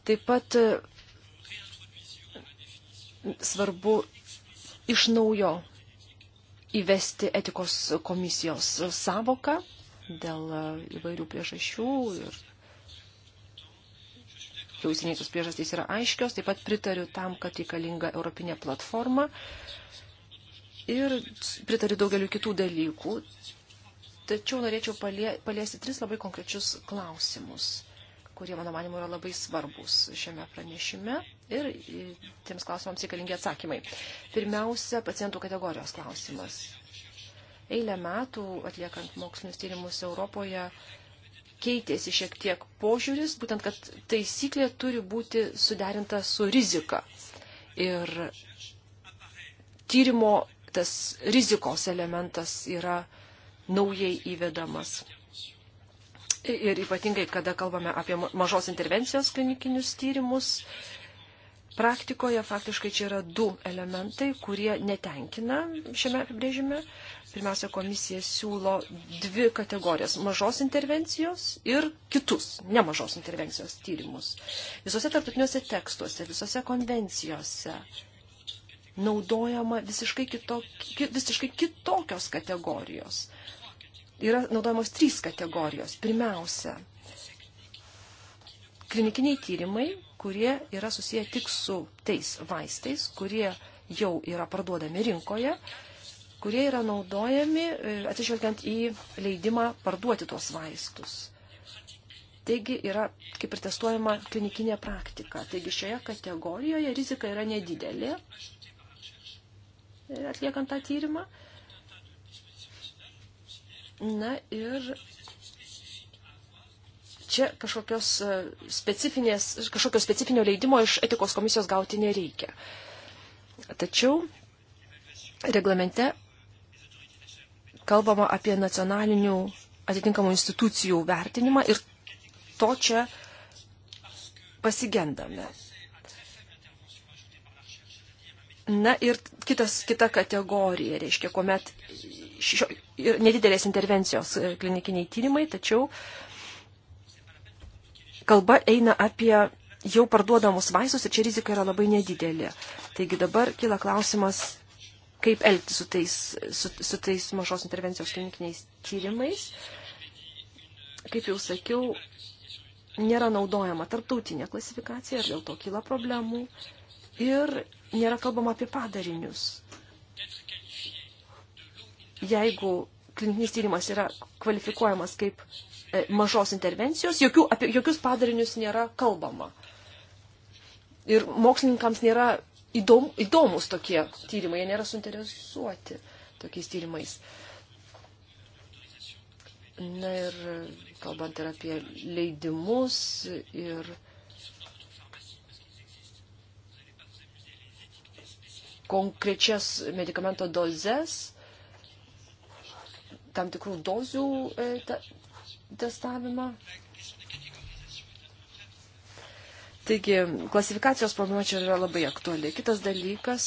Taip pat e, svarbu iš naujo įvesti etikos komisijos savoką dėl e, įvairių priežasčių ir jau seniai tos priežastys yra aiškios. Taip pat pritariu tam, kad reikalinga europinė platforma ir pritariu daugeliu kitų dalykų. Tačiau norėčiau palie, paliesti tris labai konkrečius klausimus, kurie, mano manimu, yra labai svarbus šiame pranešime ir e, tiems klausimams reikalingi atsakymai. Pirmiausia, pacientų kategorijos klausimas eilę metų atliekant mokslinius tyrimus Europoje keitėsi šiek tiek požiūris, būtent, kad taisyklė turi būti suderinta su rizika. Ir tyrimo tas rizikos elementas yra naujai įvedamas. Ir ypatingai, kada kalbame apie mažos intervencijos klinikinius tyrimus, praktikoje faktiškai čia yra du elementai, kurie netenkina šiame apibrėžime pirmiausia, komisija siūlo dvi kategorijas - mažos intervencijos ir kitus, nemažos intervencijos tyrimus. Visose tarptautiniuose tekstuose, visose konvencijose naudojama visiškai, kitok, visiškai kitokios kategorijos. Yra naudojamos trys kategorijos. Pirmiausia, klinikiniai tyrimai, kurie yra susiję tik su tais vaistais, kurie jau yra parduodami rinkoje kurie yra naudojami e, atsižvelgiant į leidimą parduoti tuos vaistus. Taigi yra kaip ir testuojama klinikinė praktika. Taigi šioje kategorijoje rizika yra nedidelė e, atliekant tą tyrimą. Na ir čia kažkokios, e, kažkokios specifinio leidimo iš etikos komisijos gauti nereikia. Tačiau reglamente kalbama apie nacionalinių atitinkamų institucijų vertinimą ir to čia pasigendame. Na ir kitas, kita kategorija, reiškia, kuomet šio, nedidelės intervencijos klinikiniai tyrimai, tačiau kalba eina apie jau parduodamus vaistus ir čia rizika yra labai nedidelė. Taigi dabar kyla klausimas, kaip elgti su tais, su, su tais mažos intervencijos klinikiniais tyrimais. Kaip jau sakiau, nėra naudojama tarptautinė klasifikacija ir dėl to kyla problemų. Ir nėra kalbama apie padarinius. Jeigu klinikinis tyrimas yra kvalifikuojamas kaip e, mažos intervencijos, jokių, apie jokius padarinius nėra kalbama. Ir mokslininkams nėra įdom, įdomus tokie tyrimai, jie nėra suinteresuoti tokiais tyrimais. Na ir kalbant ir apie leidimus ir. konkrečias medikamento dozes, tam tikrų dozių e, ta, testavimą. Ta, Taigi, klasifikacijos problema čia yra labai aktuali. Kitas dalykas,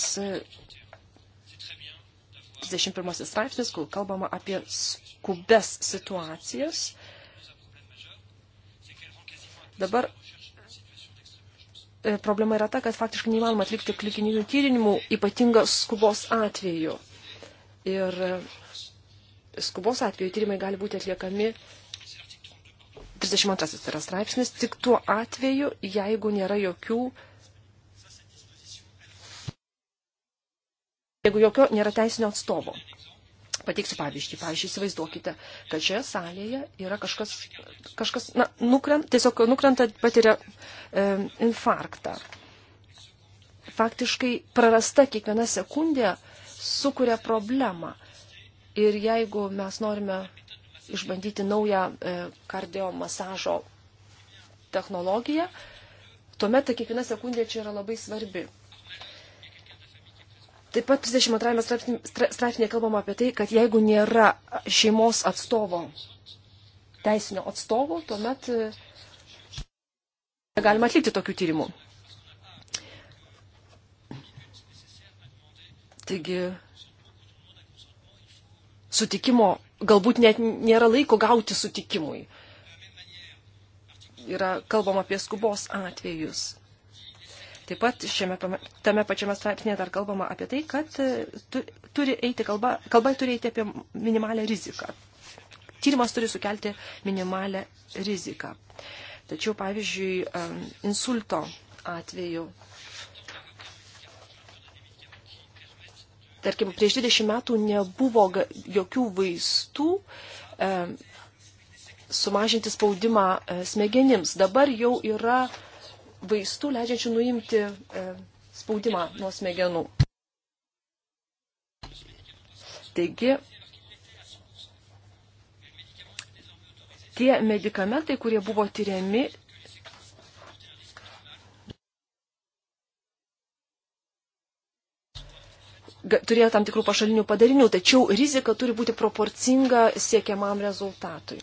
31 straipsnis, kur kalbama apie skubes situacijas. Dabar e, problema yra ta, kad faktiškai neįmanoma atlikti klikinių tyrinimų ypatingos skubos atveju. Ir e, skubos atveju tyrimai gali būti atliekami 32 tai yra straipsnis, tik tuo atveju, jeigu nėra jokių, jeigu jokio nėra teisinio atstovo. Pateiksiu pavyzdį. Pavyzdžiui, įsivaizduokite, kad šioje salėje yra kažkas, kažkas na, nukrent, tiesiog nukrenta, patiria e, infarktą. Faktiškai prarasta kiekviena sekundė sukuria problemą. Ir jeigu mes norime išbandyti naują e, kardiomasažo technologiją, tuomet ta kiekviena sekundė čia yra labai svarbi. Taip pat 32 straipsnėje kalbama apie tai, kad jeigu nėra šeimos atstovo, teisinio atstovo, tuomet e, galima atlikti tokių tyrimų. Taigi, sutikimo galbūt net nėra laiko gauti sutikimui. Yra kalbama apie skubos atvejus. Taip pat šiame, tame pačiame straipsnėje dar kalbama apie tai, kad e, tu, turi eiti kalba, kalba turi eiti apie minimalę riziką. Tyrimas turi sukelti minimalę riziką. Tačiau, pavyzdžiui, insulto atveju Tarkim, prieš 20 metų nebuvo jokių vaistų e, sumažinti spaudimą e, smegenims. Dabar jau yra vaistų leidžiančių nuimti e, spaudimą nuo smegenų. Taigi, tie medikamentai, kurie buvo tyriami, turėjo tam tikrų pašalinių padarinių, tačiau rizika turi būti proporcinga siekiamam rezultatui.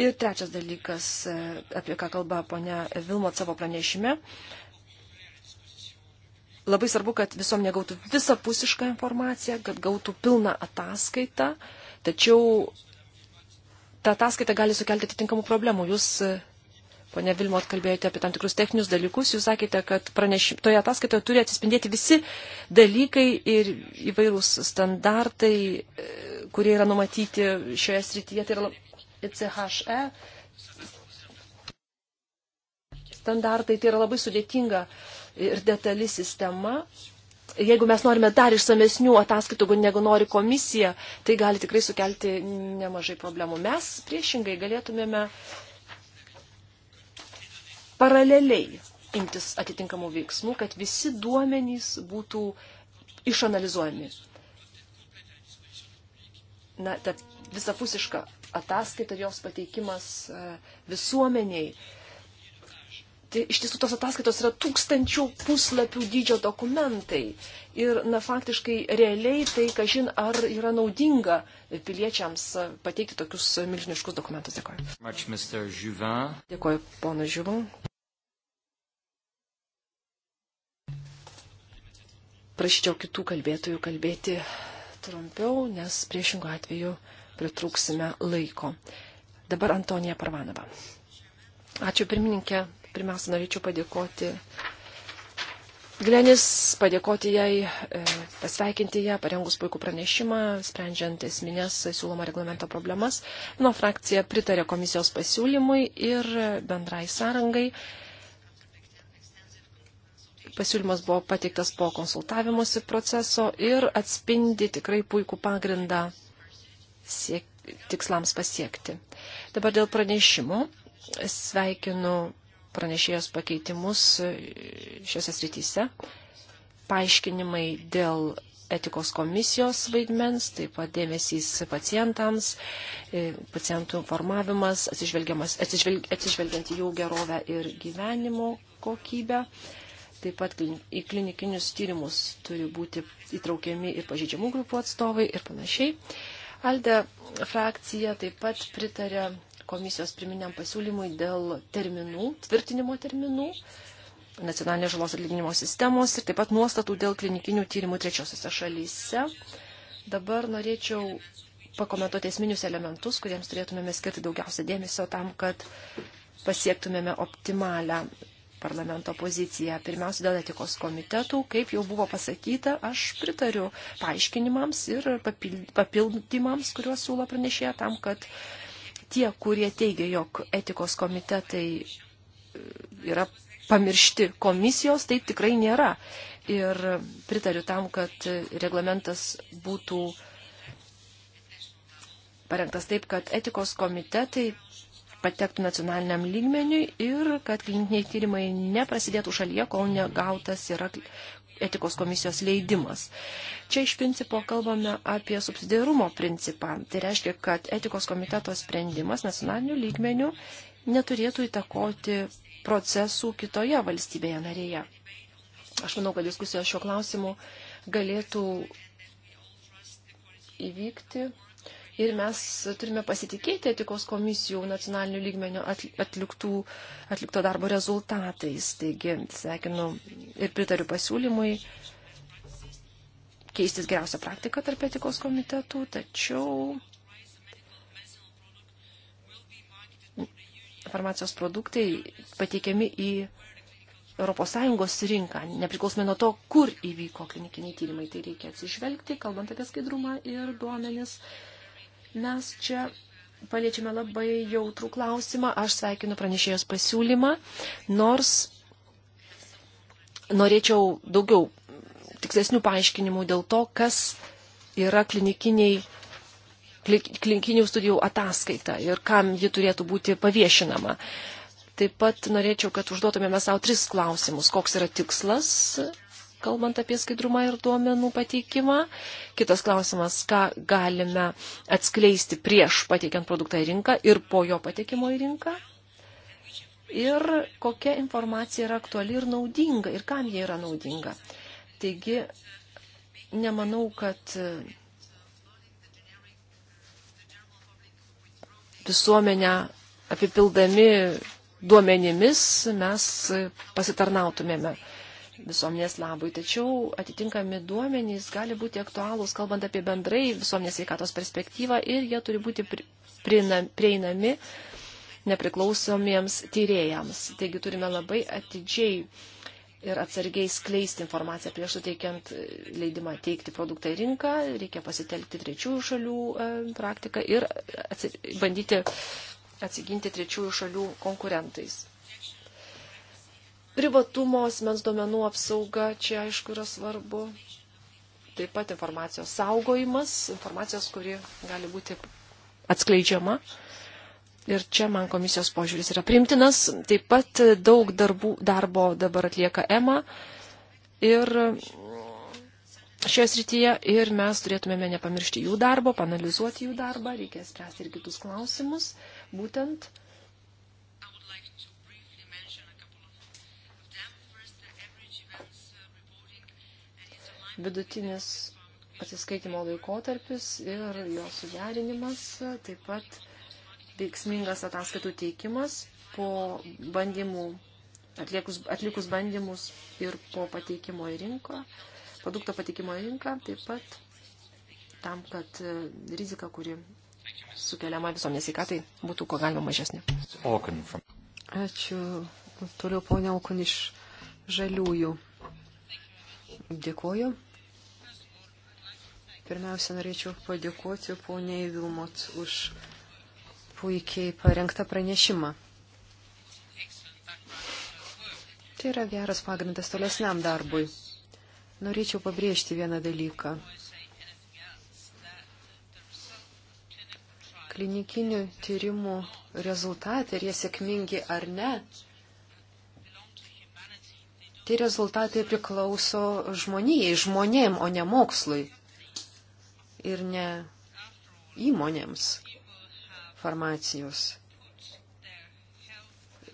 Ir trečias dalykas, e, apie ką kalba ponia Vilmot savo pranešime. Labai svarbu, kad visuomenė gautų visapusišką informaciją, kad gautų pilną ataskaitą, tačiau ta ataskaita gali sukelti atitinkamų problemų. Jūs e, Pone Vilmot, kalbėjote apie tam tikrus techninius dalykus. Jūs sakėte, kad pranešim, toje ataskaitoje turi atsispindėti visi dalykai ir įvairūs standartai, e, kurie yra numatyti šioje srityje. Tai yra ICHE e standartai. Tai yra labai sudėtinga ir detali sistema. Jeigu mes norime dar išsamesnių ataskaitų, negu nori komisija, tai gali tikrai sukelti nemažai problemų. Mes priešingai galėtumėme uh, paraleliai imtis atitinkamų veiksmų, kad visi duomenys būtų išanalizuojami. Na, ta visapusiška ataskaita, jos pateikimas e, visuomeniai. Tai iš tiesų tos ataskaitos yra tūkstančių puslapių dydžio dokumentai. Ir, na, faktiškai realiai tai, kažin, ar yra naudinga piliečiams pateikti tokius milžiniškus dokumentus. Dėkoju. Much, Dėkoju, ponas Žiūvau. prašyčiau kitų kalbėtojų kalbėti trumpiau, nes priešingų atveju pritrūksime laiko. Dabar Antonija Parvanova. Ačiū pirmininkė. Pirmiausia, norėčiau padėkoti Glenis, padėkoti jai, e, pasveikinti ją, parengus puikų pranešimą, sprendžiant esminės siūlomo reglamento problemas. Nuo frakcija pritarė komisijos pasiūlymui ir bendrai sąrangai. Pasiūlymas buvo pateiktas po konsultavimuose proceso ir atspindi tikrai puikų pagrindą siek, tikslams pasiekti. Dabar dėl pranešimų. Sveikinu pranešėjos pakeitimus šiose srityse. Paaiškinimai dėl etikos komisijos vaidmens, taip pat dėmesys pacientams, e, pacientų informavimas, atsižvelgiant į jų gerovę ir gyvenimo kokybę. Taip pat į klinikinius tyrimus turi būti įtraukiami ir pažydžiamų grupų atstovai ir panašiai. Alde frakcija taip pat pritarė komisijos priminiam pasiūlymui dėl terminų, tvirtinimo terminų, nacionalinės žalos atlyginimo sistemos ir taip pat nuostatų dėl klinikinių tyrimų trečiosiose šalyse. Dabar norėčiau pakomentuoti esminius elementus, kuriems turėtumėme skirti daugiausia dėmesio tam, kad pasiektumėme optimalią parlamento poziciją. Pirmiausia, dėl etikos komitetų, kaip jau buvo pasakyta, aš pritariu paaiškinimams ir papildymams, kuriuos siūlo pranešėja tam, kad tie, kurie teigia, jog etikos komitetai e, yra pamiršti komisijos, taip tikrai nėra. Ir pritariu tam, kad reglamentas būtų parengtas taip, kad etikos komitetai patektų nacionaliniam lygmeniui ir kad klinikiniai tyrimai neprasidėtų šalyje, kol negautas yra etikos komisijos leidimas. Čia iš principo kalbame apie subsidiarumo principą. Tai reiškia, kad etikos komiteto sprendimas nacionaliniu lygmeniu neturėtų įtakoti procesų kitoje valstybėje narėje. Aš manau, kad diskusijos šiuo klausimu galėtų įvykti ir mes turime pasitikėti etikos komisijų nacionalinių lygmenių atliktų, atlikto darbo rezultatais. Taigi, sveikinu ir pritariu pasiūlymui keistis geriausią praktiką tarp etikos komitetų, tačiau farmacijos produktai pateikiami į ES rinką, nepriklausomai nuo to, kur įvyko klinikiniai tyrimai. Tai reikia atsižvelgti, kalbant apie skaidrumą ir duomenis. Mes čia paliečiame labai jautrų klausimą. Aš sveikinu pranešėjos pasiūlymą, nors norėčiau daugiau tikslesnių paaiškinimų dėl to, kas yra klinikiniai klinikinių studijų ataskaita ir kam ji turėtų būti paviešinama. Taip pat norėčiau, kad užduotumėme savo tris klausimus. Koks yra tikslas kalbant apie skaidrumą ir duomenų pateikimą. Kitas klausimas, ką galime atskleisti prieš pateikiant produktą į rinką ir po jo patekimo į rinką. Ir kokia informacija yra aktuali ir naudinga ir kam jie yra naudinga. Taigi, nemanau, kad visuomenę apipildami duomenimis mes pasitarnautumėme visuomenės labui. Tačiau atitinkami duomenys gali būti aktualūs, kalbant apie bendrai visuomenės veikatos perspektyvą ir jie turi būti prieinami nepriklausomiems tyrėjams. Taigi turime labai atidžiai ir atsargiai skleisti informaciją prieš suteikiant leidimą teikti produktą į rinką, reikia pasitelkti trečiųjų šalių e, praktiką ir bandyti atsiginti trečiųjų šalių konkurentais privatumo, asmens duomenų apsauga čia aišku yra svarbu. Taip pat informacijos saugojimas, informacijos, kuri gali būti atskleidžiama. Ir čia man komisijos požiūris yra primtinas. Taip pat daug darbų, darbo dabar atlieka EMA. Ir šioje srityje ir mes turėtumėme nepamiršti jų darbo, panalizuoti jų darbą, reikia spręsti ir kitus klausimus, būtent vidutinis atsiskaitimo laikotarpis ir jo suderinimas, taip pat veiksmingas ataskaitų teikimas po bandymų, atliekus, atlikus bandymus ir po pateikimo į rinką, produkto pateikimo į rinką, taip pat tam, kad e, rizika, kuri sukeliama visuomenės įkatai, būtų kuo galima mažesnė. Ačiū. Toliau ponia Okon iš žaliųjų. Dėkuoju. Pirmiausia, norėčiau padėkoti poniai Vilmot už puikiai parengtą pranešimą. Tai yra geras pagrindas tolesniam darbui. Norėčiau pabrėžti vieną dalyką. Klinikinių tyrimų rezultatai, ar jie sėkmingi ar ne, tie rezultatai priklauso žmonijai, žmonėm, o ne mokslui ir ne įmonėms farmacijos.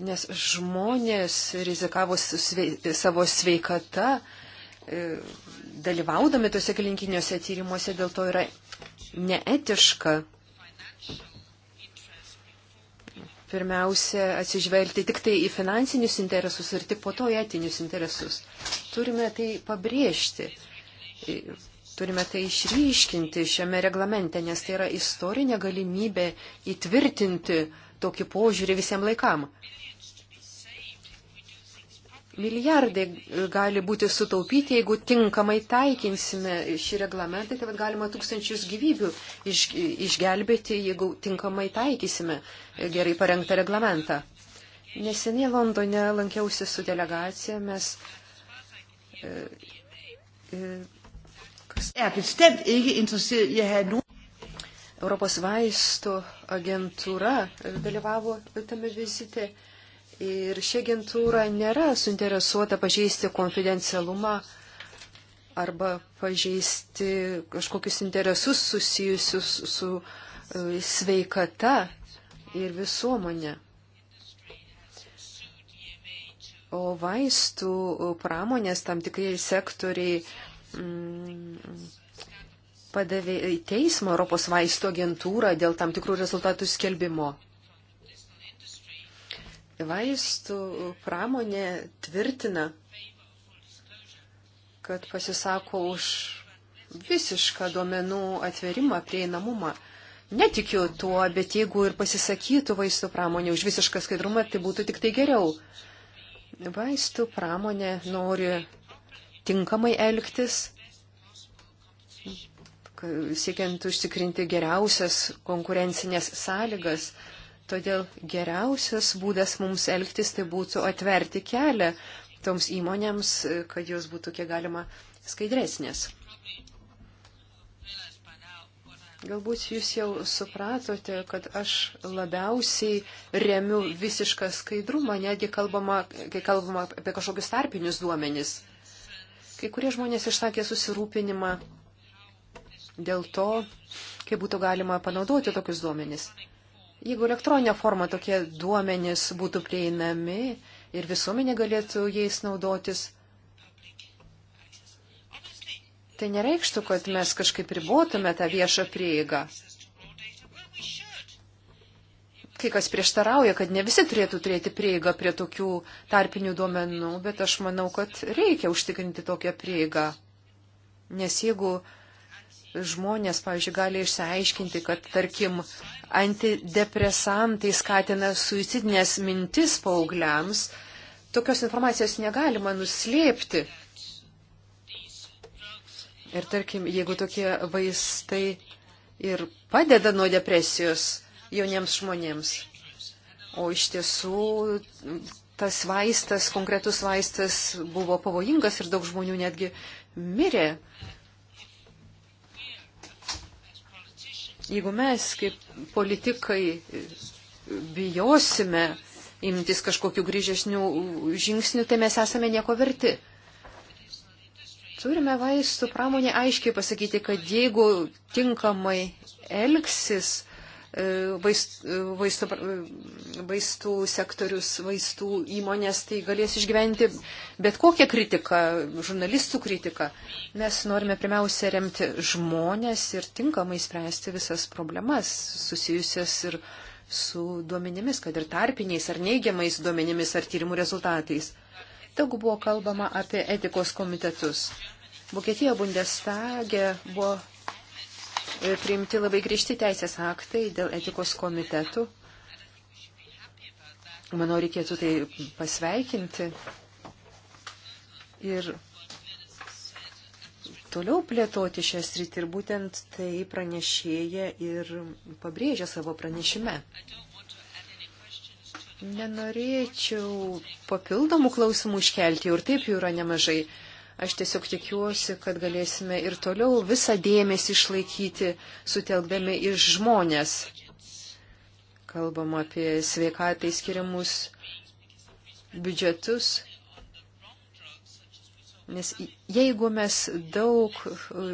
Nes žmonės rizikavo svei, savo sveikata, e, dalyvaudami tose klinikiniuose tyrimuose, dėl to yra neetiška pirmiausia atsižvelgti tik tai į finansinius interesus ir tik po to į etinius interesus. Turime tai pabrėžti. E, turime tai išryškinti šiame reglamente, nes tai yra istorinė galimybė įtvirtinti tokį požiūrį visiems laikam. Milijardai gali būti sutaupyti, jeigu tinkamai taikinsime šį reglamentą, tai galima tūkstančius gyvybių iš, išgelbėti, jeigu tinkamai taikysime gerai parengtą reglamentą. Neseniai Londone lankiausi su delegacija, mes e, e, Europos er vaistų agentūra e, dalyvavo tame vizite ir ši agentūra nėra suinteresuota pažeisti konfidencialumą arba pažeisti kažkokius interesus susijusius su e, sveikata ir visuomonė. O vaistų pramonės tam tikrai sektoriai Mm, padavė į teismą Europos vaistų agentūrą dėl tam tikrų rezultatų skelbimo. Vaistų pramonė tvirtina, kad pasisako už visišką duomenų atverimą, prieinamumą. Netikiu tuo, bet jeigu ir pasisakytų vaistų pramonė už visišką skaidrumą, tai būtų tik tai geriau. Vaistų pramonė nori tinkamai elgtis, siekiant užtikrinti geriausias konkurencinės sąlygas. Todėl geriausias būdas mums elgtis tai būtų atverti kelią toms įmonėms, kad jos būtų kiek galima skaidresnės. Galbūt jūs jau supratote, kad aš labiausiai remiu visišką skaidrumą, netgi kalbama, kai kalbama apie kažkokius tarpinius duomenis. Kai kurie žmonės išsakė susirūpinimą dėl to, kaip būtų galima panaudoti tokius duomenis. Jeigu elektroninė forma tokie duomenys būtų prieinami ir visuomenė galėtų jais naudotis, tai nereikštų, kad mes kažkaip ribotume tą viešą prieigą kai kas prieštarauja, kad ne visi turėtų turėti prieigą prie tokių tarpinių duomenų, bet aš manau, kad reikia užtikrinti tokią prieigą. Nes jeigu žmonės, pavyzdžiui, gali išsiaiškinti, kad, tarkim, antidepresantai skatina suicidinės mintis paaugliams, tokios informacijos negalima nuslėpti. Ir, tarkim, jeigu tokie vaistai ir padeda nuo depresijos, jauniems žmonėms. O iš tiesų tas vaistas, konkretus vaistas buvo pavojingas ir daug žmonių netgi mirė. Jeigu mes kaip politikai bijosime imtis kažkokių grįžesnių žingsnių, tai mes esame nieko verti. Turime vaistų pramonė aiškiai pasakyti, kad jeigu tinkamai elgsis, vaistų, vaistų, vaistų sektorius, vaistų įmonės, tai galės išgyventi bet kokią kritiką, žurnalistų kritiką. Mes norime pirmiausia remti žmonės ir tinkamai spręsti visas problemas susijusias ir su duomenimis, kad ir tarpiniais ar neigiamais duomenimis ar tyrimų rezultatais. Daug buvo kalbama apie etikos komitetus. Vokietijoje Bundestage buvo E, priimti labai grįžti teisės aktai dėl etikos komitetų. Manau, reikėtų tai pasveikinti ir toliau plėtoti šią sritį ir būtent tai pranešėja ir pabrėžia savo pranešime. Nenorėčiau papildomų klausimų iškelti, ir taip jų yra nemažai. Aš tiesiog tikiuosi, kad galėsime ir toliau visą dėmesį išlaikyti, sutelkdami iš žmonės. Kalbam apie sveikatai skiriamus biudžetus. Nes jeigu mes daug e,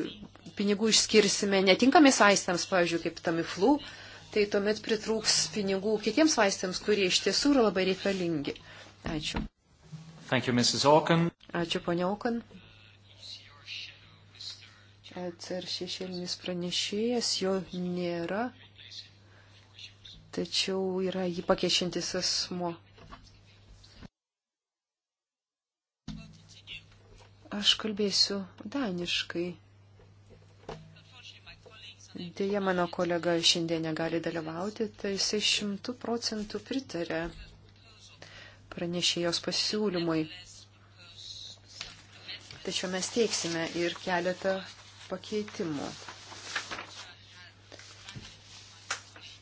pinigų išskirsime netinkamis vaistams, pavyzdžiui, kaip tamiflų, tai tuomet pritrūks pinigų kitiems vaistams, kurie iš tiesų yra labai reikalingi. Ačiū. Thank you, Mrs. Auken. Ačiū, ponia Auken. ECR šešėlinis pranešėjas, jo nėra, tačiau yra jį pakešintis asmo. Aš kalbėsiu daniškai. Deja, mano kolega šiandien negali dalyvauti, tai jisai šimtų procentų pritarė pranešėjos pasiūlymui. Tačiau mes teiksime ir keletą pakeitimų.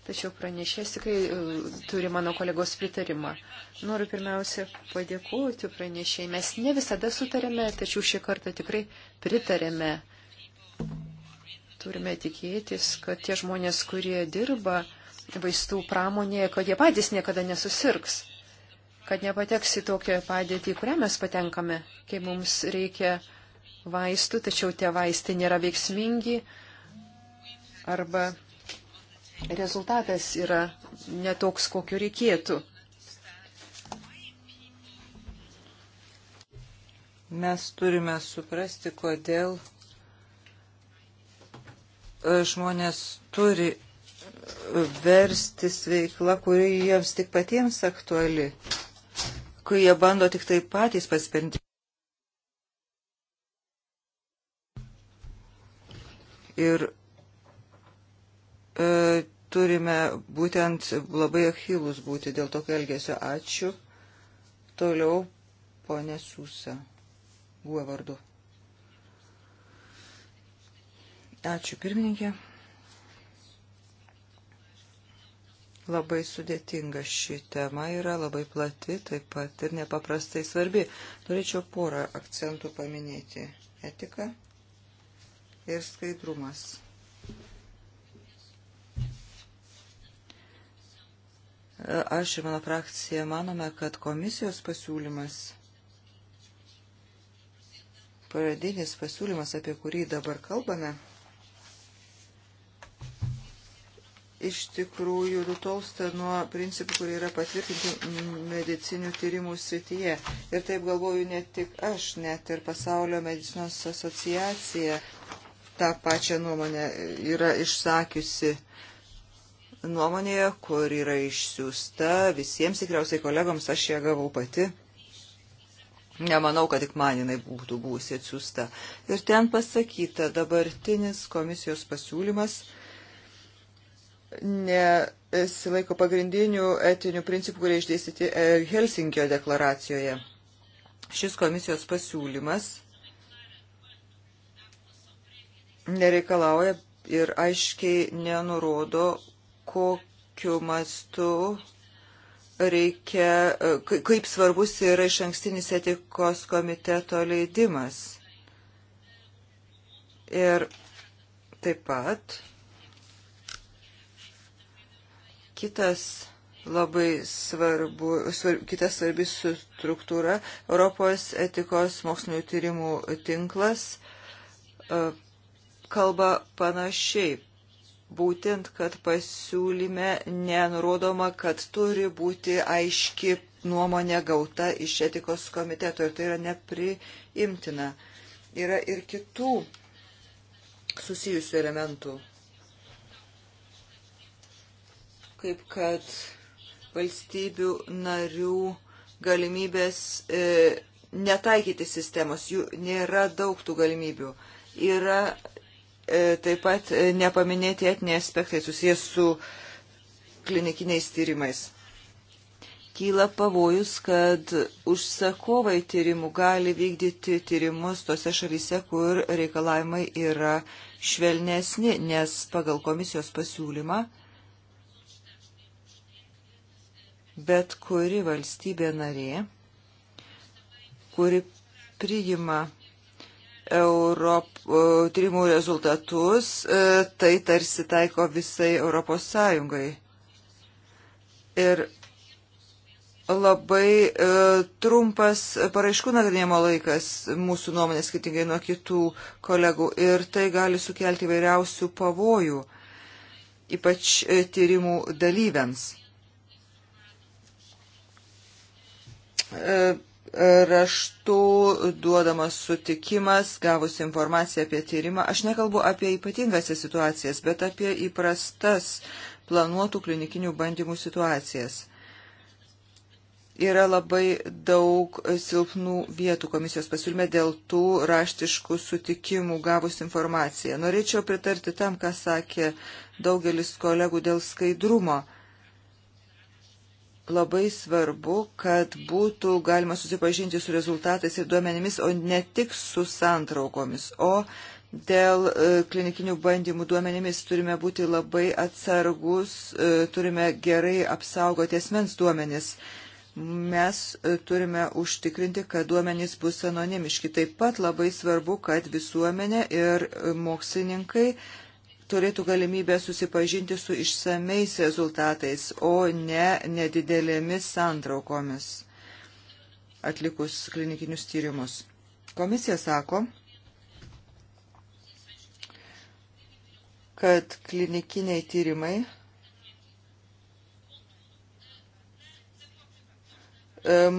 Tačiau pranešės tikrai e, turi mano kolegos pritarimą. Noriu pirmiausia padėkoti pranešėjai. Mes ne visada sutarėme, tačiau šį kartą tikrai pritarėme. Turime tikėtis, kad tie žmonės, kurie dirba vaistų pramonėje, kad jie patys niekada nesusirgs kad nepateks į tokią padėtį, kurią mes patenkame, kai mums reikia vaistų, tačiau tie vaistai nėra veiksmingi arba rezultatas yra netoks, kokiu reikėtų. Mes turime suprasti, kodėl e, žmonės turi e, verstis veikla, kuri jiems tik patiems aktuali kai jie bando tik tai patys paspendyti. Ir e, turime būtent labai akylus būti dėl tokio elgesio. Ačiū. Toliau ponė Susa. Guo e vardu. Ačiū pirmininkė. Labai sudėtinga ši tema yra, labai plati, taip pat ir nepaprastai svarbi. Norėčiau porą akcentų paminėti. Etika ir skaidrumas. Aš ir mano frakcija manome, kad komisijos pasiūlymas, pradinis pasiūlymas, apie kurį dabar kalbame, iš tikrųjų nutolsta nuo principų, kurie yra patvirtinti medicinių tyrimų srityje. Ir taip galvoju ne tik aš, net ir pasaulio medicinos asociacija tą pačią nuomonę yra išsakiusi nuomonėje, kur yra išsiųsta visiems tikriausiai kolegoms, aš ją gavau pati. Nemanau, kad tik man jinai būtų būsi atsiųsta. Ir ten pasakyta, dabartinis komisijos pasiūlymas nesilaiko pagrindinių etinių principų, kurie išdėstyti e, Helsinkio deklaracijoje. Šis komisijos pasiūlymas nereikalauja ir aiškiai nenurodo, kokiu mastu reikia, e, kaip svarbus yra iš ankstinis etikos komiteto leidimas. Ir taip pat Kitas labai svarbu, svarb, kitas svarbi struktūra - Europos etikos mokslinių tyrimų tinklas e, kalba panašiai. Būtent, kad pasiūlyme nenurodoma, kad turi būti aiški nuomonė gauta iš etikos komiteto ir tai yra nepriimtina. Yra ir kitų susijusių elementų kaip kad valstybių narių galimybės e, netaikyti sistemos, jų nėra daug tų galimybių. Yra e, taip pat e, nepaminėti etiniai aspektai susijęs su klinikiniais tyrimais. Kyla pavojus, kad užsakovai tyrimų gali vykdyti tyrimus tose šalyse, kur reikalavimai yra švelnesni, nes pagal komisijos pasiūlymą bet kuri valstybė narė, kuri priima Europ, e, tyrimų rezultatus, e, tai tarsi taiko visai Europos Sąjungai. Ir labai e, trumpas paraiškų nagrinėjimo laikas mūsų nuomonės skirtingai nuo kitų kolegų ir tai gali sukelti vairiausių pavojų, ypač tyrimų dalyviams. E, raštų duodamas sutikimas, gavus informaciją apie tyrimą. Aš nekalbu apie ypatingasias situacijas, bet apie įprastas planuotų klinikinių bandymų situacijas. Yra labai daug silpnų vietų komisijos pasiūlyme dėl tų raštiškų sutikimų gavus informaciją. Norėčiau pritarti tam, ką sakė daugelis kolegų dėl skaidrumo labai svarbu, kad būtų galima susipažinti su rezultatais ir duomenimis, o ne tik su santraukomis, o Dėl e, klinikinių bandymų duomenimis turime būti labai atsargus, e, turime gerai apsaugoti esmens duomenis. Mes e, turime užtikrinti, kad duomenys bus anonimiški. Taip pat labai svarbu, kad visuomenė ir mokslininkai turėtų galimybę susipažinti su išsameis rezultatais, o ne nedidelėmis santraukomis atlikus klinikinius tyrimus. Komisija sako, kad klinikiniai tyrimai e,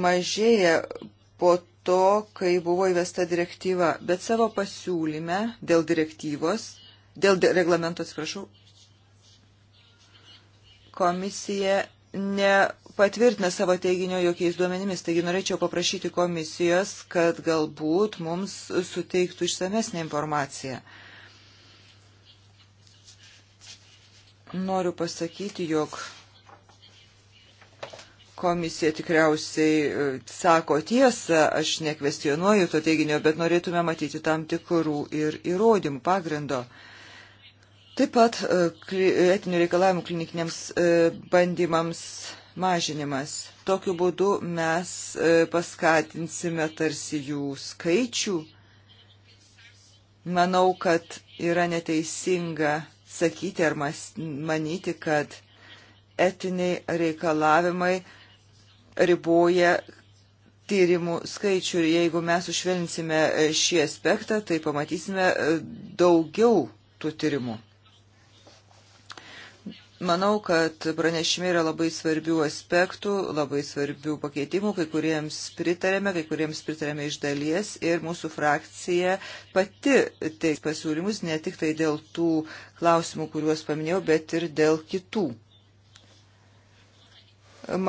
mažėja po to, kai buvo įvesta direktyva, bet savo pasiūlyme dėl direktyvos dėl reglamento atsiprašau, komisija nepatvirtina savo teiginio jokiais duomenimis. Taigi norėčiau paprašyti komisijos, kad galbūt mums suteiktų išsamesnę informaciją. Noriu pasakyti, jog komisija tikriausiai e, sako tiesą, aš nekvestionuoju to teiginio, bet norėtume matyti tam tikrų ir įrodymų pagrindo. Uh, Taip pat e, etinių reikalavimų klinikiniams e, bandymams mažinimas. Tokiu būdu mes e, paskatinsime tarsi jų skaičių. Manau, kad yra neteisinga sakyti ar manyti, kad etiniai reikalavimai riboja tyrimų skaičių ir jeigu mes užvelnsime šį aspektą, tai pamatysime daugiau tų tyrimų. Manau, kad pranešime yra labai svarbių aspektų, labai svarbių pakeitimų, kai kuriems pritarėme, kai kuriems pritarėme iš dalies ir mūsų frakcija pati teiks pasiūlymus ne tik tai dėl tų klausimų, kuriuos paminėjau, bet ir dėl kitų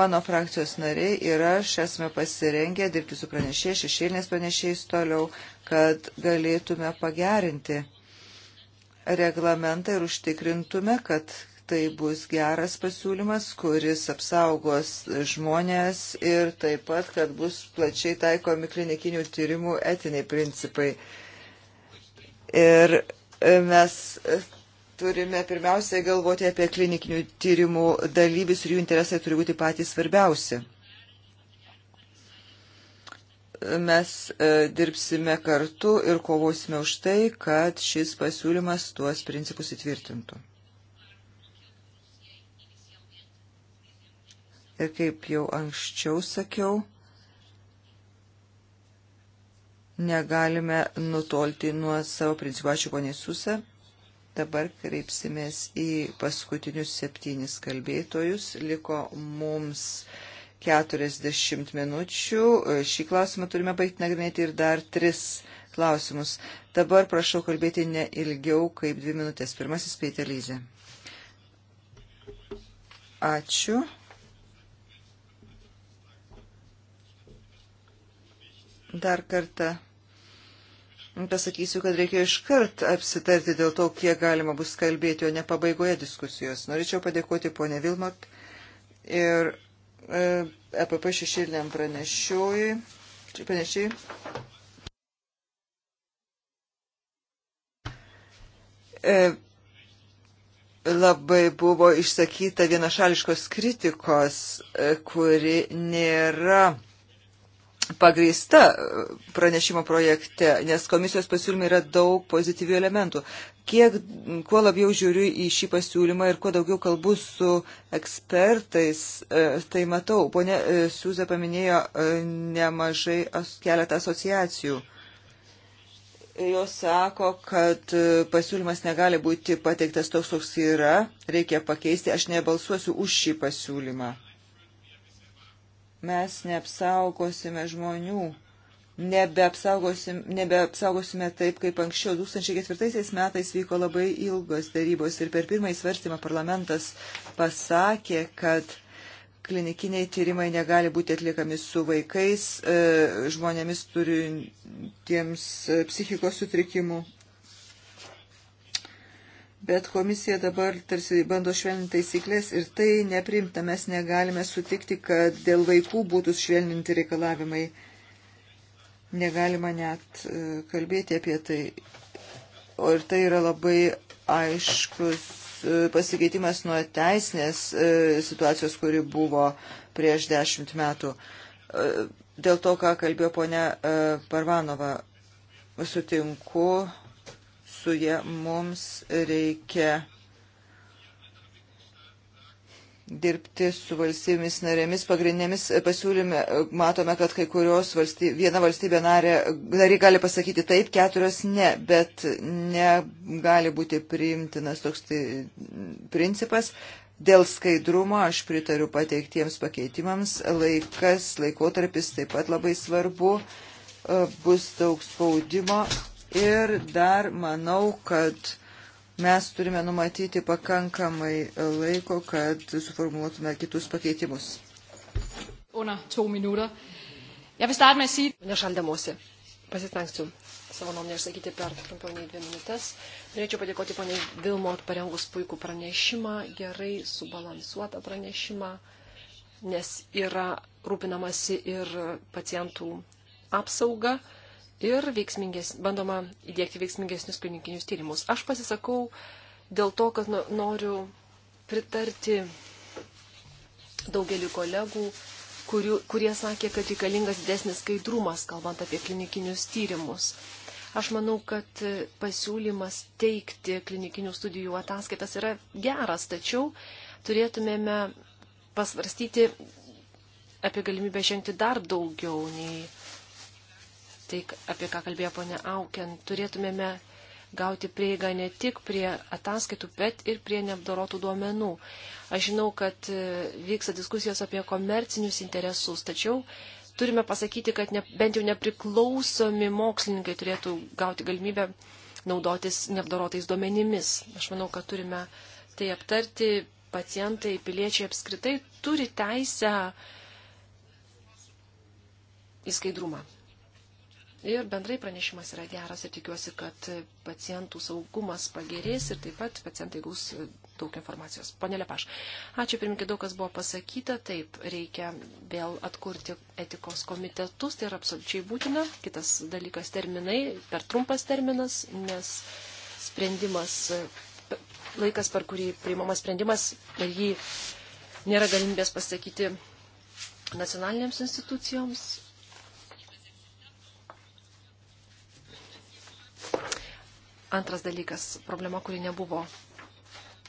mano frakcijos nariai ir aš esame pasirengę dirbti su pranešėjais, šešėlinės pranešėjais toliau, kad galėtume pagerinti reglamentą ir užtikrintume, kad tai bus geras pasiūlymas, kuris apsaugos žmonės ir taip pat, kad bus plačiai taikomi klinikinių tyrimų etiniai principai. Ir e, mes e, turime pirmiausiai galvoti apie klinikinių tyrimų dalyvius ir jų interesai turi būti patys svarbiausi. Mes e, dirbsime kartu ir kovosime už tai, kad šis pasiūlymas tuos principus įtvirtintų. Ir kaip jau anksčiau sakiau, negalime nutolti nuo savo principų. Ačiū, ponė Susa. Dabar kreipsimės į paskutinius septynis kalbėtojus. Liko mums 40 minučių. Šį klausimą turime baigti nagrinėti ir dar tris klausimus. Dabar prašau kalbėti ne ilgiau kaip dvi minutės. Pirmasis Peitelyzė. Ačiū. Dar kartą pasakysiu, kad reikėjo iškart apsitarti dėl to, kiek galima bus kalbėti, o ne pabaigoje diskusijos. Norėčiau padėkoti ponė Vilmot ir EPP e šešėliniam pranešiui. Pranešiai. E, labai buvo išsakyta vienašališkos kritikos, e, kuri nėra pagrįsta e, pranešimo projekte, nes komisijos pasiūlymai yra daug pozityvių elementų. Kiek, kuo labiau žiūriu į šį pasiūlymą ir kuo daugiau kalbu su ekspertais, e, tai matau, ponė e, Siūza paminėjo nemažai keletą asociacijų. Jos sako, kad pasiūlymas negali būti pateiktas toks, koks yra, reikia pakeisti. Aš nebalsuosiu už šį pasiūlymą mes neapsaugosime žmonių, nebeapsaugosim, nebeapsaugosime taip, kaip anksčiau. 2004 metais vyko labai ilgos darybos ir per pirmąjį svarstymą parlamentas pasakė, kad klinikiniai tyrimai negali būti atliekami su vaikais, e, žmonėmis turintiems e, psichikos sutrikimų. Bet komisija dabar tarsi bando švelninti taisyklės ir tai neprimta. Mes negalime sutikti, kad dėl vaikų būtų švelninti reikalavimai. Negalima net e, kalbėti apie tai. O ir tai yra labai aiškus e, pasikeitimas nuo teisinės e, situacijos, kuri buvo prieš dešimt metų. Dėl to, ką kalbėjo ponia Parvanova, sutinku su jie mums reikia dirbti su valstybėmis narėmis. Pagrindinėmis pasiūlyme matome, kad kai kurios valstybė, viena valstybė narė, narė gali pasakyti taip, keturios ne, bet negali būti priimtinas toks tai principas. Dėl skaidrumo aš pritariu pateiktiems pakeitimams. Laikas, laikotarpis taip pat labai svarbu. Bus daug spaudimo Ir dar manau, kad mes turime numatyti pakankamai laiko, kad suformuotume kitus pakeitimus. Under to minutter. Jeg vil starte med at sige... Nešaldamosi. Pasitengsiu savo nuomonę išsakyti per trumpiau nei dvi minutės. Norėčiau padėkoti poniai Vilmo parengus puikų pranešimą, gerai subalansuotą pranešimą, nes yra rūpinamasi ir pacientų apsauga ir bandoma įdėkti veiksmingesnius klinikinius tyrimus. Aš pasisakau dėl to, kad noriu pritarti daugeliu kolegų, kurių, kurie sakė, kad reikalingas didesnis skaidrumas, kalbant apie klinikinius tyrimus. Aš manau, kad pasiūlymas teikti klinikinių studijų ataskaitas yra geras, tačiau turėtumėme pasvarstyti apie galimybę žengti dar daugiau nei tai, apie ką kalbėjo ponė Auken, turėtumėme gauti prieigą ne tik prie ataskaitų, bet ir prie neapdorotų duomenų. Aš žinau, kad e, vyksta diskusijos apie komercinius interesus, tačiau turime pasakyti, kad ne, bent jau nepriklausomi mokslininkai turėtų gauti galimybę naudotis neapdorotais duomenimis. Aš manau, kad turime tai aptarti. Pacientai, piliečiai apskritai turi teisę į skaidrumą. Ir bendrai pranešimas yra geras ir tikiuosi, kad pacientų saugumas pagerės ir taip pat pacientai gaus e, daug informacijos. Pone Lepaš, ačiū pirmininkai, daug kas buvo pasakyta, taip, reikia vėl atkurti etikos komitetus, tai yra absoliučiai būtina. Kitas dalykas terminai, per trumpas terminas, nes sprendimas, e, laikas, per kurį priimamas sprendimas, per jį nėra galimybės pasakyti nacionalinėms institucijoms Antras dalykas, problema, kuri nebuvo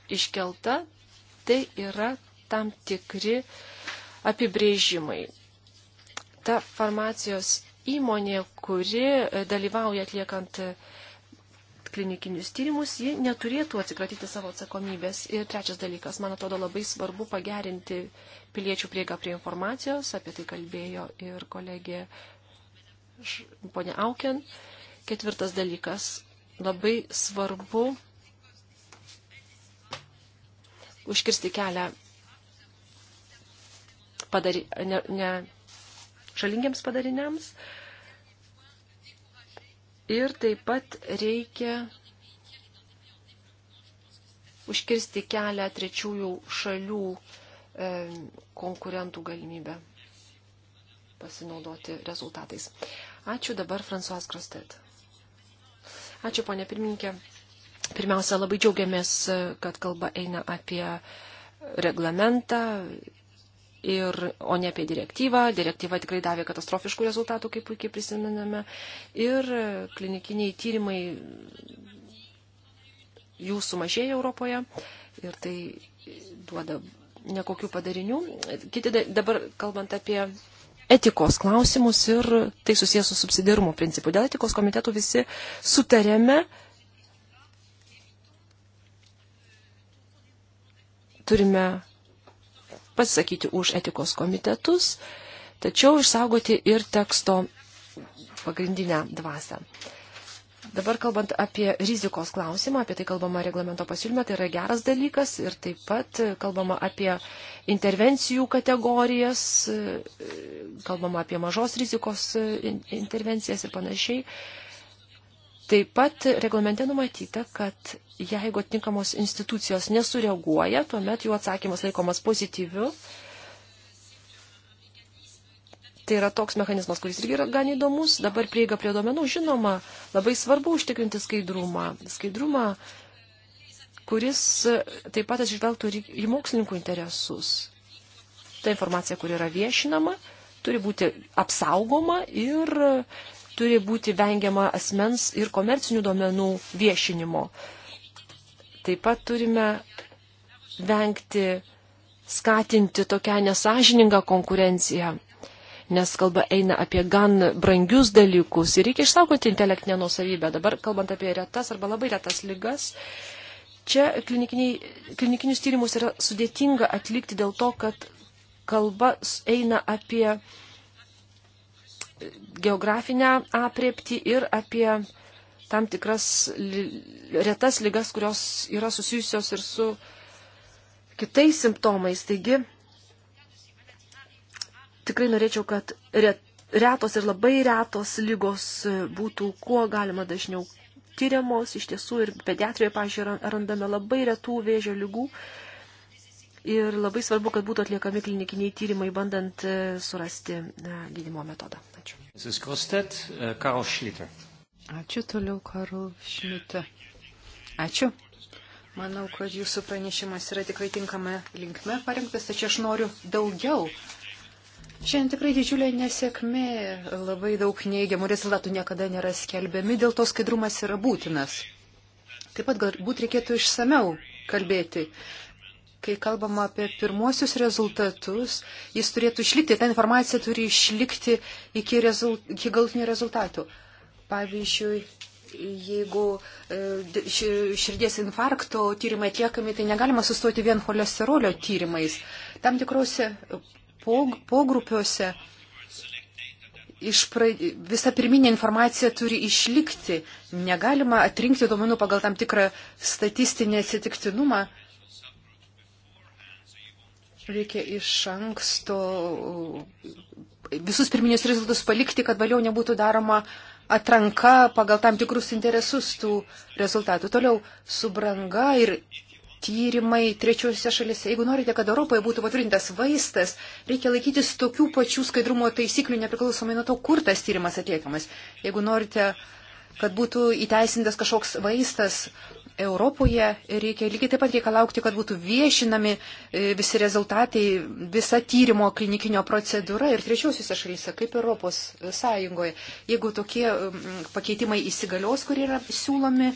iškelta, tai yra tam tikri apibrėžimai. Ta farmacijos įmonė, kuri dalyvauja atliekant klinikinius tyrimus, ji neturėtų atsikratyti savo atsakomybės. Ir trečias dalykas, man atrodo, labai svarbu pagerinti piliečių prieigą prie informacijos, apie tai kalbėjo ir kolegė ponia Auken. Ketvirtas dalykas, labai svarbu užkirsti kelią padari, ne, ne šalingiams padariniams. Ir taip pat reikia užkirsti kelią trečiųjų šalių e, konkurentų galimybę pasinaudoti rezultatais. Ačiū dabar Fransuas Krostet. Ačiū, ponė pirmininkė. Pirmiausia, labai džiaugiamės, kad kalba eina apie reglamentą, ir, o ne apie direktyvą. Direktyva tikrai davė katastrofiškų rezultatų, kaip puikiai prisimename. Ir klinikiniai tyrimai jų sumažėja Europoje ir tai duoda nekokių padarinių. Kiti dabar, kalbant apie etikos klausimus ir tai susijęs su subsidiarumo principu. Dėl etikos komitetų visi sutarėme, turime pasisakyti už etikos komitetus, tačiau išsaugoti ir teksto pagrindinę dvasę. Dabar kalbant apie rizikos klausimą, apie tai kalbama reglamento pasiūlyme, tai yra geras dalykas ir taip pat kalbama apie intervencijų kategorijas, kalbama apie mažos rizikos intervencijas ir panašiai. Taip pat reglamente numatyta, kad jeigu atitinkamos institucijos nesureaguoja, tuomet jų atsakymas laikomas pozityviu Tai yra toks mechanizmas, kuris irgi yra gan įdomus. Dabar prieiga prie duomenų, žinoma, labai svarbu užtikrinti skaidrumą. Skaidrumą, kuris taip pat atsižvelgtų ir į mokslininkų interesus. Ta informacija, kur yra viešinama, turi būti apsaugoma ir turi būti vengiama asmens ir komercinių duomenų viešinimo. Taip pat turime vengti skatinti tokią nesažiningą konkurenciją nes kalba eina apie gan brangius dalykus ir reikia išsaugoti intelektinę nusavybę. Dabar kalbant apie retas arba labai retas lygas, čia klinikinius tyrimus yra sudėtinga atlikti dėl to, kad kalba eina apie geografinę apriepti ir apie tam tikras retas lygas, kurios yra susijusios ir su kitais simptomais. Taigi, tikrai norėčiau, kad retos ir labai retos lygos e, būtų kuo galima dažniau tyriamos. Iš tiesų ir pediatrijoje, pažiūrėjau, randame labai retų vėžio lygų. Ir labai svarbu, kad būtų atliekami klinikiniai tyrimai, bandant e, surasti e, gydimo metodą. Ačiū. Ačiū toliau, Karl Šmitė. Ačiū. Manau, kad jūsų pranešimas yra tikrai tinkama linkme parengtas, tačiau aš noriu daugiau Šiandien tikrai didžiulė nesėkmė, labai daug neigiamų rezultatų niekada nėra skelbiami, dėl to skaidrumas yra būtinas. Taip pat galbūt reikėtų išsameu kalbėti. Kai kalbama apie pirmuosius rezultatus, jis turėtų išlikti, ta informacija turi išlikti iki, rezult, iki galtinių rezultatų. Pavyzdžiui, jeigu e, širdies infarkto tyrimai atliekami, tai negalima sustoti vien cholesterolio tyrimais. Tam tikrose pogrupiuose pra... visa pirminė informacija turi išlikti. Negalima atrinkti duomenų pagal tam tikrą statistinį atsitiktinumą. Reikia iš anksto visus pirminius rezultatus palikti, kad vėliau nebūtų daroma atranka pagal tam tikrus interesus tų rezultatų. Toliau subranga ir tyrimai trečiosiuose šalise. Jeigu norite, kad Europoje būtų patvirtintas vaistas, reikia laikytis tokių pačių skaidrumo taisyklių, nepriklausomai nuo to, kur tas tyrimas atliekamas. Jeigu norite, kad būtų įteisintas kažkoks vaistas Europoje, reikia lygiai taip pat reikalaukti, kad būtų viešinami e, visi rezultatai, visa tyrimo klinikinio procedūra ir trečiosiuose šalise, kaip Europos Sąjungoje. Jeigu tokie pakeitimai įsigalios, kurie yra siūlomi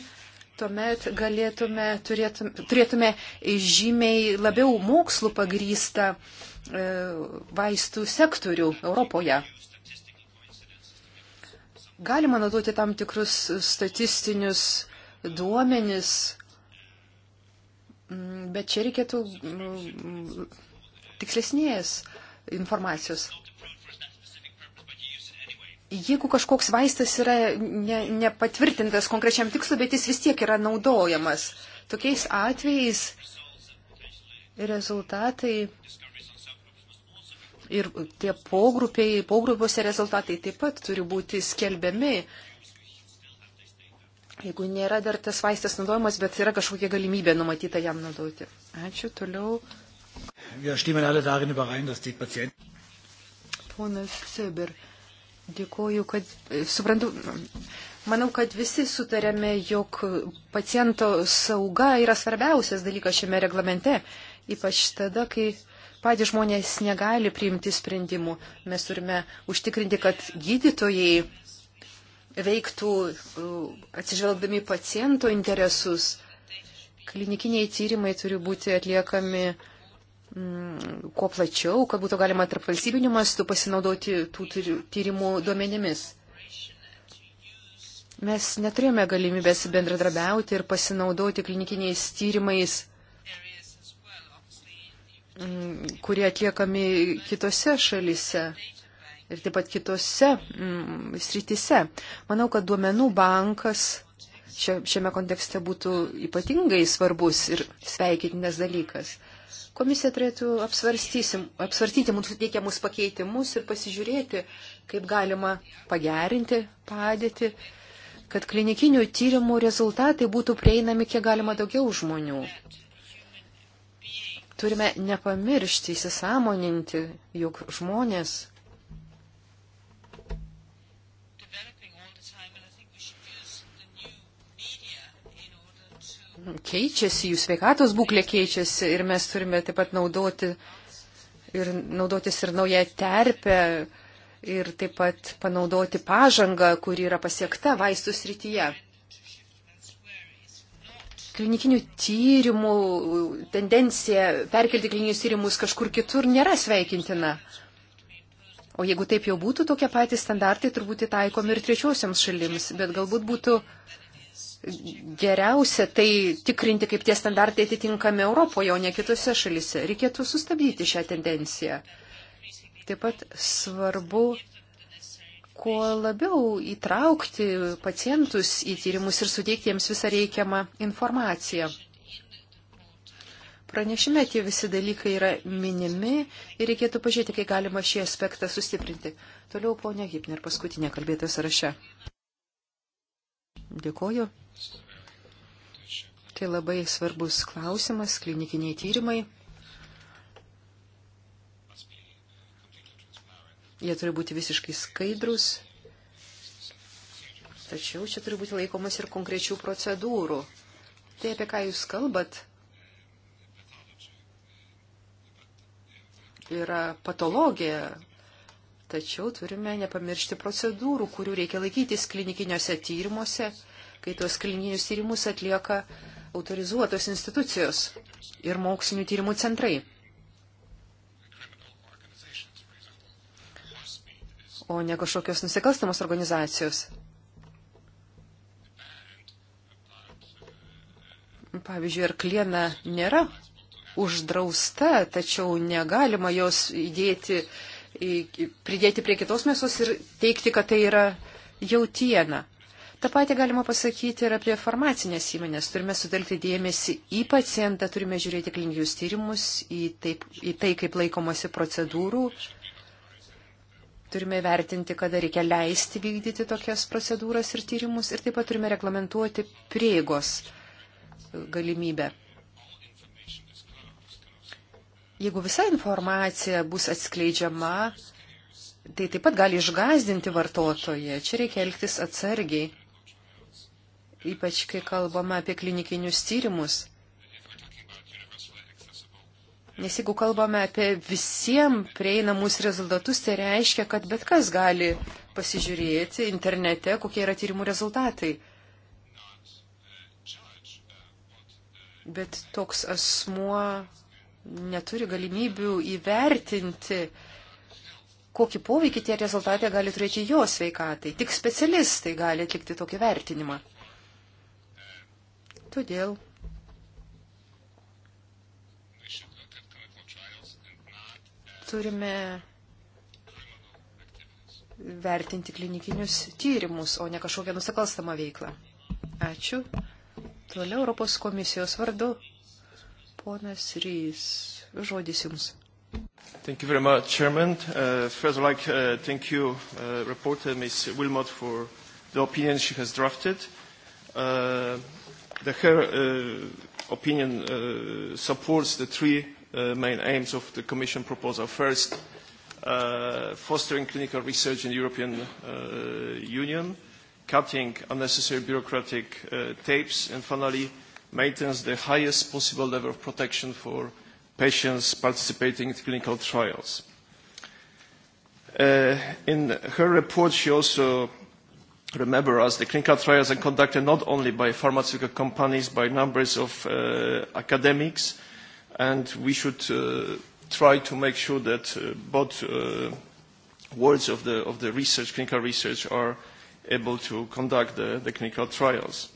Tuomet galėtume, turėtume, turėtume žymiai labiau mokslų pagrystą e, vaistų sektorių Europoje. Galima naudoti tam tikrus statistinius duomenis, bet čia reikėtų tikslesnės informacijos. Jeigu kažkoks vaistas yra ne, nepatvirtintas konkrečiam tikslui, bet jis vis tiek yra naudojamas, tokiais atvejais rezultatai ir tie pogrupiai, pogrupiuose rezultatai taip pat turi būti skelbiami. Jeigu nėra dar tas vaistas naudojamas, bet yra kažkokia galimybė numatyta jam naudoti. Ačiū, toliau. Ja, Ponas Seber. Dėkuoju, kad suprantu. Manau, kad visi sutarėme, jog paciento sauga yra svarbiausias dalykas šiame reglamente, ypač tada, kai patys žmonės negali priimti sprendimų. Mes turime užtikrinti, kad gydytojai veiktų uh, atsižvelgdami paciento interesus. Klinikiniai tyrimai turi būti atliekami Mm, kuo plačiau, kad būtų galima tarp valstybinių mastų pasinaudoti tų tyrimų duomenimis. Mes neturėjome galimybės bendradarbiauti ir pasinaudoti klinikiniais tyrimais, mm, kurie atliekami kitose šalise ir taip pat kitose mm, srityse. Manau, kad duomenų bankas šia, šiame kontekste būtų ypatingai svarbus ir sveikintinas dalykas. Komisija turėtų apsvarstyti mūsų teikiamus pakeitimus ir pasižiūrėti, kaip galima pagerinti padėtį, kad klinikinių tyrimų rezultatai būtų prieinami kiek galima daugiau žmonių. Turime nepamiršti, įsisamoninti, jog žmonės keičiasi, jų sveikatos būklė keičiasi ir mes turime taip pat naudoti ir naudotis ir naują terpę ir taip pat panaudoti pažangą, kuri yra pasiekta vaistų srityje. Klinikinių tyrimų tendencija perkelti klinikinius tyrimus kažkur kitur nėra sveikintina. O jeigu taip jau būtų, tokie patys standartai turbūt įtaikomi ir trečiosiams šalims, bet galbūt būtų geriausia tai tikrinti, kaip tie standartai atitinkami Europoje, o ne kitose šalise. Reikėtų sustabdyti šią tendenciją. Taip pat svarbu kuo labiau įtraukti pacientus į tyrimus ir suteikti jiems visą reikiamą informaciją. Pranešime tie visi dalykai yra minimi ir reikėtų pažiūrėti, kaip galima šį aspektą sustiprinti. Toliau ponia Hipner, paskutinė kalbėtoja sąraše. Dėkoju. Tai labai svarbus klausimas, klinikiniai tyrimai. Jie turi būti visiškai skaidrus, tačiau čia turi būti laikomas ir konkrečių procedūrų. Tai apie ką jūs kalbat, yra patologija, Tačiau turime nepamiršti procedūrų, kurių reikia laikytis klinikiniuose tyrimuose, kai tuos klinikinius tyrimus atlieka autorizuotos institucijos ir mokslinių tyrimų centrai. O ne kažkokios nusikalstamos organizacijos. Pavyzdžiui, ir kliena nėra uždrausta, tačiau negalima jos įdėti uh, pridėti prie kitos mėsos ir teikti, kad tai yra jautiena. Ta pati galima pasakyti ir apie farmacinės įmonės. Turime sutelkti dėmesį į pacientą, turime žiūrėti klinikinius tyrimus, į, taip, į tai, kaip laikomasi procedūrų. Turime vertinti, kada reikia leisti vykdyti tokias procedūras ir tyrimus ir taip pat turime reglamentuoti prieigos galimybę. Jeigu visa informacija bus atskleidžiama, tai taip pat gali išgazdinti vartotoje. Čia reikia elgtis atsargiai, ypač kai kalbama apie klinikinius tyrimus. Nes jeigu kalbame apie visiems prieinamus rezultatus, tai reiškia, kad bet kas gali pasižiūrėti internete, kokie yra tyrimų rezultatai. Bet toks asmuo neturi galimybių įvertinti, kokį poveikį tie rezultatai gali turėti jo sveikatai. Tik specialistai gali atlikti tokį vertinimą. Todėl turime vertinti klinikinius tyrimus, o ne kažkokią nusikalstamą veiklą. Ačiū. Toliau Europos komisijos vardu Ponas Rys, žodis jums. Thank you very much, Chairman. Uh, first, I'd like to uh, thank you, uh, reporter Ms. Wilmot, for the opinion she has drafted. Uh, the, her uh, opinion uh, supports the three uh, main aims of the Commission proposal. First, uh, fostering clinical research in the European uh, Union, cutting unnecessary bureaucratic uh, tapes, and finally, uh, maintains the highest possible level of protection for patients participating in clinical trials. Uh, in her report, she also remember us the clinical trials are conducted not only by pharmaceutical companies, by numbers of uh, academics, and we should uh, try to make sure that uh, both uh, words of the, of the research, clinical research, are able to conduct the, the clinical trials.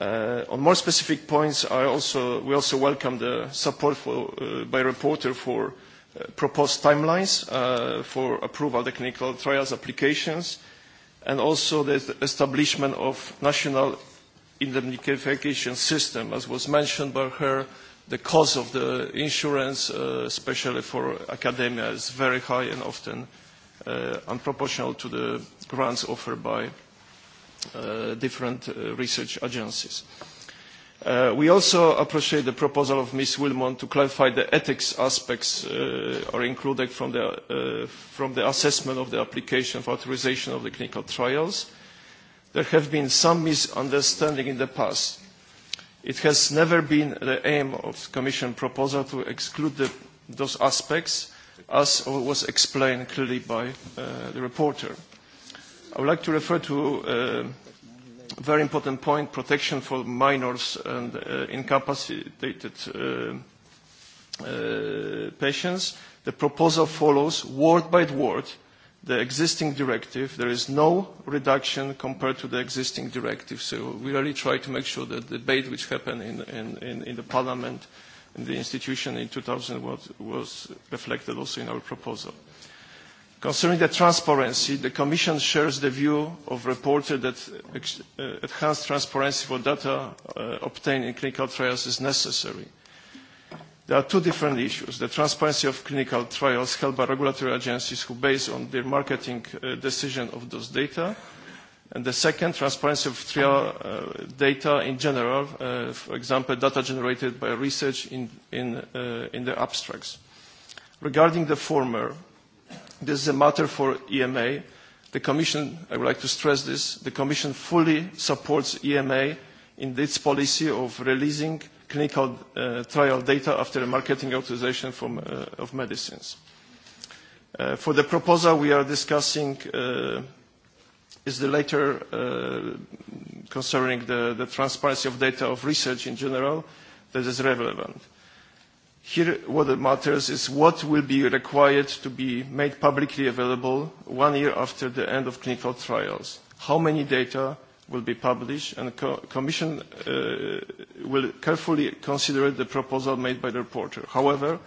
Uh, on more specific points, I also, we also welcome the support for, uh, by reporter for uh, proposed timelines uh, for approval of the clinical trials applications and also the establishment of national indemnification system, as was mentioned by her, the cost of the insurance, uh, especially for academia, is very high and often uh, unproportional to the grants offered by uh, different uh, research agencies. Uh, we also appreciate the proposal of Ms. Wilmot to clarify the ethics aspects uh, are included from the, uh, from the assessment of the application for authorization of the clinical trials. There have been some misunderstanding in the past. It has never been the aim of the Commission proposal to exclude the, those aspects, as was explained clearly by uh, the reporter. Uh, I would like to refer to a uh, very important point, protection for minors and uh, incapacitated uh, uh, patients. The proposal follows word by word the existing directive. There is no reduction compared to the existing directive. So we really try to make sure that the debate which happened in, in, in the parliament, in the institution in 2000 was, was reflected also in our proposal. Uh, Concerning the transparency, the Commission shares the view of reporter that uh, enhanced transparency for data uh, obtained in clinical trials is necessary. There are two different issues. The transparency of clinical trials held by regulatory agencies who base on their marketing uh, decision of those data. And the second, transparency of trial uh, data in general, uh, for example, data generated by research in, in, uh, in the abstracts. Regarding the former, This is a matter for EMA. The Commission, I would like to stress this, the Commission fully supports EMA in its policy of releasing clinical uh, trial data after a marketing authorization from, uh, of medicines. Uh, for the proposal we are discussing uh, is the later uh, concerning the, the transparency of data of research in general that is relevant. Here, what matters is what will be required to be made publicly available one year after the end of clinical trials. How many data will be published, and co Commission uh, will carefully consider the proposal made by the reporter. However,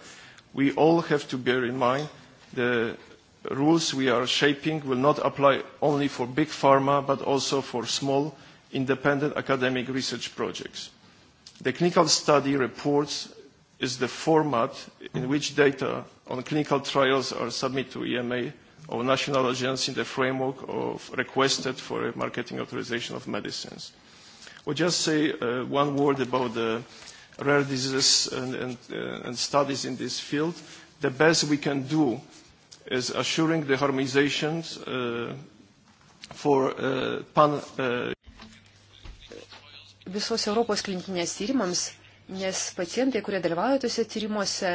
we all have to bear in mind the rules we are shaping will not apply only for big pharma, but also for small, independent academic research projects. The clinical study reports is the format in which data on clinical trials are submitted to EMA or national agency in the framework of requested for a marketing authorization of medicines. We'll just say uh, one word about the rare diseases and, and, uh, and studies in this field. The best we can do is assuring the harmonization uh, for uh, pan. Uh, Visos Europos klinikinės tyrimams nes pacientai, kurie dalyvauja tuose tyrimuose,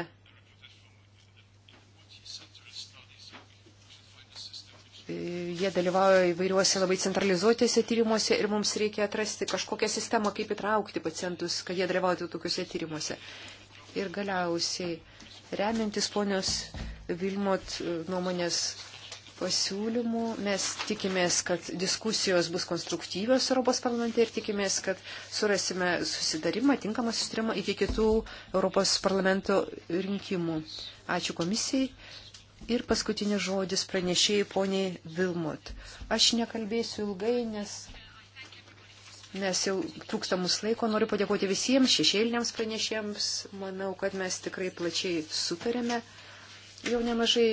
jie dalyvauja įvairiuose labai centralizuotėse tyrimuose ir mums reikia atrasti kažkokią sistemą, kaip įtraukti pacientus, kad jie dalyvautų tokiuose tyrimuose. Ir galiausiai, remiantis ponios Vilmot nuomonės pasiūlymų. Mes tikimės, kad diskusijos bus konstruktyvios Europos parlamente ir tikimės, kad surasime susidarimą, tinkamą susitarimą iki kitų Europos parlamento rinkimų. Ačiū komisijai. Ir paskutinis žodis pranešėjai poniai Vilmut. Aš nekalbėsiu ilgai, nes, nes jau trūksta mūsų laiko. Noriu padėkoti visiems šešėliniams pranešėjams. Manau, kad mes tikrai plačiai sutarėme. Jau nemažai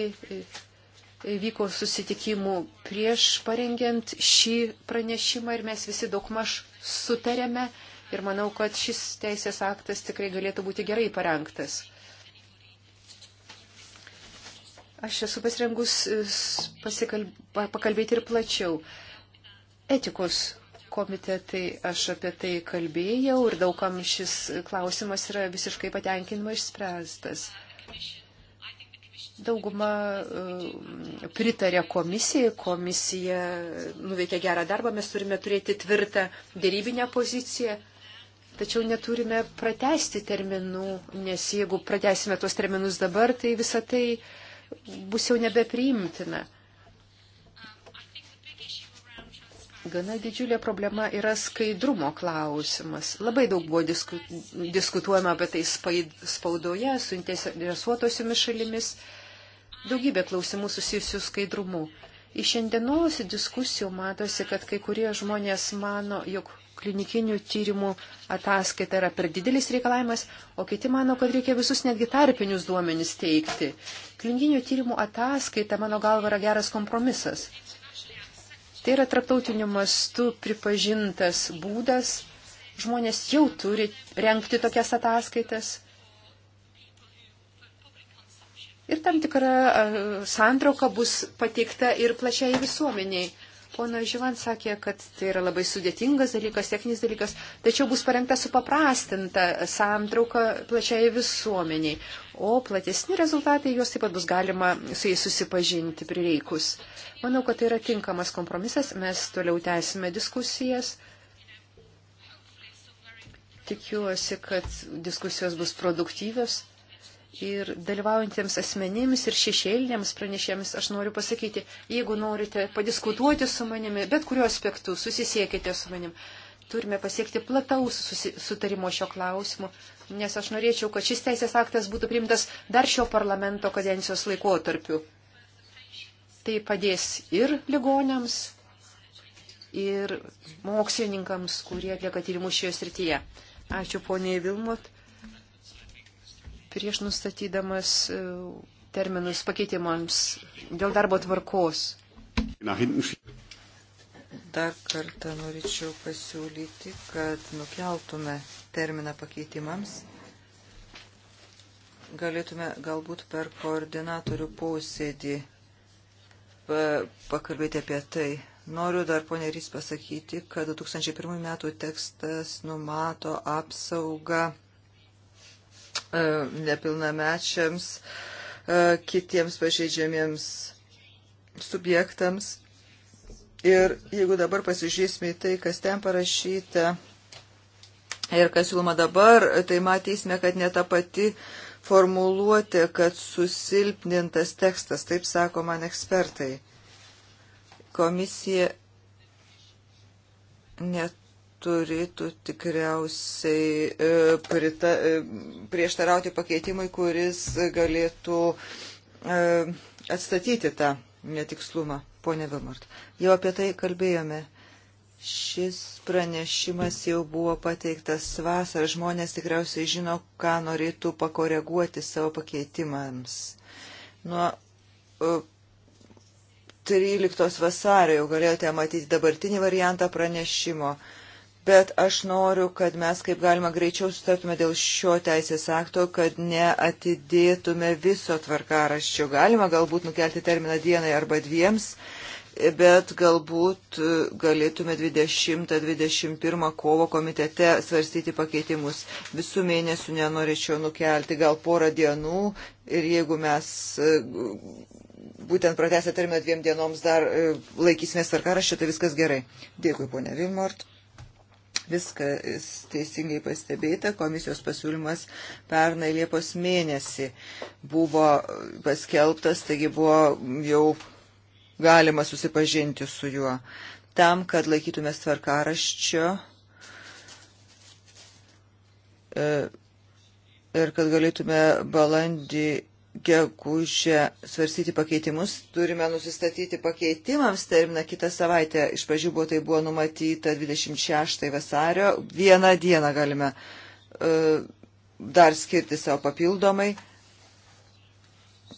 vyko susitikimų prieš parengiant šį pranešimą ir mes visi daugmaž sutarėme ir manau, kad šis teisės aktas tikrai galėtų būti gerai parengtas. Aš esu pasirengus pasikalb... pakalbėti ir plačiau. Etikos komitetai aš apie tai kalbėjau ir daugam šis klausimas yra visiškai patenkinimai išspręstas. Dauguma e, pritarė komisijai, komisija nuveikė gerą darbą, mes turime turėti tvirtą dėrybinę poziciją, tačiau neturime pratesti terminų, nes jeigu pratesime tuos terminus dabar, tai visa tai bus jau nebepriimtina. Gana didžiulė problema yra skaidrumo klausimas. Labai daug buvo disku, diskutuojama apie tai spaidoje su interesuotosiomis šalimis daugybė klausimų susijusių skaidrumu. Iš šiandienos diskusijų matosi, kad kai kurie žmonės mano, jog klinikinių tyrimų ataskaita yra per didelis reikalavimas, o kiti mano, kad reikia visus netgi tarpinius duomenys teikti. Klinikinių tyrimų ataskaita, mano galva, yra geras kompromisas. Tai yra traptautiniu mastu pripažintas būdas. Žmonės jau turi renkti tokias ataskaitas. Ir tam tikra santrauka bus pateikta ir plačiai visuomeniai. Pono Žyvan sakė, kad tai yra labai sudėtingas dalykas, techninis dalykas, tačiau bus parengta supaprastinta santrauka plačiai visuomeniai, o platesni rezultatai juos taip pat bus galima su jais susipažinti prireikus. Manau, kad tai yra tinkamas kompromisas, mes toliau tęsime diskusijas. Tikiuosi, kad diskusijos bus produktyvios ir dalyvaujantiems asmenims ir šešėliniams pranešėjams aš noriu pasakyti, jeigu norite padiskutuoti su manimi, bet kuriuo aspektu susisiekite su manim. Turime pasiekti plataus sutarimo šio klausimu, nes aš norėčiau, kad šis teisės aktas būtų priimtas dar šio parlamento kadencijos laikotarpiu. Tai padės ir ligonėms, ir mokslininkams, kurie atlieka tyrimus šioje srityje. Ačiū poniai Vilmot prieš nustatydamas e, terminus pakeitimams dėl darbo tvarkos. Dar kartą norėčiau pasiūlyti, kad nukeltume terminą pakeitimams. Galėtume galbūt per koordinatorių posėdį pakalbėti apie tai. Noriu dar ponerys pasakyti, kad 2001 metų tekstas numato apsaugą E, nepilnamečiams, e, kitiems pažeidžiamiems subjektams. Ir jeigu dabar pasižiūrėsime į tai, kas ten parašyta ir kas siūloma dabar, tai matysime, kad ne ta pati formuluotė, kad susilpnintas tekstas, taip sako man ekspertai. Komisija net turėtų tikriausiai e, prita, e, prieštarauti pakeitimui, kuris galėtų e, atstatyti tą netikslumą, ponė Vilmart. Jau apie tai kalbėjome. Šis pranešimas jau buvo pateiktas vasarą. Žmonės tikriausiai žino, ką norėtų pakoreguoti savo pakeitimams. Nuo 13 vasario jau galėjote matyti dabartinį variantą pranešimo. Uh, bet aš noriu, kad mes kaip galima greičiau sutartume dėl šio teisės akto, kad neatidėtume viso tvarkaraščio. Galima galbūt nukelti terminą dienai arba dviems, bet galbūt galėtume 20-21 kovo komitete svarstyti pakeitimus. Visų mėnesių nenorėčiau nukelti, gal porą dienų ir jeigu mes e, būtent pratęsę terminą dviem dienoms dar e, laikysimės tvarkaraščio, tai viskas gerai. Dėkui, ponia Vilmort viską teisingai pastebėta. Komisijos pasiūlymas pernai Liepos mėnesį buvo paskelbtas, taigi buvo jau galima susipažinti su juo. Tam, kad laikytumės tvarkaraščio e, ir kad galėtume balandį gegužę svarstyti pakeitimus, turime nusistatyti pakeitimams terminą kitą savaitę. Iš pradžių buvo tai buvo numatyta 26 vasario. Vieną dieną galime uh, dar skirti savo papildomai.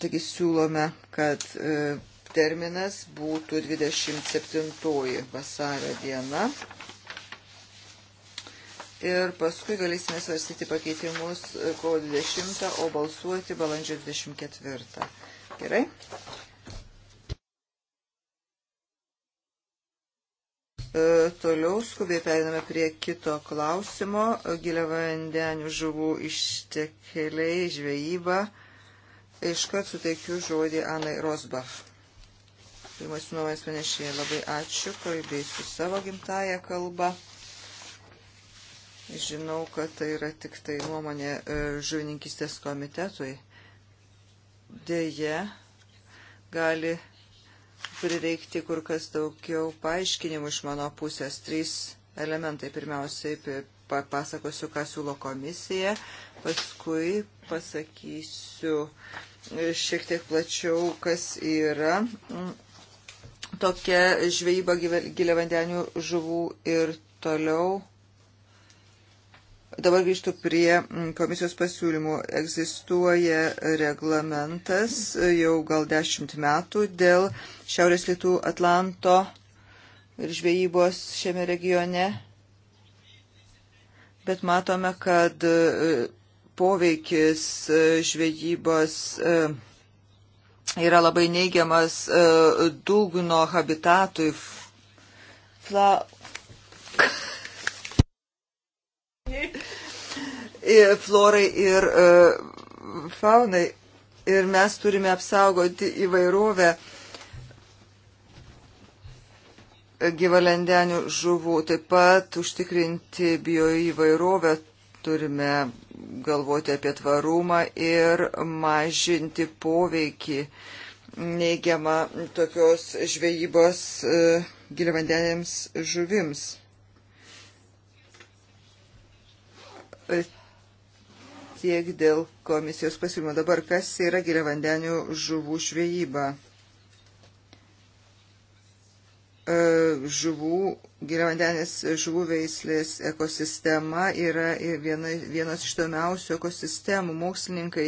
Taigi siūlome, kad uh, terminas būtų 27 vasario diena ir paskui galėsime svarstyti pakeitimus kovo 20, o balsuoti balandžio 24. Gerai? E, toliau skubiai periname prie kito klausimo. Giliavandenių žuvų ištekeliai, žvejyba. Iškart suteikiu žodį Anai Rosbach. Pirmas nuomonės panešėjai, labai ačiū, kalbėsiu savo gimtają kalbą žinau, kad tai yra tik tai nuomonė e, žuvininkistės komitetui. Deja, gali prireikti kur kas daugiau paaiškinimų iš mano pusės. Trys elementai. Pirmiausiai papasakosiu, ką siūlo komisija, paskui pasakysiu e, šiek tiek plačiau, kas yra mm, tokia žvejyba giliavandenių žuvų ir toliau Dabar grįžtų prie mm, komisijos pasiūlymų. Egzistuoja reglamentas e, jau gal dešimt metų dėl Šiaurės Lietų Atlanto ir žvejybos šiame regione. Bet matome, kad e, poveikis e, žvejybos yra labai neigiamas dugno habitatui. Fla... florai ir e, faunai. Ir mes turime apsaugoti įvairovę gyvalendenių žuvų, taip pat užtikrinti bioįvairovę, turime galvoti apie tvarumą ir mažinti poveikį neigiamą tokios žvejybos e, giliavandenėms žuvims. Tiek dėl komisijos pasiūlymo. Dabar kas yra giliavandenių žuvų žvejyba? E, žuvų, giliavandenės žuvų veislės ekosistema yra viena, vienas iš tomiausių ekosistemų. Mokslininkai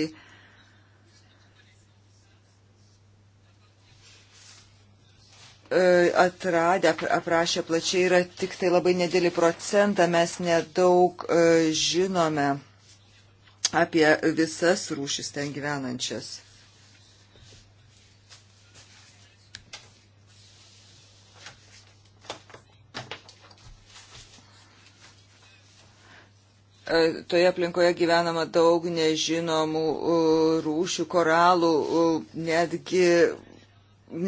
e, atradę, aprašė plačiai, yra tik tai labai nedėlį procentą, mes nedaug e, žinome apie visas rūšis ten gyvenančias. E, toje aplinkoje gyvenama daug nežinomų e, rūšių, koralų, e, netgi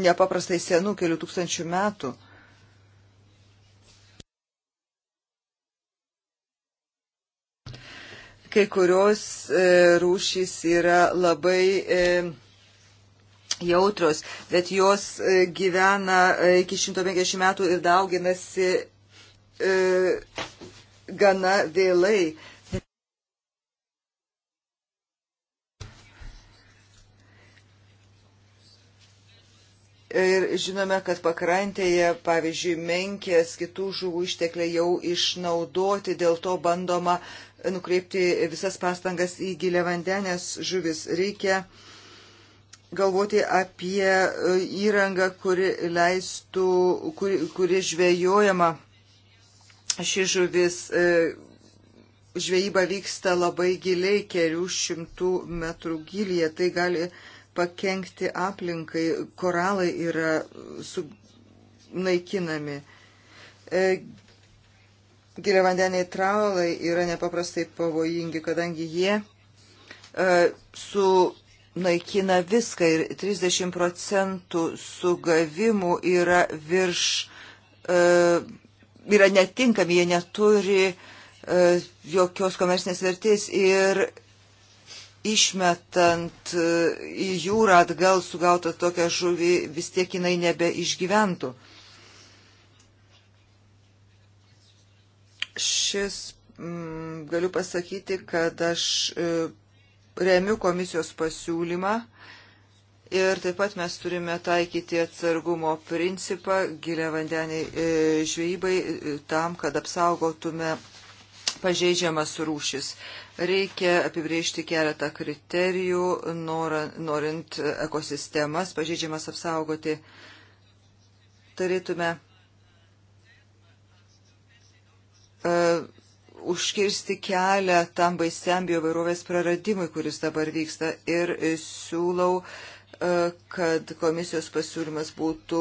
nepaprastai senų kelių tūkstančių metų. Kai kurios e, rūšys yra labai e, jautrios, bet jos e, gyvena iki 150 metų ir dauginasi gana vėlai. Ir žinome, kad pakrantėje, pavyzdžiui, menkės kitų žuvų ištekliai jau išnaudoti, dėl to bandoma nukreipti visas pastangas į gilę vandenės žuvis. Reikia galvoti apie e, įrangą, kuri leistų, kuri, kuri žvejojama ši žuvis. E, žvejyba vyksta labai giliai, kelių šimtų metrų gilyje. Tai gali uh, pakengti aplinkai, koralai yra naikinami. E, giliavandeniai traulai yra nepaprastai pavojingi, kadangi jie e, su naikina viską ir 30 procentų sugavimų yra virš, e, yra netinkami, jie neturi jokios komersinės vertės ir išmetant e, į jūrą atgal sugautą tokią žuvį, vis tiek jinai nebeišgyventų. Šis, m, mm, galiu pasakyti, kad aš e, remiu komisijos pasiūlymą ir taip pat mes turime taikyti atsargumo principą gilia vandeniai e, žvejybai tam, kad apsaugotume pažeidžiamas rūšis. Reikia apibriežti keletą kriterijų, norint ekosistemas pažeidžiamas apsaugoti. Turėtume uh, e, užkirsti kelią tam baisiam biovairovės praradimui, kuris dabar vyksta. Ir siūlau uh, E, kad komisijos pasiūlymas būtų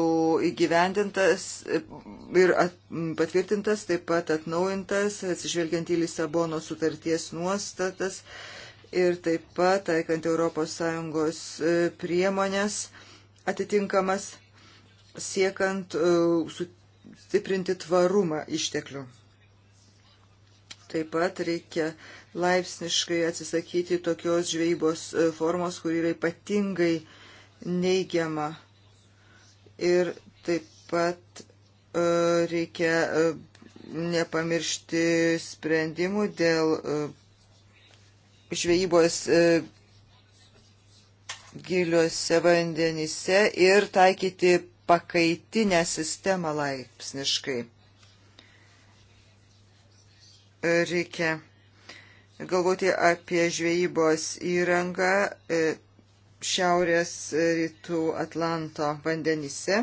įgyvendintas e, ir patvirtintas, taip pat atnaujintas, atsižvelgiant į Lisabono sutarties nuostatas ir taip pat taikant ES e, priemonės atitinkamas, siekant stiprinti tvarumą išteklių. Taip pat reikia laipsniškai atsisakyti tokios žvejybos formos, kur yra ypatingai uh, neigiama. Ir taip pat e, reikia e, nepamiršti sprendimų dėl e, žvejybos giliuose vandenyse ir taikyti pakaitinę sistemą laipsniškai. Reikia galvoti apie žvejybos įrangą, šiaurės e, rytų Atlanto vandenyse.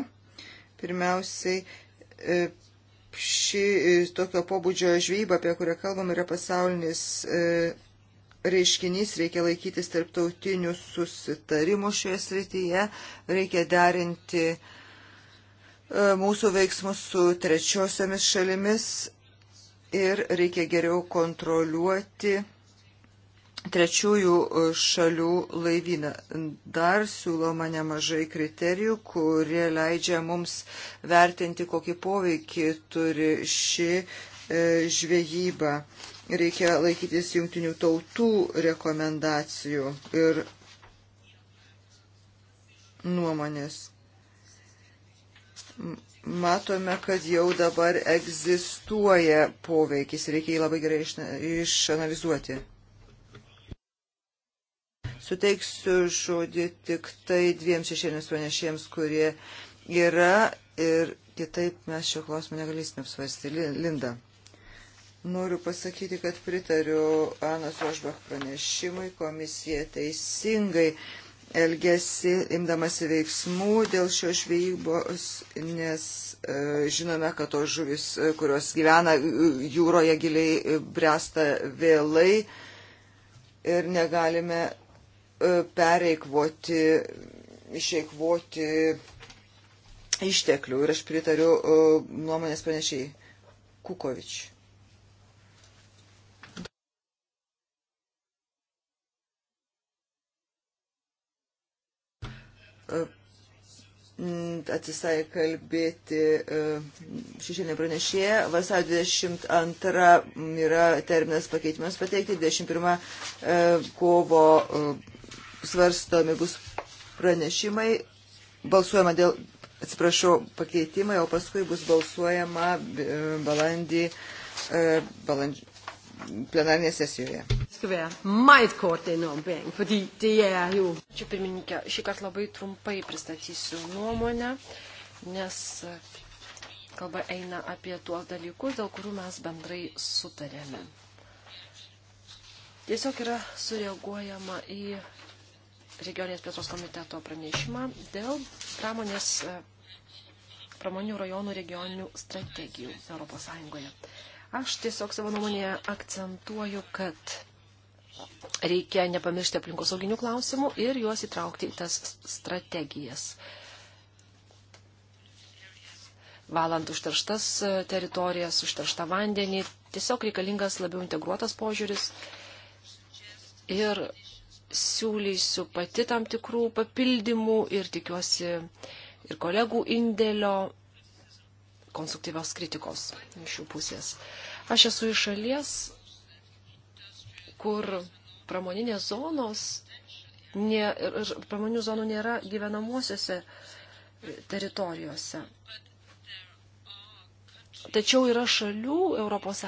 Pirmiausiai, e, ši e, tokio pobūdžio žvejyba, apie kurią kalbam, yra pasaulinis reiškinys, reikia laikytis tarptautinių susitarimų šioje srityje, reikia derinti mūsų veiksmus su trečiosiomis šalimis ir reikia geriau kontroliuoti trečiųjų e, šalių laivyną. Dar siūloma nemažai kriterijų, kurie leidžia mums vertinti, kokį poveikį turi ši e, žvejyba. Reikia laikytis jungtinių tautų rekomendacijų ir nuomonės. Matome, kad jau dabar egzistuoja poveikis, reikia jį labai gerai išanalizuoti. Suteiksiu žodį tik tai dviem šešėnės pranešėjams, kurie yra ir kitaip mes šio klausimo negalėsime apsvarstyti. Linda. Noriu pasakyti, kad pritariu Anas Rožbach pranešimui, komisija teisingai elgesi, imdamasi veiksmų dėl šios žvejybos, nes e, žinome, kad tos žuvis, e, kurios gyvena e, jūroje giliai, e, bręsta vėlai ir negalime E, pereikvoti, išeikvoti išteklių. Ir aš pritariu e, nuomonės pranešiai Kukovič. E, atsisai kalbėti šešėlinė pranešė. Vasario 22 yra terminas pakeitimas pateikti, 21 kovo svarstomi bus pranešimai, balsuojama dėl, atsiprašau, pakeitimai, o paskui bus balsuojama e, balandį, e, balandį plenarnėje sesijoje. Čia pirmininkė, šį kartą labai trumpai pristatysiu nuomonę, nes kalba eina apie tuos dalykus, dėl kurių mes bendrai sutarėme. Tiesiog yra sureaguojama į regionės plėtros komiteto pranešimą dėl pramonės, e, pramonių rajonų regioninių strategijų ES. Aš tiesiog savo nuomonėje akcentuoju, kad reikia nepamiršti aplinkosauginių klausimų ir juos įtraukti į tas strategijas. Valant užterštas e, teritorijas, užterštą vandenį, tiesiog reikalingas labiau integruotas požiūris. Ir siūlysiu pati tam tikrų papildymų ir tikiuosi ir kolegų indėlio konstruktyvios kritikos iš jų pusės. Aš esu iš šalies, kur pramoninės zonos, ne, pramoninių zonų nėra gyvenamosiose teritorijose. Tačiau yra šalių ES,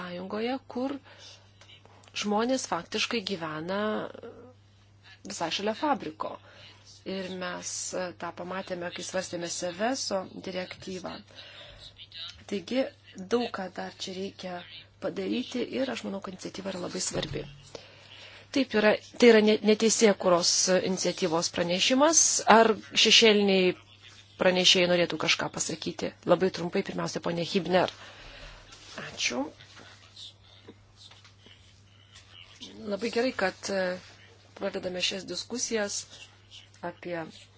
kur žmonės faktiškai gyvena visai šalia fabriko. Ir mes e, tą pamatėme, kai svarstėme Seveso direktyvą. Taigi, daug ką dar čia reikia padaryti ir aš manau, kad iniciatyva yra labai svarbi. Taip yra, tai yra neteisėkuros iniciatyvos pranešimas. Ar šešėliniai pranešėjai norėtų kažką pasakyti? Labai trumpai, pirmiausia, ponė Hibner. Ačiū. Labai gerai, kad e, pradedame šias diskusijas apie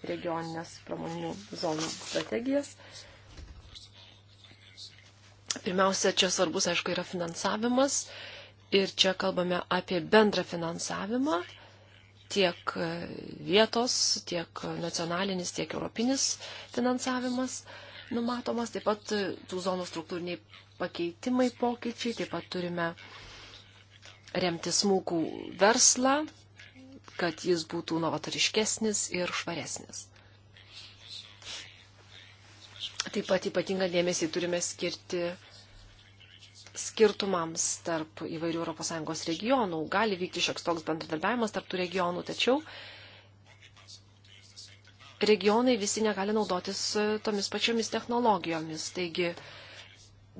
regioninės pramoninių zonų strategijas. Pirmiausia, čia svarbus, aišku, yra finansavimas ir čia kalbame apie bendrą finansavimą tiek vietos, tiek nacionalinis, tiek europinis finansavimas numatomas, taip pat tų zonų struktūriniai pakeitimai, pokyčiai, taip pat turime remti smūkų verslą, kad jis būtų novatoriškesnis ir švaresnis. Taip pat ypatingą dėmesį turime skirti skirtumams tarp įvairių ES regionų. Gali vykti šioks toks bendradarbiavimas tarp tų regionų, tačiau regionai visi negali naudotis tomis pačiomis technologijomis. Taigi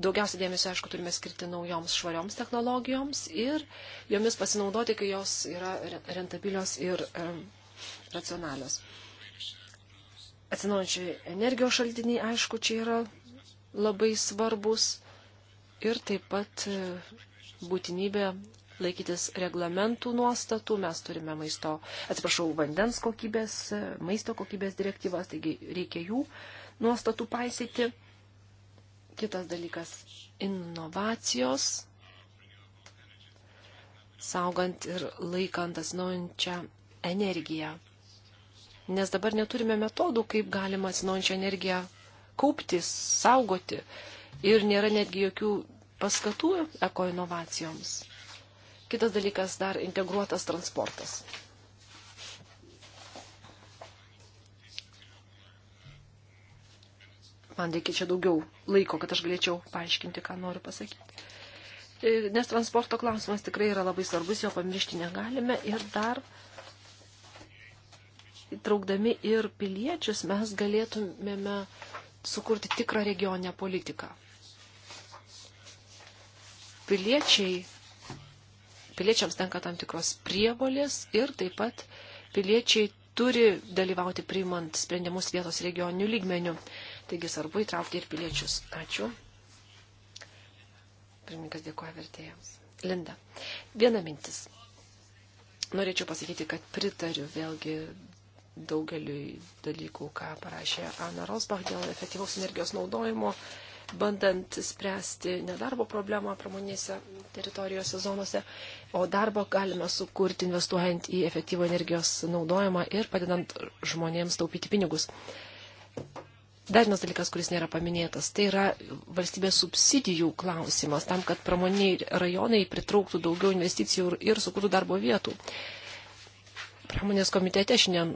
daugiausia dėmesio, aišku, turime skirti naujoms švarioms technologijoms ir jomis pasinaudoti, kai jos yra rentabilios ir um, racionalios. Atsinaujančiai energijos šaltiniai, aišku, čia yra labai svarbus ir taip pat e, būtinybė laikytis reglamentų nuostatų, mes turime maisto, atsiprašau, vandens kokybės, e, maisto kokybės direktyvas, taigi reikia jų nuostatų paisyti. Kitas dalykas - inovacijos, saugant ir laikant atsinaujančią energiją. Nes dabar neturime metodų, kaip galima atsinaujančią energiją kaupti, saugoti. Ir nėra netgi jokių paskatų ekoinovacijoms. Kitas dalykas - dar integruotas transportas. Man reikia čia daugiau laiko, kad aš galėčiau paaiškinti, ką noriu pasakyti. E, nes transporto klausimas tikrai yra labai svarbus, jo pamiršti negalime ir dar traukdami ir piliečius mes galėtumėme sukurti tikrą regioninę politiką. Piliečiai, piliečiams tenka tam tikros prievolės ir taip pat piliečiai turi dalyvauti priimant sprendimus vietos regioninių lygmenių. Taigi svarbu įtraukti ir piliečius. Ačiū. Pirmininkas dėkoja vertėjams. Linda. Viena mintis. Norėčiau pasakyti, kad pritariu vėlgi daugeliu dalykų, ką parašė Ana Rosbach dėl efektyvaus energijos naudojimo, bandant spręsti nedarbo problemą pramonėse teritorijose zonose, o darbo galime sukurti investuojant į efektyvų energijos naudojimą ir padedant žmonėms taupyti pinigus. Dar vienas dalykas, kuris nėra paminėtas, tai yra valstybės subsidijų klausimas, tam, kad pramoniai rajonai pritrauktų daugiau investicijų ir sukurtų darbo vietų. Pramonės komitete šiandien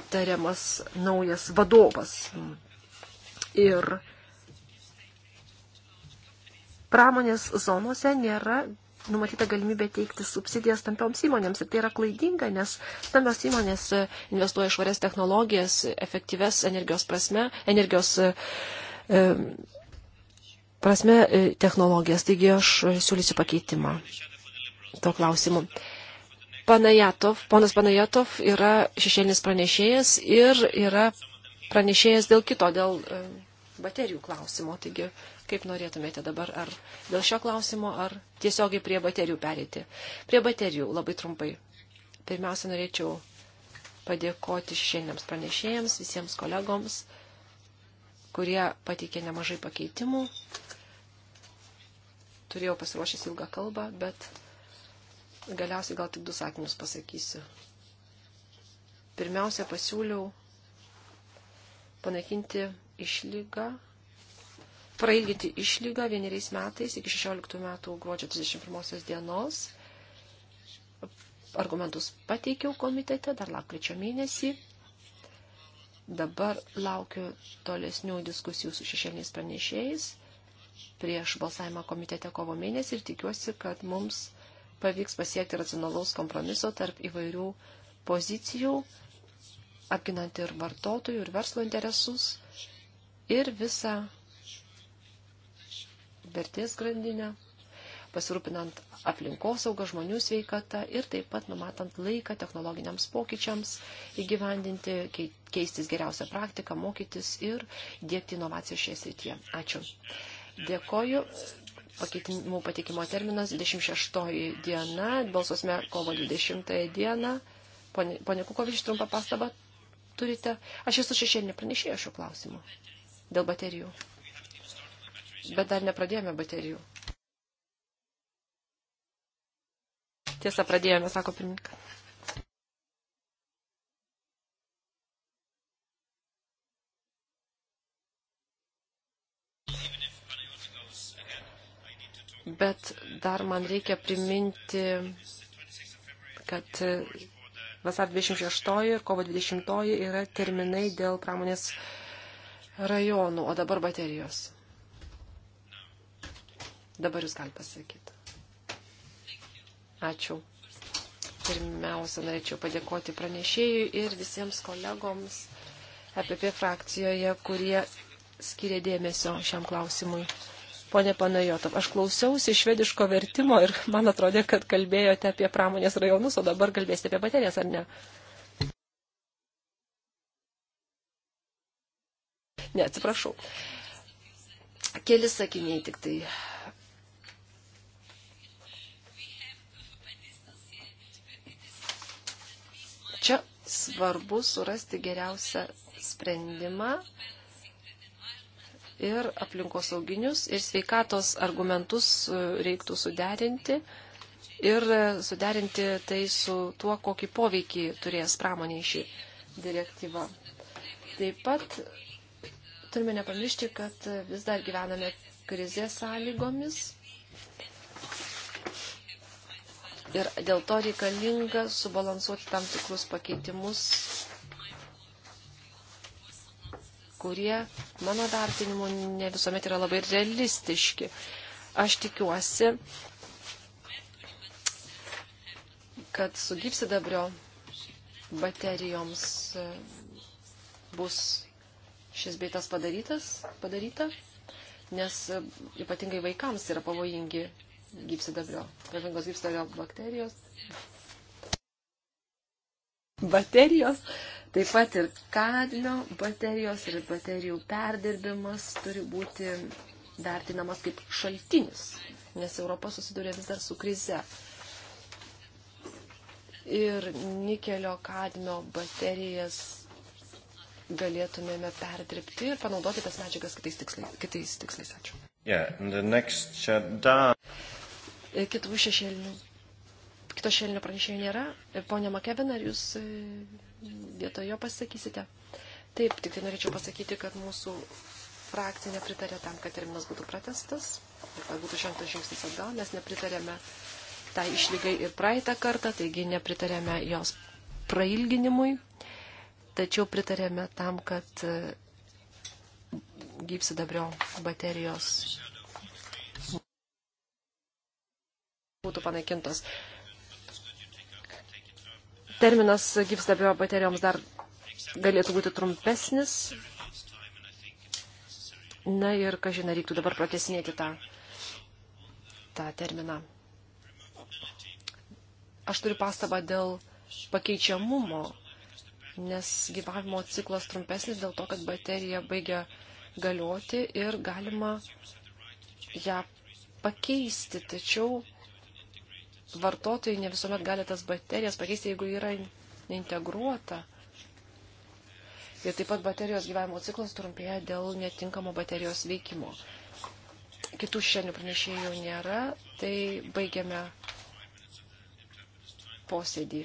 aptariamas naujas vadovas. Ir pramonės zonose nėra numatyta galimybė teikti subsidijas tampioms įmonėms. Ir tai yra klaidinga, nes stambios įmonės investuoja švarias technologijas, efektyves energijos prasme, energijos e, e, prasme e, technologijas. Taigi aš siūlysiu pakeitimą to klausimu. Panajatov, ponas Panajatov yra šešėlinis pranešėjas ir yra pranešėjas dėl kito, dėl baterijų klausimo. Taigi, kaip norėtumėte dabar, ar dėl šio klausimo, ar tiesiogiai prie baterijų perėti? Prie baterijų labai trumpai. Pirmiausia, norėčiau padėkoti šiandiems pranešėjams, visiems kolegoms, kurie pateikė nemažai pakeitimų. Turėjau pasiruošęs ilgą kalbą, bet galiausiai gal tik du sakinius pasakysiu. Pirmiausia, pasiūliau panaikinti išlygą, prailginti išlygą vieneriais metais iki 16 metų gruodžio 31 dienos. Argumentus pateikiau komitete dar lapkričio mėnesį. Dabar laukiu tolesnių diskusijų su šešėliniais pranešėjais prieš balsavimą komitete kovo mėnesį ir tikiuosi, kad mums pavyks pasiekti racionalaus kompromiso tarp įvairių pozicijų, apginant ir vartotojų, ir verslo interesus, ir visą vertės grandinę, pasirūpinant aplinkosaugą, žmonių sveikatą ir taip pat numatant laiką technologiniams pokyčiams įgyvendinti, keistis geriausią praktiką, mokytis ir dėkti inovacijas šioje srityje. Ačiū. Dėkoju. Pakeitimų patikimo terminas 26 diena, balsuosime kovo 20 dieną. Pone, pone Kukovič, trumpą pastabą turite. Aš esu šešėlinė pranešėja šiuo klausimu dėl baterijų. Bet dar nepradėjome baterijų. Tiesa, pradėjome, sako pirmininkas. bet dar man reikia priminti, kad vasar 26 ir kovo 20 yra terminai dėl pramonės rajonų, o dabar baterijos. Dabar jūs galite pasakyti. Ačiū. Pirmiausia, norėčiau padėkoti pranešėjui ir visiems kolegoms EPP frakcijoje, kurie skiria dėmesio šiam klausimui. Pone Panajotov, aš klausiausi švediško vertimo ir man atrodė, kad kalbėjote apie pramonės rajonus, o dabar kalbėsite apie baterijas, ar ne? Ne, atsiprašau. Keli sakiniai tik tai. Čia svarbu surasti geriausią sprendimą ir aplinkosauginius ir sveikatos argumentus reiktų suderinti ir suderinti tai su tuo, kokį poveikį turės pramoniai šį direktyvą. Taip pat Turime nepamiršti, kad vis dar gyvename krizės sąlygomis. Ir dėl to reikalinga subalansuoti tam tikrus pakeitimus, kurie, mano vertinimu, ne visuomet yra labai realistiški. Aš tikiuosi, kad su gypsidabrio baterijoms bus šis beitas padarytas, padaryta, nes e, ypatingai vaikams yra pavojingi gypsidabrio, pavojingos gypsidabrio bakterijos. Baterijos, taip pat ir kadlio baterijos ir baterijų perdirbimas turi būti vertinamas kaip šaltinis, nes Europa susiduria vis dar su krize. Ir nikelio kadmio baterijas galėtumėme perdirbti ir panaudoti tas medžiagas kitais tikslais. Kitais tikslais. Ačiū. Yeah, next, uh, Kitų šešėlinių. Kito šešėlinio pranešėjo nėra. E, Pone Makebina, ar jūs e, vietojo pasakysite? Taip, tik tai norėčiau pasakyti, kad mūsų frakcija nepritarė tam, kad terminas būtų pratestas ir kad būtų šimtas žingsnis atgal. Mes nepritarėme tai išlygai ir praeitą kartą, taigi nepritarėme jos prailginimui. Uh, tačiau pritarėme tam, kad e, gypsidabrio baterijos būtų panaikintos. Terminas gypsidabrio baterijoms dar galėtų būti trumpesnis. Na ir, ką žinai, reiktų dabar pratesinėti tą, tą terminą. Aš turiu pastabą dėl pakeičiamumo nes gyvavimo ciklas trumpesnis dėl to, kad baterija baigia galioti ir galima ją pakeisti. Tačiau vartotojai ne visuomet gali tas baterijas pakeisti, jeigu yra neintegruota. Ir taip pat baterijos gyvavimo ciklas trumpėja dėl netinkamo baterijos veikimo. Kitų šiandien pranešėjų nėra, tai baigiame posėdį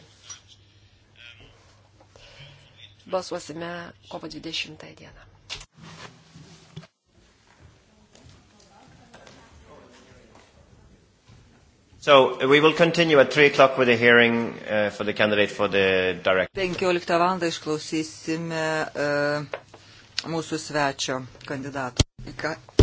balsuosime kovo 20 dieną. So uh, we will continue at 3 o'clock with a hearing uh, for the candidate for the director. 15 val. išklausysime uh, mūsų svečio kandidato.